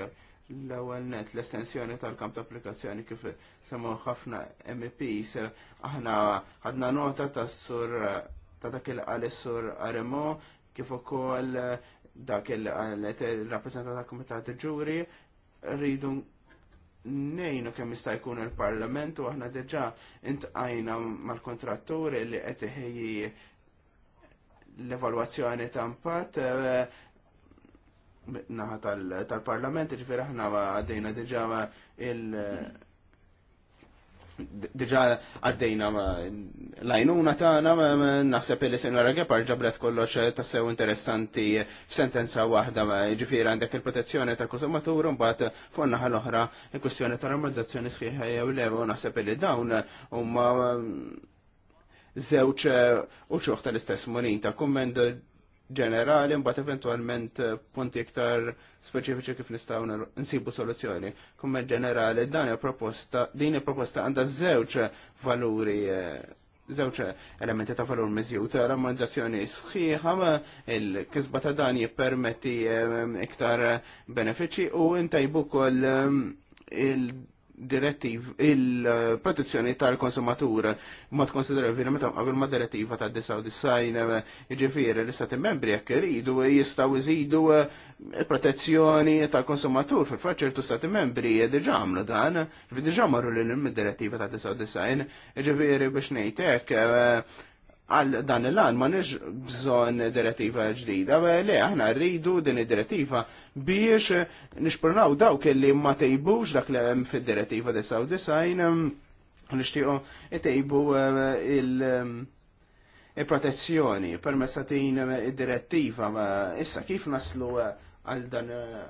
Speaker 5: l-ewwel net l-estensjoni tal-kamp ta' applikazzjoni kif semmu ħafna MEPs aħna ħadna nota ta' sur ta' dak il sur Aremo kif ukoll dak il-rappresentant tal-Kumitat Ġuri rridu nejnu kemm jista' jkun il-Parlament u aħna diġà intqajna mal-kontratturi li qed iħejji l-evalwazzjoni ta' impatt eh, naħa tal-Parlament, ġifier aħna għadejna diġà il- Dġa għaddejna lajnuna ta' naħseb li senjora Gepar ġabret kollox ta' sew interessanti f'sentenza waħda ġifieri għandek il-protezzjoni ta' konsumatur un bat fonna l-oħra il kustjoni ta' armonizzazzjoni sħiħa jew le u naħseb li dawn huma mm, żewġ uċuħ tal-istess monita kummendu ġenerali, mbagħad eventwalment eh, punti iktar speċifiċi kif nistgħu nsibu soluzzjoni. Kumment ġenerali, dan proposta, din il-proposta għandha żewġ valuri eh, żewġ elementi ta' valur miżjut, l-ammonizzazzjoni sħiħa, il-kisba ta' dan jippermetti eh, iktar benefiċi u intajbu kol il- direttiv il-protezzjoni tal-konsumatur ma tkonsidera verament qabel ma direttiva ta' disaw disajn ġifieri l-istati membri jekk iridu jistgħu jżidu eh, protezzjoni tal-konsumatur fil faċertu stati membri diġà għamlu dan, diġà marru lil direttiva ta' disaw disajn ġifieri biex ngħid hekk eh, għal dan il għan ma nix bżon direttiva ġdida, le, aħna rridu din id-direttiva biex nixpurnaw dawk li ma tejbux dak li hemm fid-direttiva disaw design, nixtiequ tejbu e, il-protezzjoni permessa tin id-direttiva, issa kif naslu e, għal dan e,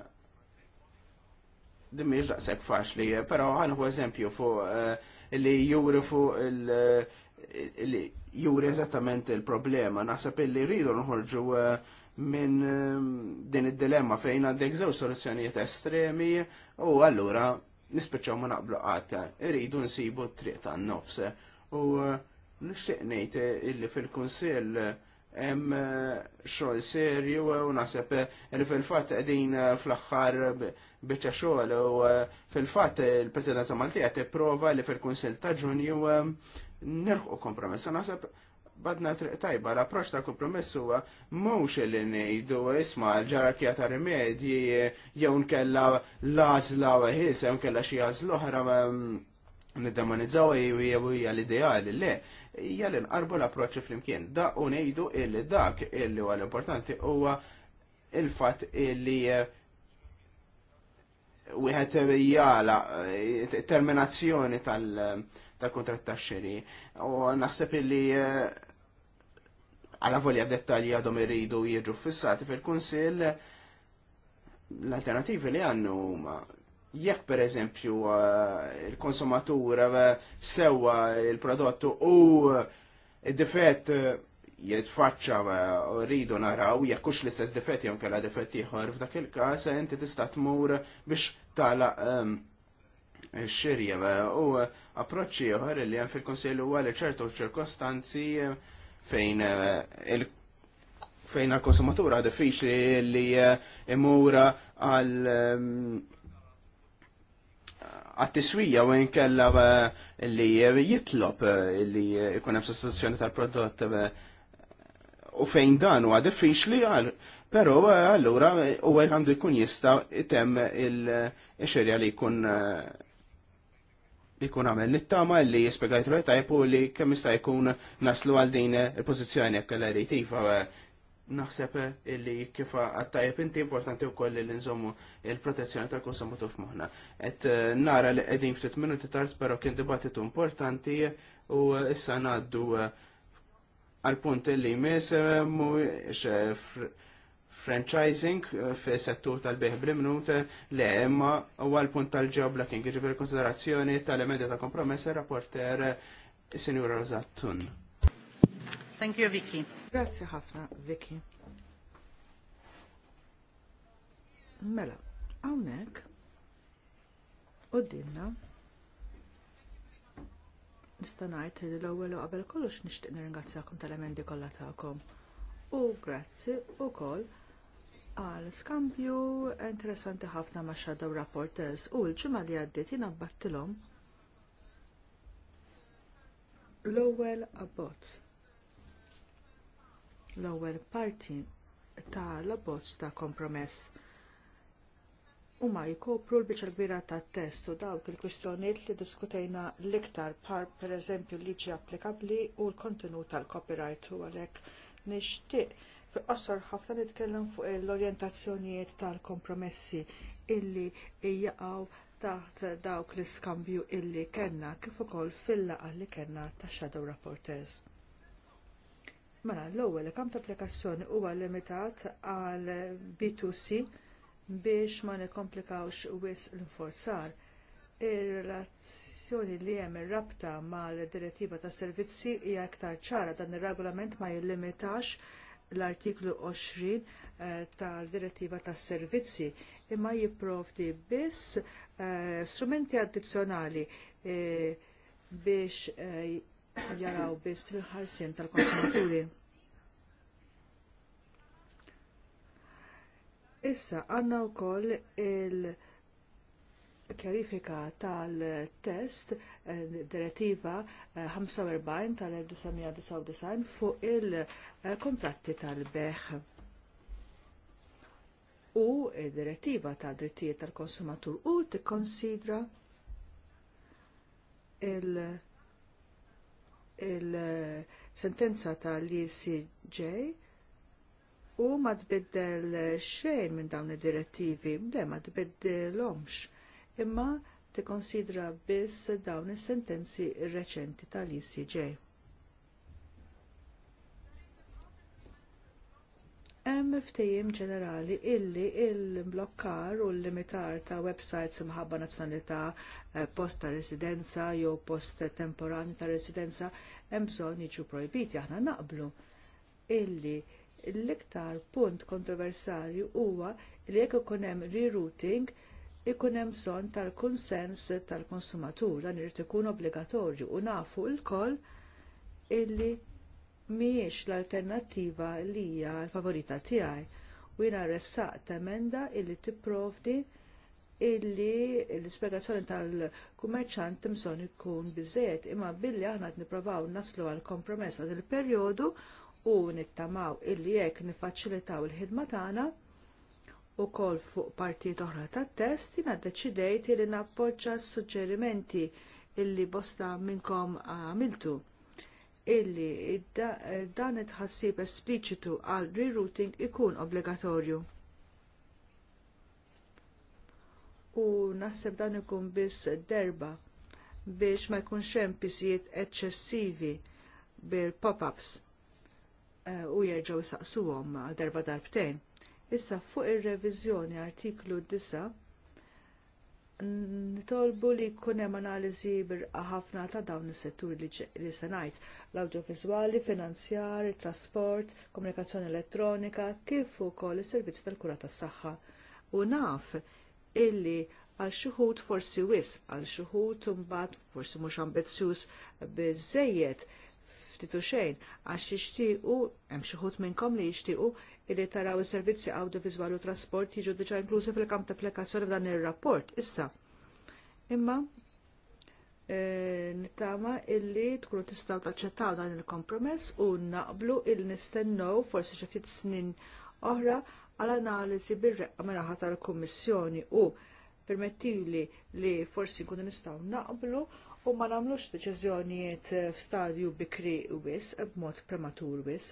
Speaker 5: dimmiġ daqsek faċli, pero ħanħu eżempju fuq li juri fuq il- juri eżattament il-problema. Nasab illi rridu nħorġu eh, minn eh, din id-dilemma fejn għandek żewġ soluzzjonijiet estremi u allura nispiċċaw ma naqblu qatt. Rridu nsibu triq tan-nofs. U eh, nixtieq ngħid illi fil-Kunsill hemm xogħol serju u naħseb li fil-fatt qegħdin fl-aħħar biċċa xogħol u fil-fatt il-Presidenza Maltija tipprova li fil-Kunsill ta' Ġunju nerħu kompromess. Nasab badna triq tajba, l-approċ ta' kompromessu huwa mhux li ngħidu isma' ġara ta' rimedji jew nkella l-għażla ħis jew nkella xi għażla oħra mm, niddemonizzaw jew hija l-ideali le. Hija li nqarbu l-approċċ flimkien. Da u ngħidu illi dak illi huwa l-importanti huwa il-fatt illi wieħed jala eh, terminazzjoni tal-kontrat tal xiri U naħseb illi eh, għala volja dettalji għadhom irridu jiġu fissati fil-Kunsill l-alternativi li għannu huma. jekk per eżempju eh, il-konsumatur sewa il-prodottu u id-difett jitfaċċa rridu naraw jekk hux l-istess difett jew kellha difett ieħor f'dak il-każ inti tista' tmur biex tala ehm, xirja u approċċi ħor li hemm fil-Kunsill huwa li ċertu ċirkostanzi fejn eh, il fejn għal-konsumatura diffiċli li eh, imura għal ehm, għat-tiswija u nkella eh, li jitlob li jkun hemm sostituzzjoni tal-prodott u fejn dan huwa diffiċli għal. Però eh, allura u għandu jkun jista item il-xerja li jkun eh, li jkun għamel nittama li jispiega jtru tajpu li kemm jista' jkun naslu għal din il-pożizzjoni jekk l-eritiva eh, naħseb illi kif għattajb inti importanti wkoll li nżommu il-protezzjoni tal konsumatu f'moħħna. Et nara li qegħdin ftit minuti tard pero kien dibattitu importanti u issa ngħaddu għal-punt li jmiss eh, eh, franchising eh, fi settur tal-beħ bl le li imma u l-punt tal-ġobla kien per konsiderazzjoni tal medja ta' kompromessa rapporter Sinjura Rosatun.
Speaker 3: Thank you, Vicky. Grazie ħafna, Vicky. Mela, hawnhekk u dinna Nista' ngħid li l-ewwel u qabel kollox nixtieq nirringrazzjakom tal-emendi kollha tagħkom. U grazzi wkoll għal skambju interessanti ħafna ma' Shadow Rapporters u l-ġimgħa li għaddiet jiena battilhom l-ewwel abbozz. L-ewwel parti tal-abbozz ta' kompromess u ma jkopru l-biċa kbira tat testu dawk il-kwistjoniet li diskutejna l-iktar par pereżempju liġi applikabbli u l-kontenut tal-copyright u għalhekk nixtieq fil-qosor ħafna nitkellem fuq l-orjentazzjonijiet tal-kompromessi illi jaqgħu taħt dawk l-iskambju illi kellna kif ukoll fil laqgħa li kellna tax Shadow Rapporters. Mela, l-ewwel li-kam ta' applikazzjoni huwa limitat għal B2C biex ma nekomplikawx wis l-inforzar. Ir-relazzjoni li hemm ir-rabta mal-direttiva tas servizzi hija iktar ċara dan ir-regolament ma jillimitax l-artiklu 20 tad eh, tal-direttiva tas servizzi imma jipprovdi biss eh, strumenti addizzjonali eh, biex jaraw biss l ħarsien tal-konsumaturi. Issa għandna wkoll il-kjarifika tal-test eh, direttiva 45 eh, tal-1999 fuq il-kontratti eh, tal-beħ u direttiva tad drittijiet tal-konsumatur u tikkonsidra il-sentenza il-sentenza tal-ECJ u ma tbiddel xejn minn dawn id-direttivi, le ma tbiddilhomx, imma tikkonsidra biss dawn is-sentenzi reċenti tal-ICJ. Hemm ftehim ġenerali illi il-blokkar u l-limitar ta' websites imħabba nazzjonalità eh, post ta' residenza jew post temporani ta' residenza hemm bżonn jiġu projbiti aħna naqblu illi l-iktar punt kontroversarju huwa li jekk ikun hemm rerouting ikun hemm bżonn tal-kunsens tal-konsumatur dan irid ikun obbligatorju u nafu lkoll illi mhijiex l-alternattiva li hija l-favorita tiegħi u jiena ta' emenda illi tipprovdi illi l-ispjegazzjoni tal-kummerċant timson ikun biżżejjed imma billi aħna qed nippruvaw naslu għal kompromess għal il-perjodu u nittamaw illi jekk nifaċilitaw il-ħidma tagħna kol fuq partijiet oħra tat-test jiena deċidejt li nappoġġa s-suġġerimenti illi bosta minnkom għamiltu illi dan it-ħassib espliċitu għal rerouting ikun obbligatorju. U naħseb dan ikun biss derba biex ma jkunx hemm pisijiet eċċessivi bil pop-ups Eh, u jerġgħu għal darba darbtejn. Issa fuq ir-reviżjoni artiklu 9 nitolbu li jkun hemm analiżi birqa ħafna ta' dawn is-setturi li se ngħid l-awdjoviżwali, finanzjar, it trasport, komunikazzjoni elettronika, kif ukoll is-servizz tal-kura tas-saħħa. U naf illi għal xi wħud forsi wisq, għal xi wħud imbagħad forsi mhux ambizzjuż biżżejjed ftitu xejn għax jixtiequ hemm xi ħut minnkom li jixtiequ illi taraw is-servizzi audiovizwali u trasport jiġu diġà inklużi fil-kamp ta' applikazzjoni f'dan ir-rapport issa. Imma e, nittama illi tkunu tistgħu taċċettaw dan il-kompromess u naqblu il nistennew forsi xi ftit snin oħra għal analiżi bir-reqqa minaħa tal-Kummissjoni u permettili li forsi nkunu nistgħu naqblu u ma nagħmlux deċiżjonijiet f'stadju bikri wis b'mod prematur wis.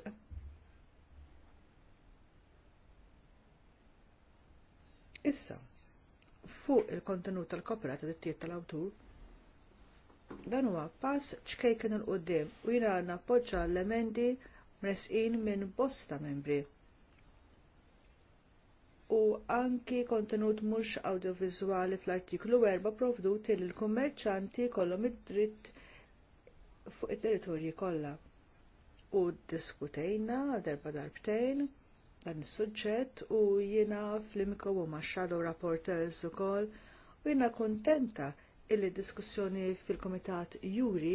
Speaker 3: Issa, fuq il-kontenut tal-kopra ta' dittiet tal-awtur, dan huwa pass ċkejken il-qoddim u jina nappoġġa l-emendi mresqin minn bosta membri u anki kontenut mhux awdjoviżwali fl-artiklu 4 provdut li l-kummerċanti jkollhom id-dritt fuq it-territorji kollha. U ddiskutejna darba darbtejn dan is-suġġett u jiena fl-imko u ma' shadow rapporters ukoll u jiena kuntenta illi d diskussjoni fil-Komitat Juri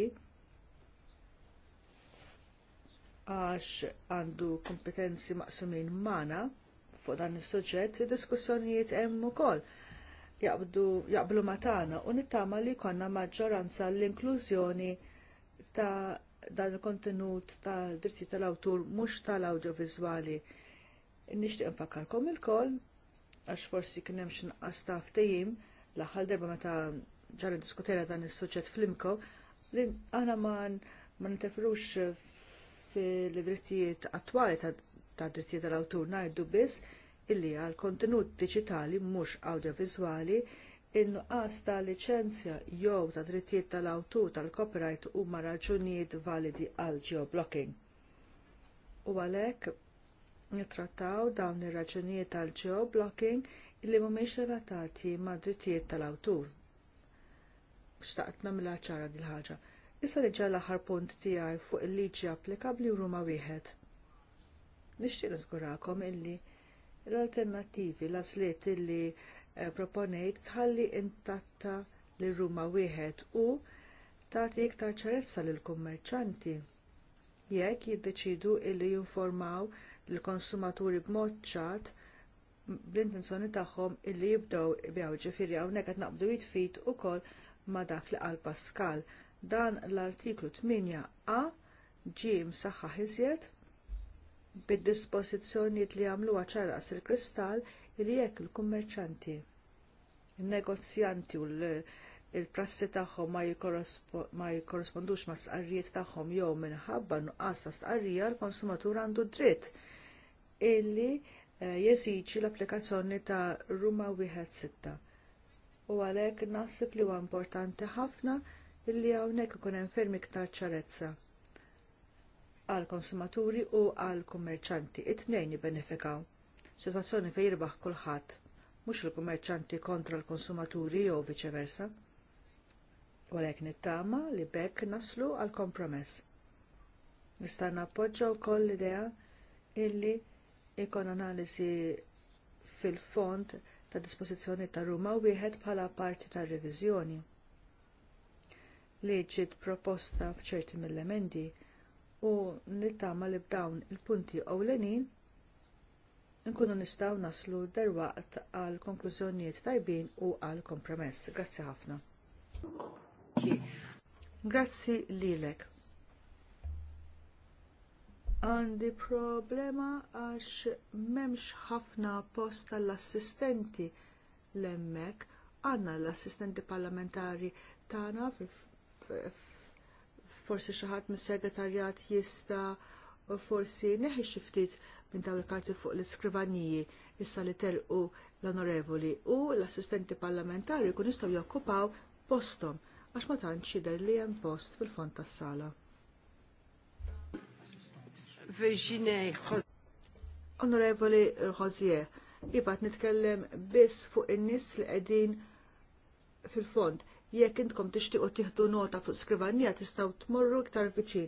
Speaker 3: għax għandu kompetenzi maqsumin mana fuq dan is-suġġett id-diskussjonijiet hemm ukoll jaqblu matana u nittama li jkollna maġġoranza l-inklużjoni ta' dan il-kontenut tad dritti tal-awtur mhux tal-audioviżwali. Nixtieq nfakkarkom ilkoll għax forsi kien hemm x'inqas ta' ftehim l-aħħar darba meta ġara diskutera dan is-suġġett fl li aħna ma ninterferux fil-drittijiet attwali tad drittijiet tal-awtur ngħidu biss illi għal kontenut digitali mhux awdjoviżwali in-nuqqas ta' liċenzja jew ta' drittijiet tal-awtur tal-copyright huma raġunijiet validi għal geoblocking. U għalhekk nittrattaw dawn ir-raġunijiet tal geoblocking illi mhumiex relatati mad drittijiet tal-awtur. Xtaqt nagħmilha ċara dil ħaġa. Issa li l-aħħar punt tiegħi fuq il-liġi applikabbli huma wieħed. Nixtieq niżgurakom illi l-alternattivi l għażliet li eh, proponejt tħalli intatta l ruma wieħed u tagħti iktar ċarezza lill kummerċanti jekk jiddeċidu li jinformaw lill konsumaturi b'mod ċat bl-intenzjoni tagħhom illi jibdew jibgħu ġifieri hawnhekk qed naqbdu jitfit ukoll ma' dak li qal Pascal. Dan l-artiklu 8a ġie msaħħaħ iżjed bid-dispożizzjonijiet li għamluha ċarqas il-kristall li jekk il-kummerċanti, il-negozjanti u l-prassi tagħhom ma jikorrispondux ma' sqarrijiet tagħhom jew minħabba nuqqas ta' stqarrija l-konsumatur għandu dritt illi eh, jeżiġi l-applikazzjoni ta' Ruma wieħed sitta. U għalhekk naħseb li huwa importanti ħafna illi hawnhekk ikun hemm ferm iktar ċarezza għall konsumaturi u għall kummerċanti It-tnejn jibbenefikaw. Sitwazzjoni fejn jirbaħ kulħadd, mhux il-kummerċanti kontra l-konsumaturi jew viċeversa. U għalhekk nittama li bekk naslu għal kompromess. Nista' nappoġġa wkoll l-idea illi ikon analisi fil-fond ta' dispożizzjoni ta' Ruma wieħed bħala parti tar reviżjoni li ġiet proposta f'ċerti mill-elementi u nittama li b'dawn il-punti ewlenin nkunu nistgħu naslu derwaqt għal konklużjonijiet tajbin u għal kompromess. Grazzi ħafna. Grazzi lilek. Għandi problema għax m'hemmx ħafna post l assistenti l-emmek għanna l-assistenti parlamentari tagħna forsi xi ħadd mis-segretarjat jista' forsi neħi xi ftit minn dawn il-karti fuq l-iskrivaniji issa li telqu l-onorevoli u l-assistenti parlamentari jkun jistgħu jokkupaw posthom għax ma tantx jidher li hemm post fil-fond tas-sala. Onorevoli Rosier, ibat nitkellem biss fuq in-nies li qegħdin fil-fond Jekk intkom tixtiequ tieħdu nota fuq skrivanija tistgħu tmorru iktar viċin.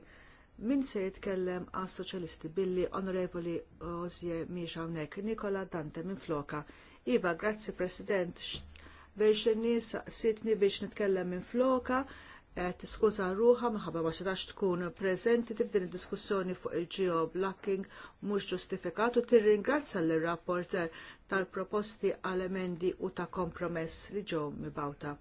Speaker 3: Min se jitkellem għas soċjalisti billi onorevoli Ozje miex hawnhekk Nikola Dante minn Floka. Iva, grazzi President, biex n saqsitni biex nitkellem minn Floka, eh, tiskuża ruħa maħabba ma sedax tkun preżenti tibdin id-diskussjoni fuq il-geo blocking mhux ġustifikat u tirringrazza l-rapporter tal-proposti għal emendi u ta' kompromess li ġew mibawta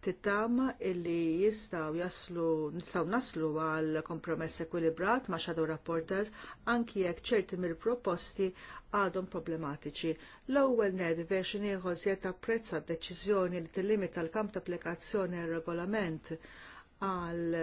Speaker 3: tittama illi jistaw jaslu, nistaw naslu għal kompromess ekwilibrat ma' shadow rapporters anki jekk ċerti mill-proposti għadhom problematiċi. L-ewwel ned version ieħor se tapprezza d-deċiżjoni li tillimita l-kamp ta' applikazzjoni regolament għal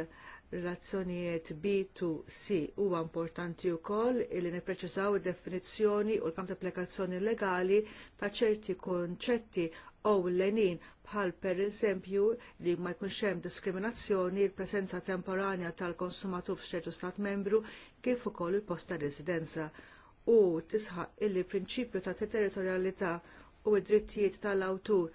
Speaker 3: relazzjonijiet B2C huwa importanti wkoll illi nippreċiżaw id-definizzjoni u l-kamp ta' applikazzjoni legali ta' ċerti konċetti l l-lenin bħal pereżempju li ma jkunx hemm diskriminazzjoni l-preżenza temporanja tal-konsumatur f'ċertu stat membru kif ukoll il-post ta' residenza u tisħaq illi prinċipju ta' territorjalità u id-drittijiet tal-awtur.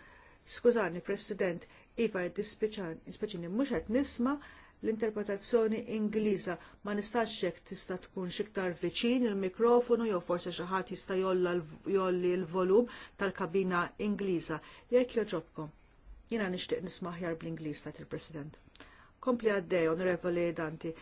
Speaker 3: Skużani, President, iva dispiċani mhux qed nisma' l-interpretazzjoni Ingliża ma nistax jekk tista' tkun xiktar viċin il-mikrofonu jew forsi xi ħadd jista' jolli l-volum tal-kabina Ingliża jekk joġobkom. Jiena nixtieq nisma' aħjar bl-Ingliż tat il-President. Kompli għaddej, onorevoli Danti,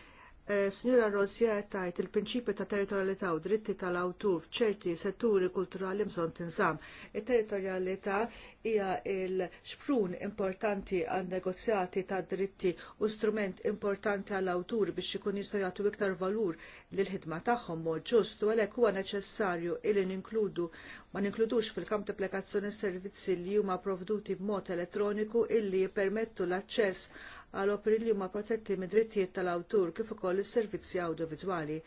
Speaker 3: Eh, Signora Rosja tajt il-prinċipju ta' territorialità u dritti tal-awtur f'ċerti setturi kulturali mżon tinżam. Il-territorialità hija il-xprun importanti għal negozjati ta' dritti u strument importanti għall awtur biex ikun jistgħu jagħtu iktar valur lill-ħidma tagħhom mod ġust u għalhekk huwa neċessarju li ninkludu ma ninkludux fil-kamp applikazzjoni servizzi li huma provduti b'mod elettroniku illi jippermettu l-aċċess għal operi li huma protetti mid-drittijiet tal-awtur kif ukoll is-servizzi awdiovidwali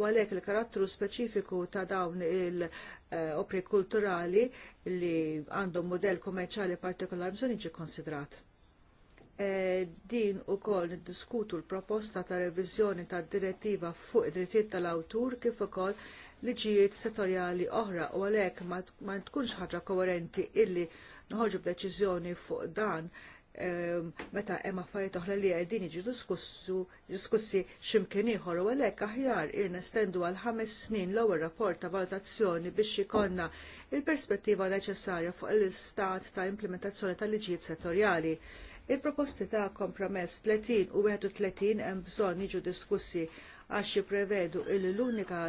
Speaker 3: u għalhekk il-karattru speċifiku ta' dawn il-opri kulturali li għandhom mudell kummerċjali partikolar bżonn jiġi konsidrat. E, din ukoll niddiskutu l-proposta ta' reviżjoni tad direttiva fuq id-drittijiet tal-awtur kif ukoll liġijiet settorjali oħra u għalhekk ma tkunx ħaġa koerenti illi noħorġu b'deċiżjoni fuq dan Ehm, meta hemm affarijiet oħra li qegħdin jiġu diskussu diskussi x'imkien ieħor u għalhekk aħjar nestendu għal ħames snin l-ewwel rapport ta' valutazzjoni biex ikonna il-perspettiva neċessarja fuq l-istat ta' implementazzjoni tal-liġijiet settorjali. Il-proposti ta' kompromess 30 u 31 hemm bżonn jiġu diskussi għax jipprevedu il l-unika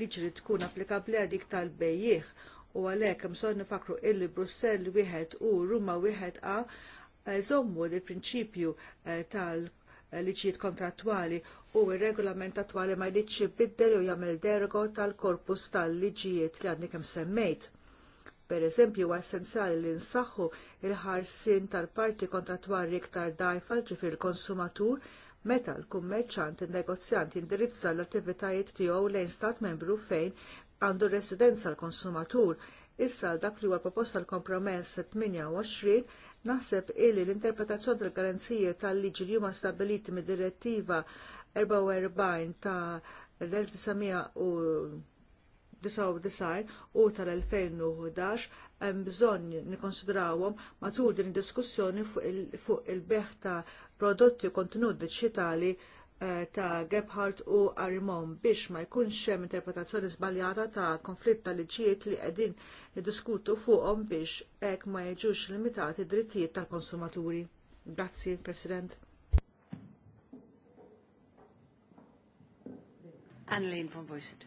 Speaker 3: liġi li tkun applikabbli għadik tal-bejjieħ u għalhekk bżonn nifakru illi Brussell wieħed u Ruma wieħed A żommu eh, li prinċipju eh, tal-liċijiet kontrattwali u r-regolament attwali ma jridx ibiddel u jagħmel dergo tal-korpus tal-liġijiet li għadni kemm semmejt. Pereżempju huwa essenzjali li nsaħħu il ħarsien tal-parti kontrattwali iktar dajfa ġifir konsumatur meta l-kummerċant il-negozjant indirizza l-attivitajiet tiegħu lejn stat membru fejn għandu residenza l-konsumatur. Issa dak li huwa proposta l-kompromess 28 Naħseb illi l-interpretazzjoni tal-garanzija tal-liġi li huma stabiliti mid-direttiva 44 ta' l-1999 u tal-2011 hemm bżonn nikkonsidrawhom matul din id-diskussjoni fuq il-beħ ta' prodotti u kontenut diġitali Eh, ta' Gebhardt u Arimon biex ma jkunx hemm interpretazzjoni żbaljata ta' konflitt ta' liġijiet li qegħdin niddiskutu fuqhom biex hekk ma jiġux limitati drittijiet tal-konsumaturi. Grazzi, President.
Speaker 1: Annelien van Boyset.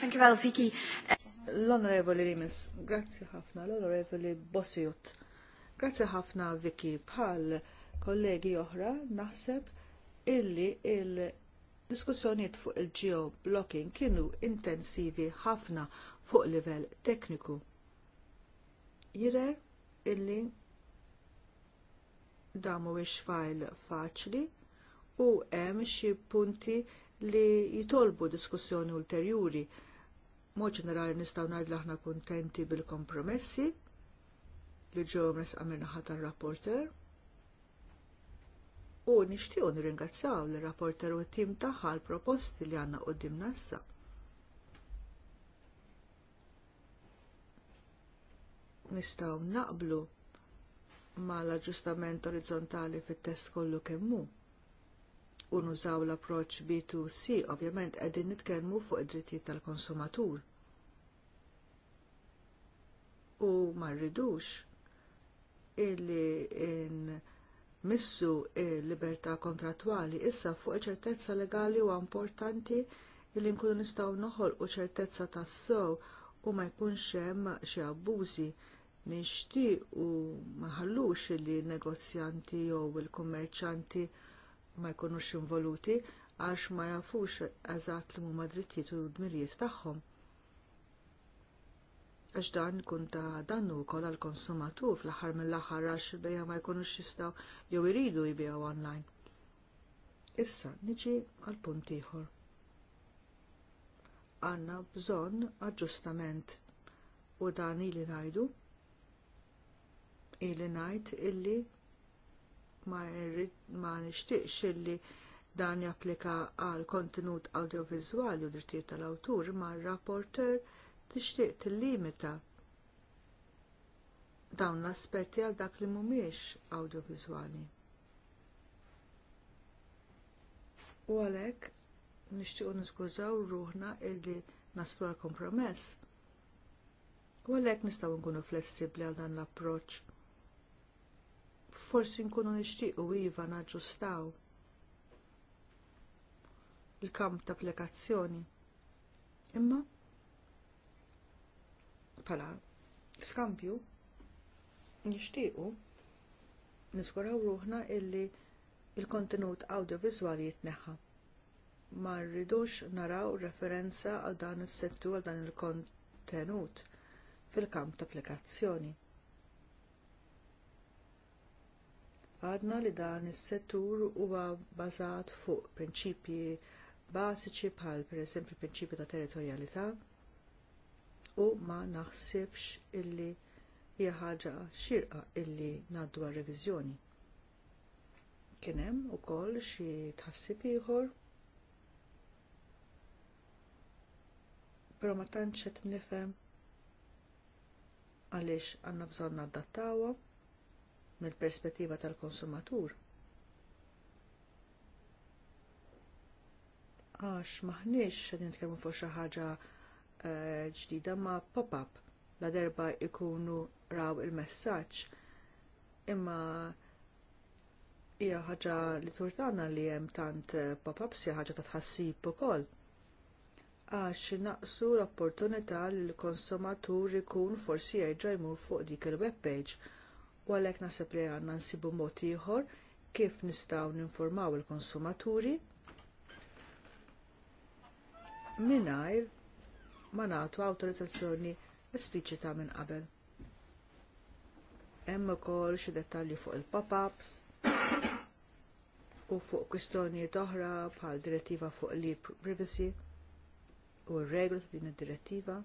Speaker 1: Dankjewel,
Speaker 3: Vicky. L-Onorevoli Rimes, grazzi ħafna, l Bossiut. Bossiot. Grazzi ħafna, Vicky, bħal kollegi oħra naħseb illi il-diskussjonijiet fuq il-geoblocking kienu intensivi ħafna fuq livell tekniku. Jirer illi damu ix fajl faċli u hemm xi punti li jitolbu diskussjoni ulterjuri. Mod ġenerali nistgħu li aħna kuntenti bil-kompromessi li ġew mresqa minn ħadd tar-rapporter u nixtiju nirringazzaw l rapporter u tim tagħha l-proposti li għandna quddiem nassa. Nistgħu naqblu mal aġġustament orizzontali fit-test kollu kemm hu. U nużaw l-approċċ B2C, ovvjament qegħdin nitkellmu fuq id-drittijiet tal-konsumatur. U ma rridux illi in missu il-libertà kontratwali issa fuq iċ-ċertezza legali huwa importanti li nkunu nistgħu noħolqu ċertezza tas-sew u ma jkunx hemm xi abbużi nixtieq u ma ħallux li negozjanti jew il-kummerċanti ma jkunux involuti għax ma jafux eżatt li huma drittijiet u dmirijiet tagħhom għax dan kun ta' dannu wkoll għall konsumatur fl aħħar mill aħħar għax il-bejja ma jkunux jistgħu jew iridu jbijaw online. Issa niġi għal punt ieħor. Għandna bżonn aġġustament u dan ili ngħidu ili ngħid illi ma, ma illi dan japplika għal kontenut audiovizwali u drittijiet tal-awtur ma' rapporter tixtieq tillimita dawn l-aspetti għal dak li mhumiex awdjoviżwali. U għalhekk nixtiequ niskużaw ruħna illi naslu għal kompromess. U għalhekk nistgħu nkunu flessibbli għal dan l-approċċ. Forsi nkunu nixtiequ iva naġġustaw il-kamp ta' applikazzjoni. Imma pala skampju nixtiequ niskuraw ruħna illi il kontenut audiovizwali jitneħħa. Ma rridux naraw referenza għal dan is-settur għal dan il-kontenut fil-kamp ta' applikazzjoni. għadna li dan is-settur huwa bbażat fuq prinċipji bażiċi bħal pereżempju prinċipju ta' territorjalità, u ma naħsibx illi hija ħaġa xirqa illi ngħaddu għal reviżjoni. Kien hemm ukoll xi tħassib ieħor pero ma tantx qed nifhem għaliex għandna bżonn naddattawha mill-perspettiva tal-konsumatur. Għax maħniex qed nitkellmu fuq xi ħaġa ġdida ma' pop-up la derba ikunu raw il-messaġġ imma hija ħaġa li turtana li hemm tant eh, pop-ups hija ħaġa ta' tħassib ukoll. Għax naqsu l-opportunità li l-konsumatur ikun forsi jerġa' jmur fuq dik il-web page u għalhekk naħseb li għandna nsibu mod ieħor kif nistgħu ninformaw il-konsumaturi mingħajr ma nagħtu awtorizzazzjoni espliċita minn qabel. Hemm ukoll xi dettalji fuq il-pop-ups u fuq kwistjonijiet oħra bħal direttiva fuq li privacy u r reglu ta' din id-direttiva.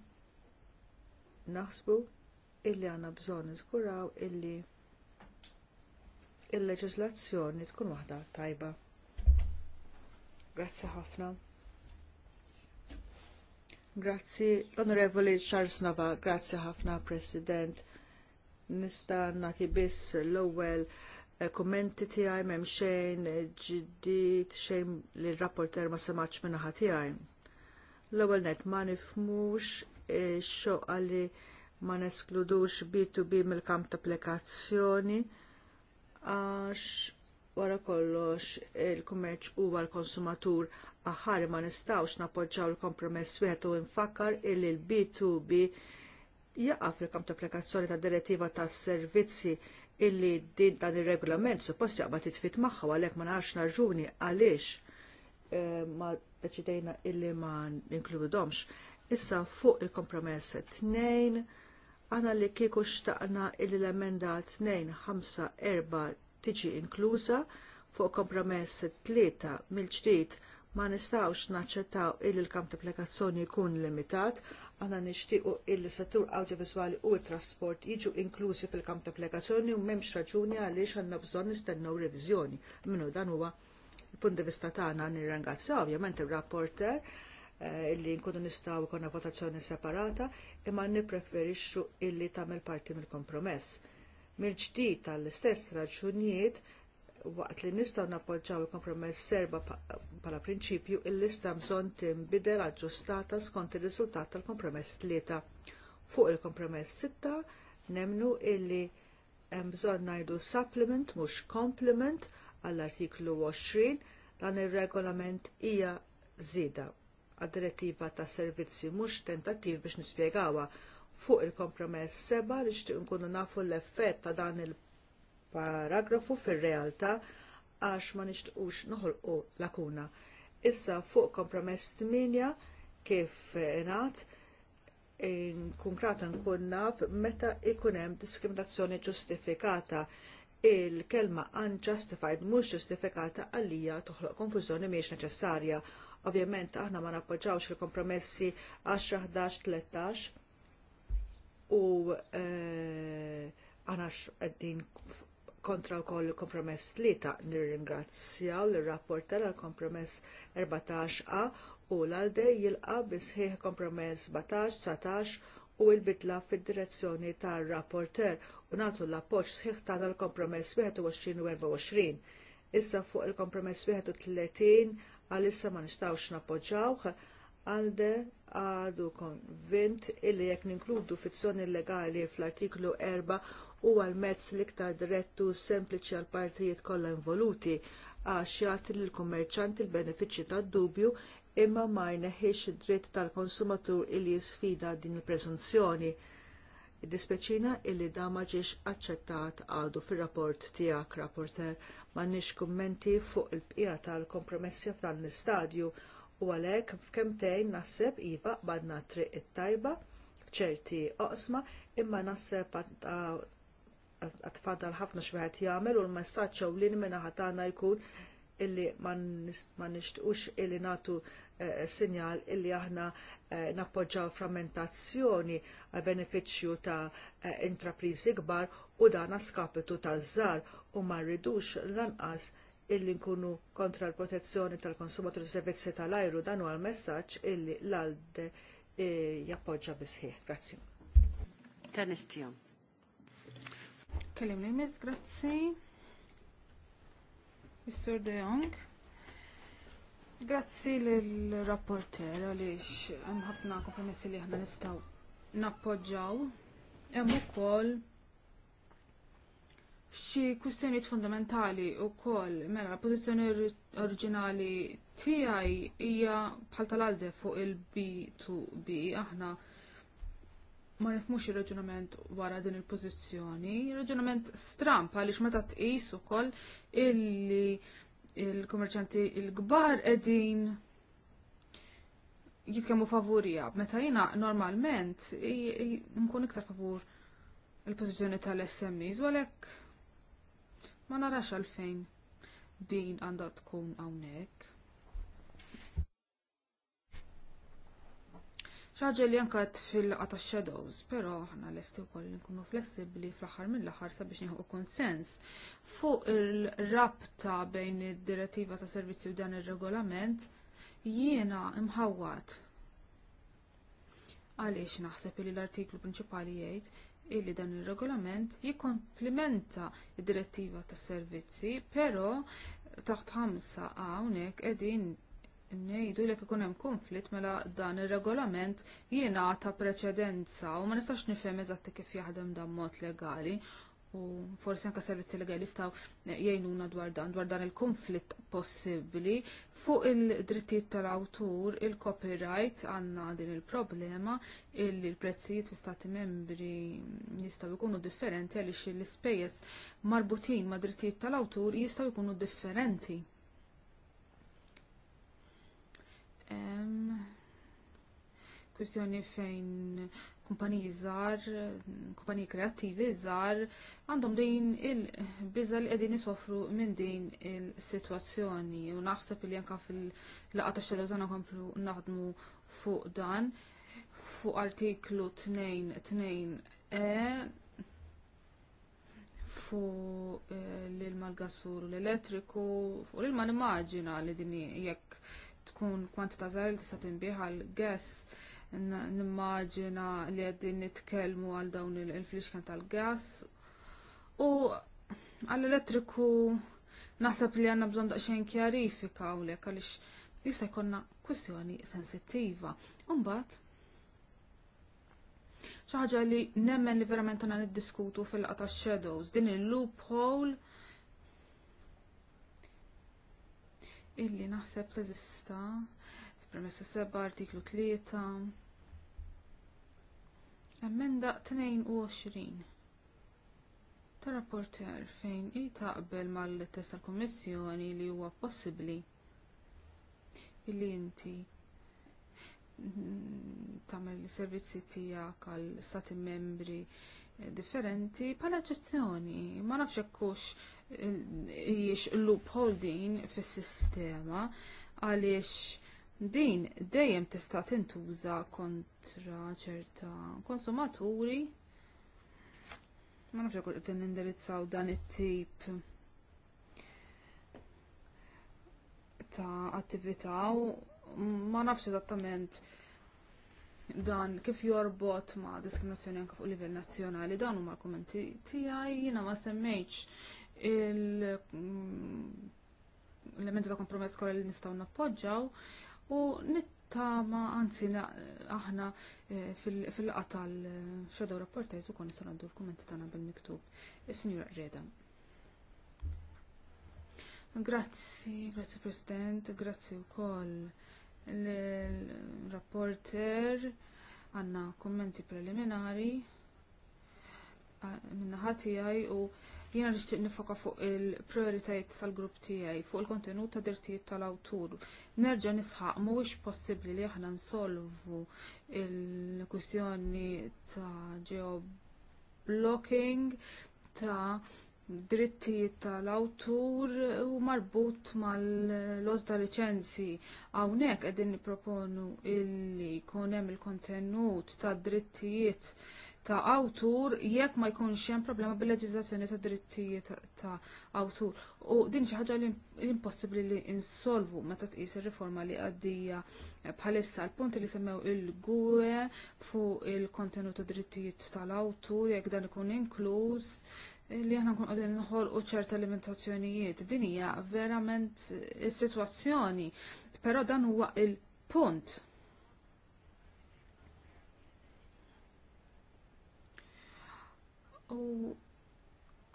Speaker 3: Naħsbu illi għandna bżonn niżguraw illi il-leġislazzjoni tkun waħda tajba. Grazzi ħafna. Grazzi, l-Onorevoli Charles Nova, grazzi ħafna, President. Nista nagħti biss l ewwel eh, kummenti tiegħi m'hemm xejn eh, ġdid xejn li rapporter ma semax min-naħa tiegħi. l ewwel net ma nifhmux eh, xoqa li ma neskludux B2B mill-kamp ta' applikazzjoni għax wara kollox il-kummerċ huwa l-konsumatur aħħar ma nistgħux napoġġaw il-kompromess wieħed u nfakkar illi l-B2B jaqa' filkom kamp ta' applikazzjoni tad direttiva tas servizzi illi din dan ir-regolament suppost jaqbad titfit magħha għalhekk ma nafx raġuni għaliex eh, ma deċidejna illi ma ninkludhomx. Issa fuq il-kompromess tnejn għana li kieku xtaqna illi l-emenda 2 5 4 tiġi inkluża fuq kompromess tlieta mill-ġdid ma nistgħux naċċettaw il l-kamp ta' applikazzjoni jkun limitat, għandna nixtiequ il settur audiovisuali u t trasport jiġu inklużi fil-kamp ta' applikazzjoni u m'hemmx raġuni għaliex għandna bżonn nistennew reviżjoni. Minnu dan huwa il-punt di vista tagħna nirrangrazzja ovvjament ir-rapporter eh, illi nkunu nistgħu konna votazzjoni separata imma nippreferixxu illi tagħmel parti mill-kompromess mill-ġdid tal-istess raġunijiet waqt li nistgħu nappoġġaw il-kompromess serba bħala prinċipju il-lista bżonn tinbidel aġġustata skont ir-riżultat tal-kompromess tlieta. Fuq il-kompromess sitta nemnu illi hemm bżonn ngħidu supplement mhux complement għall-artiklu 20 dan ir-regolament hija żieda għad-direttiva tas servizzi mhux tentattiv biex nispjegawha fuq il-kompromess seba li xtiq nkunu nafu l-effett ta' dan il-paragrafu fir-realtà għax ma nixtiequx noħolqu lakuna. Issa fuq kompromess 8 kif ingħad kunkrata nkun naf meta ikun hemm diskriminazzjoni ġustifikata il-kelma unjustified mhux ġustifikata għalija toħloq konfużjoni mhijiex neċessarja. Ovvjament aħna ma nappoġġawx il-kompromessi 10, 11, 13 u eh, għana għeddin kontra wkoll il-kompromess tlieta nirringrazzjaw l-rapporter għall kompromess 14a u l-għalde jilqa bisħiħ kompromess 17, 19 u l-bidla fid-direzzjoni tar rapporter u nagħtu l appoġġ sħiħ tagħna l-kompromess 21 u 24. Issa fuq il-kompromess 31 għal issa ma nistgħux nappoġġawh għalde għadu konvint illi jekk ninkludu fizzjoni legali fl-artiklu 4 huwa l-mezz l-iktar direttu sempliċi għall partijiet kollha involuti għax jagħti lill kummerċanti l-benefiċċji tad-dubju imma ma jneħħiex id-dritt tal-konsumatur illi jisfida din il preżunzjoni Id-dispeċina illi dan ma ġiex aċċettat għadu fir-rapport tiegħek, rapporter, m'għandniex kummenti fuq il-bqija tal-kompromessi f'dan l-istadju U għalhekk f'kemtejn naħseb iva badna triq it-tajba f'ċerti oqsma imma naħseb għatfadal ħafna xwieħed jagħmel u l-messaġġ ewlien minna tagħna jkun illi ma nixtiequx illi nagħtu eh, sinjal illi aħna eh, nappoġġaw frammentazzjoni għal benefiċċju ta' eh, intrapriżi kbar u dan skapitu ta' żgħar u ma rridux lanqas illi nkunu kontra l-protezzjoni tal-konsumatur servizzi tal-ajru dan huwa l-messaġġ illi l-ALDE eh, jappoġġa bisħieħ. Grazzi. Kellim li grazzi.
Speaker 2: De Jong. Grazzi l-rapporter għaliex hemm ħafna kompromessi li aħna nistgħu nappoġġaw. Hemm ukoll xi kwistjonijiet fundamentali wkoll mela l-pożizzjoni oriġinali tiegħi hija bħal tal-għalde fuq il-B2B aħna ma nifmux ir-raġunament wara din il-pożizzjoni, raġunament stramp għaliex meta tqis ukoll illi il-kummerċanti l-kbar qegħdin jitkemmu favurija. Meta jiena normalment nkun iktar favur il-pożizzjoni tal-SMEs, għalhekk Ma narax għalfejn din għandha tkun hawnhekk. ċaġa li jankat fil-laqa ta' shadows, pero ħana l-esti u koll nkunu flessibli fl-axar mill-axar sabiex nieħu konsens fuq il-rabta bejn id-direttiva ta' servizzi u dan il-regolament jiena imħawat Għaliex naħseb li l-artiklu prinċipali jgħid illi dan ir regolament jikkomplimenta id-direttiva tas servizzi, però taħt ħamsa hawnhekk qegħdin ngħidu li ikun hemm konflitt mela dan ir-regolament jingħata preċedenza u ma nistax nifhem eżatti kif jaħdem dan mod legali u forsi anke servizzi legali jistgħu jgħinuna dwar dan, dwar dan il-konflitt possibbli fuq il-drittijiet tal-awtur, il-copyright għandna din il-problema illi l-prezzijiet fi stati membri jistgħu jkunu differenti għaliex l-ispejjeż marbutin ma' drittijiet tal-awtur jistgħu jkunu differenti. Kwistjoni fejn kumpaniji żgħar, kumpaniji kreattivi żgħar għandhom din il-biża li qegħdin isofru minn din il-sitwazzjoni u naħseb li anke fil-laqgħa tax-xedew tagħna komplu naħdmu fuq dan fuq artiklu 2 e fuq e, l-ilma l u l-elettriku fuq l-ilma nimmaġina li din jekk tkun kwantità żgħar li tista' tinbih għal gas nimmaġina li għeddin nitkellmu għal dawn il-fliexkan tal-gas u għall-elettriku naħseb li għandna bżonn daqsxejn kjarifika u li għalix jista' jkollna kwestjoni sensittiva. Umbagħad xi ħaġa li nemmen li verament għanna niddiskutu fil-qata shadows din il-loophole illi naħseb teżista f'permessa seba' artiklu tlieta Emenda 22 ta' rapporter fejn i taqbel mal-test tal-Kummissjoni li huwa possibbli illi inti tagħmel servizzi tiegħek għal stati membri differenti bħala eċezzjoni. Ma nafx hekk hux eh, loophole din fis-sistema għaliex din dejjem tista' tintuża kontra ċerta konsumaturi ma nafx jekk qed nindirizzaw dan it-tip ta' attività u ma nafx eżattament dan kif jorbot ma' diskriminazzjoni anke fuq livell nazzjonali dan huma l-kummenti tiegħi jiena ma semmejtx il mm, elementi ta' kompromess kollha li nistgħu nappoġġaw u nittama anzi aħna eh, fil-qatal xedaw rapportajz u kon nistaw għandu l-kommenti tagħna bil-miktub. is Reda. Grazzi, grazzi President, grazzi wkoll l-rapporter għandna kummenti preliminari minna ħati u Jiena nixtieq nifoka fuq il-prioritajiet tal-grupp tiegħi fuq il-kontenut ta' dirtijiet tal-awtur. Nerġa' nisħaq mhuwiex possibbli li aħna nsolvu il-kwistjoni ta' geoblocking ta' drittijiet tal-awtur u marbut mal-lot ta' liċenzji Hawnhekk qegħdin nipproponu illi jkun hemm il-kontenut tad drittijiet ta' awtur jekk ma jkunx hemm problema bil-leġiżlazzjoni ta' drittijiet ta' awtur. U din xi ħaġa impossibbli li insolvu meta tqis ir-riforma li għaddija bħalissa l-punti li semmew il-gwe fuq il-kontenut ta' drittijiet tal-awtur jekk dan ikun inkluż li aħna nkun qegħdin u ċerta limitazzjonijiet. Din hija verament is-sitwazzjoni, però dan huwa il-punt U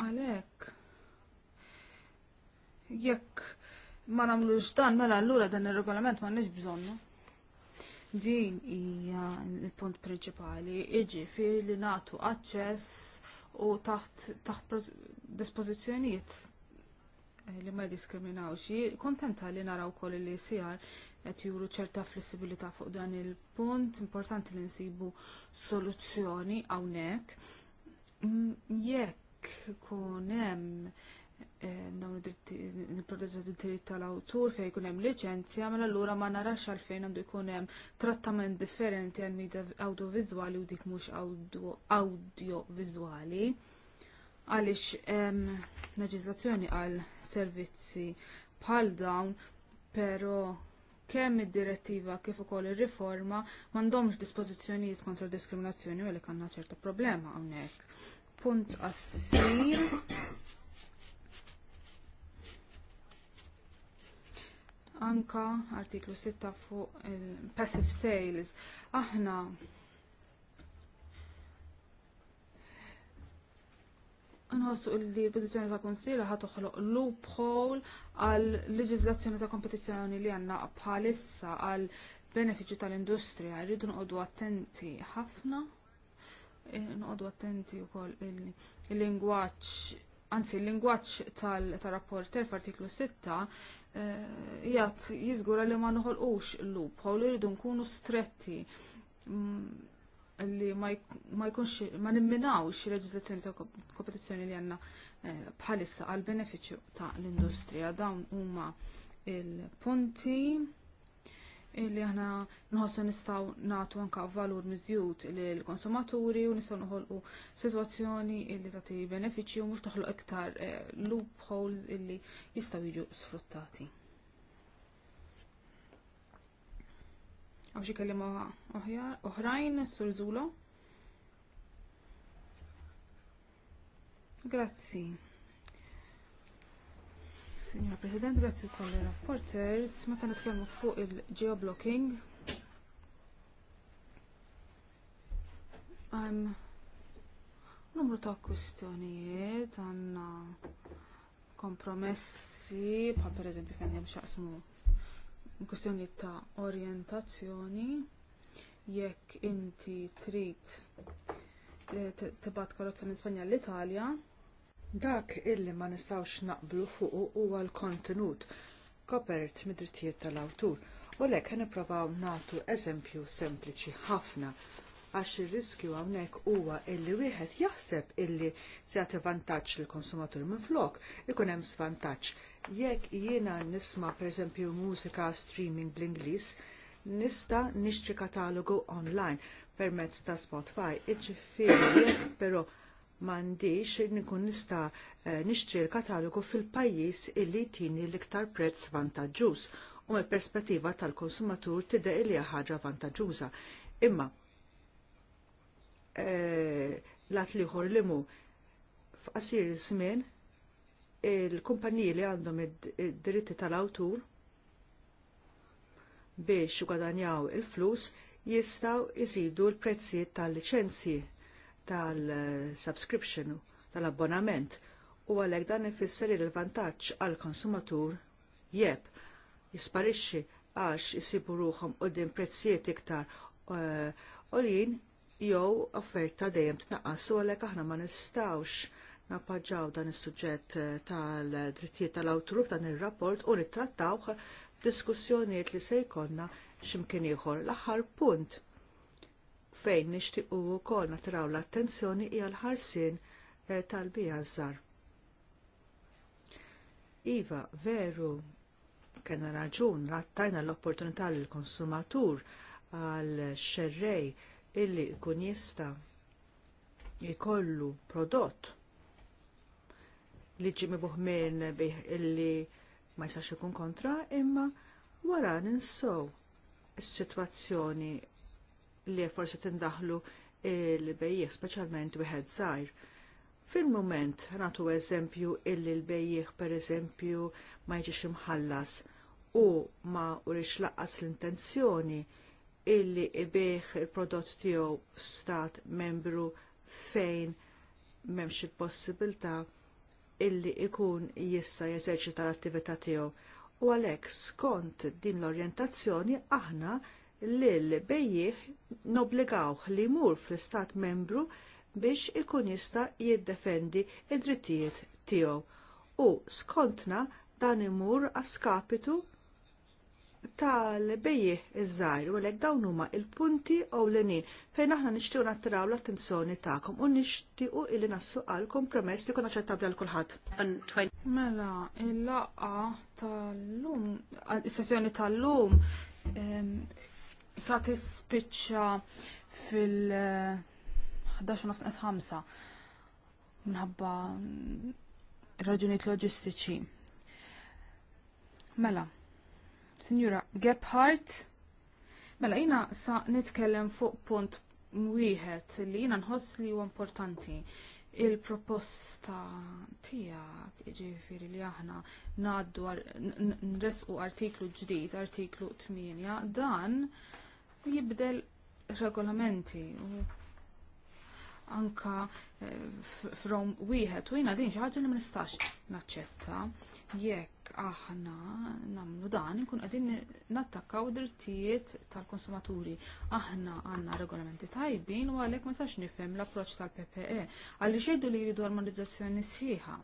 Speaker 2: għalhekk jekk ma nagħmlux dan mela allura dan ir-regolament m'għandniex bżonnu. Din hija l-punt prinċipali, jiġifieri li nagħtu aċċess u taħt taħt dispożizzjonijiet eh, li ma jdiskriminawx. Kontenta li naraw wkoll li sijar qed juru ċerta flessibilità fuq dan il-punt, importanti li nsibu soluzzjoni hawnhekk jekk kun hemm eh, dawn il-prodotta d-dritt tal-awtur fejn jkun hemm liċenzja, mela allura ma narax għalfejn għandu jkun hemm trattament differenti għal mida audiovizuali u dik mhux audiovizuali. Għaliex leġiżlazzjoni għal servizzi bħal dawn, però kemm id-direttiva kif ukoll ir-riforma m'għandhomx dispożizzjonijiet kontra diskriminazzjoni u li kanna ċerta problema hawnhekk. Punt qassir. Anka artiklu 6 fuq passive sales. Aħna Nħossu li l-pozizjoni ta' Konsilja ħat uħloq loophole għal leġiżlazzjoni ta' kompetizzjoni li għandna bħalissa għal benefiċi tal-industrija rridu nqogħdu attenti ħafna e, nqogħdu attenti wkoll il-lingwaġġ anzi il-lingwaġġ tal-rapporter f'artiklu 6 e, jgħat jiżgura li ma noħolqux loophole rridu nkunu stretti mm, li ma jkunx ma nimminawx leġiżlazzjoni ta' kompetizzjoni li għandna eh, bħalissa għal benefiċċju ta' l-industrija. Dawn huma il-punti li aħna nħossu nistgħu nagħtu anke valur miżjud lill konsumaturi u nistgħu noħolqu sitwazzjoni li tagħti benefiċċju mhux toħloq iktar eh, loopholes illi jistgħu jiġu sfruttati. Għaw xie kelima oħrajn, sur Zulo. Grazzi. Signora President, grazzi u koll rapporters. Meta nitkellmu fuq il-geoblocking. Għem numru ta' kwistjonijiet għanna kompromessi, pa' per eżempju fejn hemm xaqsmu kwestjoni ta' orjentazzjoni jekk inti trid eh,
Speaker 3: tibgħat karozza minn Spanja l-Italja. Dak illi ma nistgħux naqblu fuq huwa l-kontenut kopert mid-drittijiet tal-awtur. U lek nipprovaw nagħtu eżempju sempliċi ħafna għax ir-riskju hawnhekk huwa illi wieħed jaħseb illi se jagħti vantaġġ lill konsumatur minflok ikun hemm svantaġġ Jekk jiena nisma pereżempju mużika streaming bl-Ingliż, nista nixtri katalogu online permezz ta' Spotify, iġifieri jekk però m'għandix ikun nista eh, nixtri l-katalogu fil-pajjiż illi tini l-iktar prezz vantaġġuż u mill-perspettiva tal-konsumatur tidher li ħaġa vantaġġuża. Imma eh, lat liħor li mu f'qasir żmien il kumpanji li għandhom id-diritti tal-awtur biex jgwadanjaw il-flus jistaw jizidu l-prezzijiet tal-liċenzji tal-subscription tal-abbonament u għalhekk dan ifisser il vantaġġ għall konsumatur jeb jisparixxi għax ruħom ruhom quddiem prezzijiet iktar eh, għoljin jew offerta dejjem tnaqqas u għalhekk aħna ma nistawx nappoġġaw dan is-suġġett eh, tal-drittijiet tal-awtur f'dan ir-rapport u nittrattawh diskussjonijiet li se jkollna x'imkien ieħor. L-aħħar punt fejn nixtiequ wkoll natiraw l-attenzjoni hija l-ħarsien eh, tal-bija żgħar. Iva, veru, kena raġun, rattajna l-opportunità lill konsumatur għal xerrej illi jkun jista jkollu prodott li ġimmi mibuħ biħ illi ma jistax ikun kontra imma wara ninsow is-sitwazzjoni li forsi tindaħlu l bejjeħ speċjalment wieħed zaħir. Fil-mument nagħtu eżempju illi l per pereżempju ma jiġix imħallas u ma urix laqqas l-intenzjoni illi ibieħ il-prodott tiegħu stat membru fejn m'hemmx il-possibilità illi ikun jista jeżerċita l-attività tiegħu. U għalhekk skont din l-orjentazzjoni aħna lil bejjieħ nobbligawh li jmur fl-istat membru biex ikun jista' jiddefendi id-drittijiet tiegħu. U skontna dan imur għaskapitu tal bejje iż-żgħar u għalek dawn huma il-punti ewlenin fejn aħna nixtiequ nattraw l-attenzjoni tagħkom u nixtiequ illi naslu għal promess li kun aċċettabbli għal kulħadd. Mela,
Speaker 2: il-laqgħa tal-lum, is-sessjoni tal-lum sa tispiċċa fil- 11.5 minħabba raġunijiet loġistiċi. Mela, Signora Gebhardt, mela jina sa nitkellem fuq punt wieħed li jina nħoss li huwa importanti il-proposta tijak iġifiri li aħna naddu nresqu artiklu ġdid, artiklu 8, dan jibdel regolamenti u anka eh, from wieħed u jina din xi ħaġa li ma nistax naċċetta jekk aħna nagħmlu dan inkun qegħdin nattakkaw drittijiet tal-konsumaturi. Aħna għandna regolamenti tajbin u għalhekk ma sax nifhem l-approċċ tal-PPE għaliex jgħidu li jridu armonizzazzjoni sħiħa.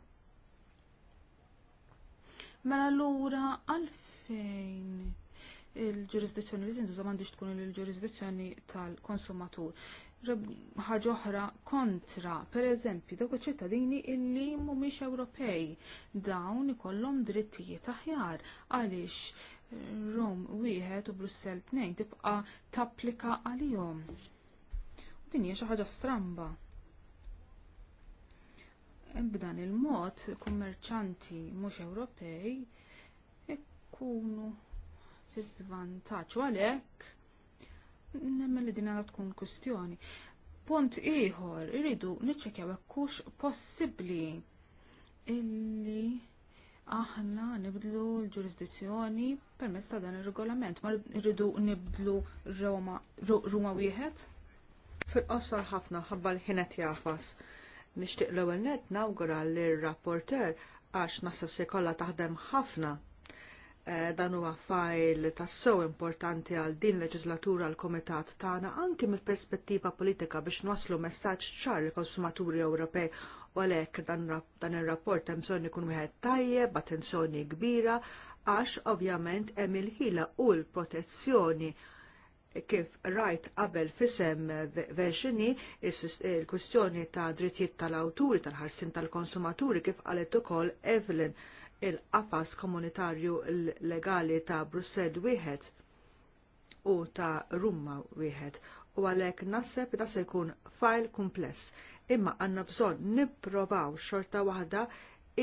Speaker 2: Mela allura għalfejn il-ġurisdizzjoni li tinduża m'għandix tkun il-ġurisdizzjoni tal-konsumatur ħaġa oħra kontra, pereżempju dawk iċ-ċittadini illi mhumiex Ewropej dawn ikollhom drittijiet aħjar għaliex eh, Rom wieħed u Brussell tnejn tibqa' tapplika għalihom. U din hija xi ħaġa stramba. B'dan il-mod kummerċanti mhux Ewropej ikunu fi żvantaġġ u għalhekk nemmen li din tkun kwistjoni. Punt ieħor iridu niċċekjaw hekk possibbli illi aħna nibdlu l-ġurisdizzjoni permezz ta' dan ir-regolament, ma rridu nibdlu
Speaker 3: Roma wieħed? Fil-qosor ħafna ħabba l-ħinet jafas. Nixtieq l-ewwel net nawgura lir rapporter għax nasab se jkollha taħdem ħafna Eh, dan huwa fajl tassew importanti għal din leġislatura għall komitat tagħna anki mill-perspettiva politika biex nwaslu messaġġ ċar lill-konsumaturi Ewropej u għalhekk dan ir-rapport hemm bżonn ikun wieħed tajjeb attenzjoni kbira għax ovvjament hemm il-ħila u l-protezzjoni kif rajt qabel fisem verxini il-kwistjoni ta' drittijiet tal-awturi tal-ħarsin tal-konsumaturi kif qalet ukoll Evelyn il-qafas komunitarju legali ta' Brussell wieħed u ta' Rumma wieħed u għalhekk naħseb da se jkun fajl kumpless. Imma għandna bżonn nipprovaw xorta waħda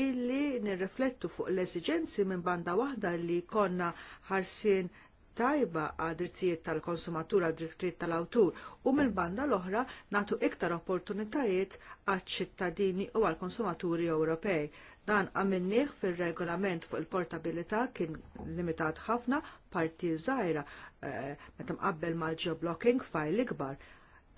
Speaker 3: illi nirriflettu fuq l-esiġenzi minn banda waħda li jkollna ħarsien tajba għad drittijiet tal-konsumatur għad drittijiet tal-awtur u mill banda l-oħra nagħtu iktar opportunitajiet għad ċittadini u għall konsumaturi Ewropej. Dan għamilnieh fil-regolament fuq il-portabilità kien limitat ħafna parti żgħira eh, meta mqabbel mal-geoblocking fajl ikbar.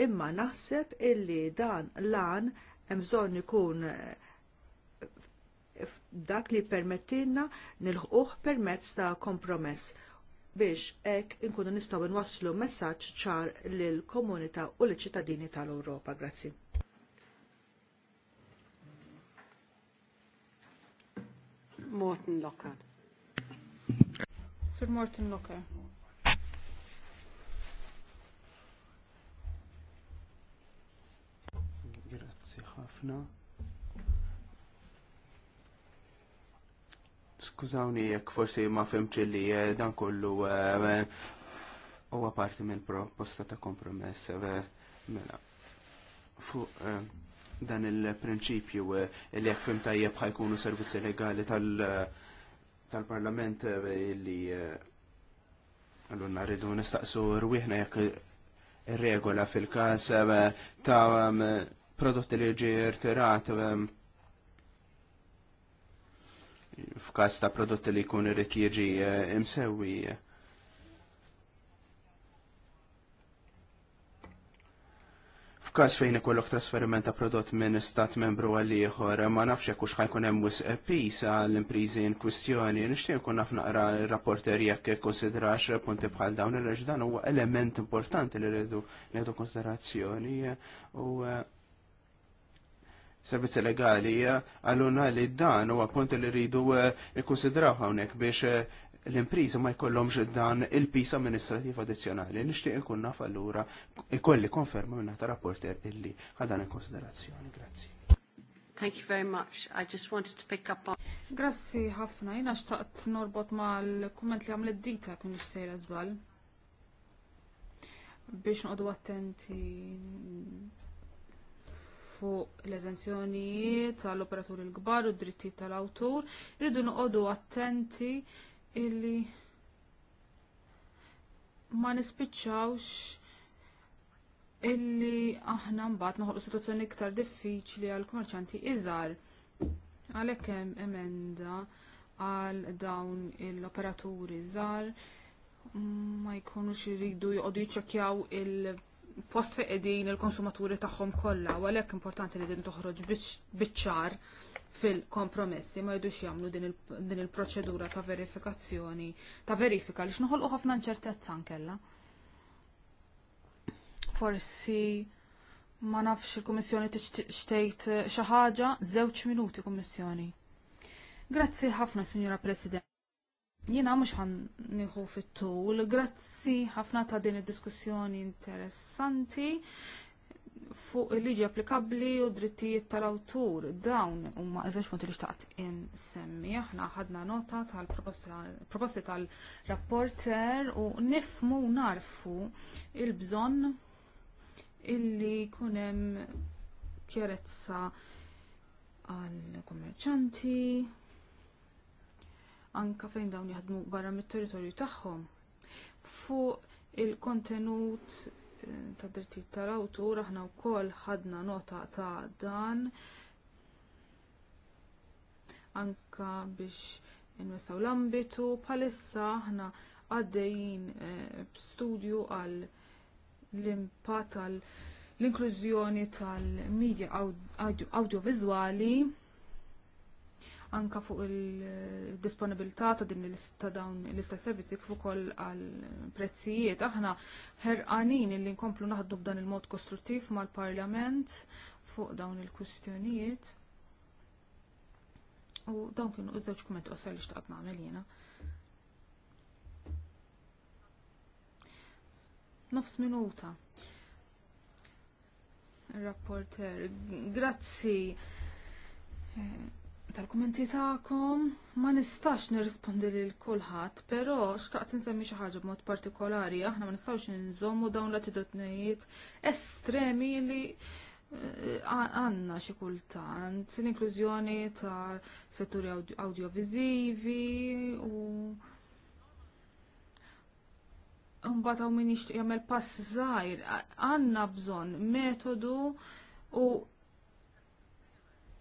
Speaker 3: Imma naħseb illi dan lan hemm bżonn ikun eh, dak li permettilna nilħuħ permezz ta' kompromess biex hekk inkunu nistgħu nwasslu messaġġ ċar lill komunità u l ċittadini tal-Ewropa. Grazzi.
Speaker 1: Morton Locker.
Speaker 2: Sir Morton Locker.
Speaker 5: Grazzi ħafna. Skużawni jekk forsi ma fimx li eh, dan kollu eh, u parti minn proposta ta' kompromess eh, mela fuq dan il-prinċipju eh, li jekk fim tajjeb ħajkunu servizzi legali eh, tal-parlament eh, li għallunna rridu nistaqsu rwieħna jekk regola fil-kas ta' mm, prodotti li ġi irtirat f'kas ta' prodotti li jkun irrid jiġi imsewwi f'każ fejn ikollok trasferiment ta' prodott minn stat membru għal ieħor, ma nafx jekk hux ħajkun hemm wisq pisa għall impriżi in kwistjoni, nixtieq jkun naf naqra r-rapporter jekk ikkonsidrax punti bħal dawn il dan huwa element importanti li rridu nieħdu konsiderazzjoni u eh, servizzi legali eh, għalluna li dan huwa punti li rridu eh, nikkonsidraw hawnhekk biex l-impriża ma jkollhomx dan il-pis amministrativ addizzjonali. Nixtieq ikun naf allura ikolli konferma minn ta' rapporter illi dan in-konsiderazzjoni. Grazzi.
Speaker 1: Thank you very much. I just wanted to pick up on... Grazzi ħafna,
Speaker 2: jina xtaqt norbot ma l-komment li għamlet dita kun sejra zbal. Biex noqogħdu attenti fuq l-eżenzjonijiet tal-operaturi l-gbar u d-dritti tal-autur, rridu noqogħdu attenti illi ma nispiċċawx illi aħna mbagħad noħolqu situazzjoni iktar diffiċli għal kummerċanti iżgħar. Għalhekk hemm emenda għal dawn l-operaturi żgħar ma jkunux iridu joqogħdu jiċċekkjaw il-post fejn il-konsumaturi tagħhom kollha, u għalhekk importanti li din toħroġ biċ-ċar. biċ ċar fil-kompromessi ma jidux jagħmlu din il-proċedura ta' verifikazzjoni ta' verifika li u ħafna nċertezza nkella. Forsi ma nafx il-Kummissjoni t eh, xi ħaġa żewġ minuti Kummissjoni. Grazzi ħafna, Signora President. Jina mux ħan nieħu fit-tul, grazzi ħafna ta' din id-diskussjoni interessanti fuq il-liġi applikabbli u drittijiet tal-awtur dawn huma eżax punti li xtaqt insemmi. Aħna ħadna nota tal-proposti tal-rapporter u nifmu narfu il-bżonn illi kunem kjerezza għal-kummerċanti anka fejn dawn jaħdmu barra mit-territorju tagħhom fuq il-kontenut ta' drittijiet tal-awtur aħna wkoll ħadna nota ta' dan anka biex inwessaw l-ambitu bħalissa aħna għaddejjin eh, b'studju għal l-impatt tal l-inklużjoni tal-medja audiovizuali -audio anka fuq il-disponibilità ta' din dawn l-istess servizzi kif ukoll għal prezzijiet. Aħna ħerqanin li nkomplu naħdu b'dan il-mod kostruttiv mal-Parlament fuq dawn il-kwistjonijiet. U dawn kienu iż-żewġ kumenti qosar li xtaqt nagħmel jiena. Nofs minuta. Rapporter, grazzi tal-kommenti ta'kom ma nistax nirrispondi lil kulħadd, però xtaqt insemmi xi ħaġa b'mod partikolari, aħna ma nistax nżommu dawn l-attitudnijiet estremi li eh, għanna xi kultant l-inklużjoni ta' setturi audiovisivi u Mbagħad hawn min jagħmel pass żgħir, għandna bżonn metodu u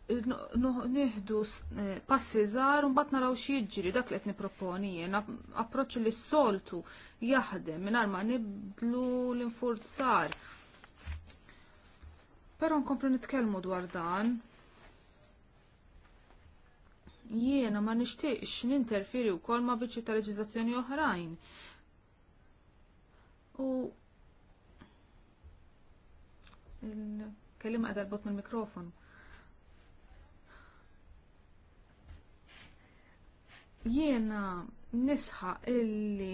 Speaker 2: nieħdu eh, passi żgħar u mbagħad naraw xieġri dak li qed nipproponi jien approċċ li s-soltu jaħdem mingħajr ma nibdlu l-infurzar. Però nkomplu nitkellmu dwar dan. Jiena ma nixtieqx ninterferi wkoll ma' biċi ta' leġiżazzjoni oħrajn. U il-kelima qiegħda bot mill-mikrofonu. Jiena nisħa illi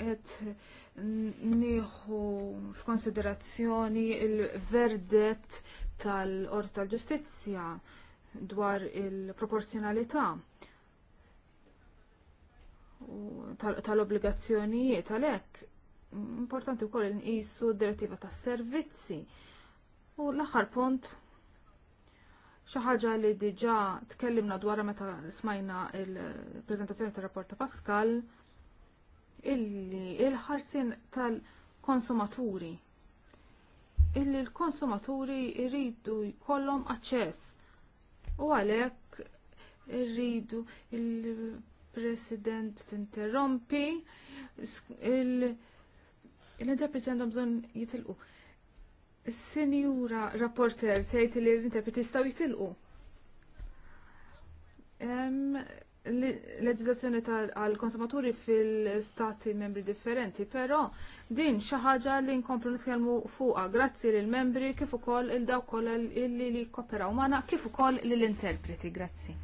Speaker 2: qed nieħu f'konsiderazzjoni il-verdet tal-Qorti tal-Ġustizzja dwar il-proporzjonalità tal-obbligazzjonijiet tal għalhekk importanti wkoll nqisu d-direttiva tas-servizzi u l-aħħar punt xi ħaġa li diġà tkellimna dwar meta smajna il-preżentazzjoni tar-rapport ta' Pascal illi il-ħarsin tal-konsumaturi illi l-konsumaturi jridu jkollhom aċċess u għalhekk irridu il-president tinterrompi l-interpreti għandhom bżonn jitilqu. Sinjura rapporter tgħid li l-interpreti jistgħu jitilqu. Leġiżlazzjoni tal konsumaturi fil-stati membri differenti, però din xi ħaġa li nkomplu nitkellmu fuqha grazzi lil membri kif ukoll il dawk kollha illi li kooperaw magħna kif ukoll lill interpreti grazzi.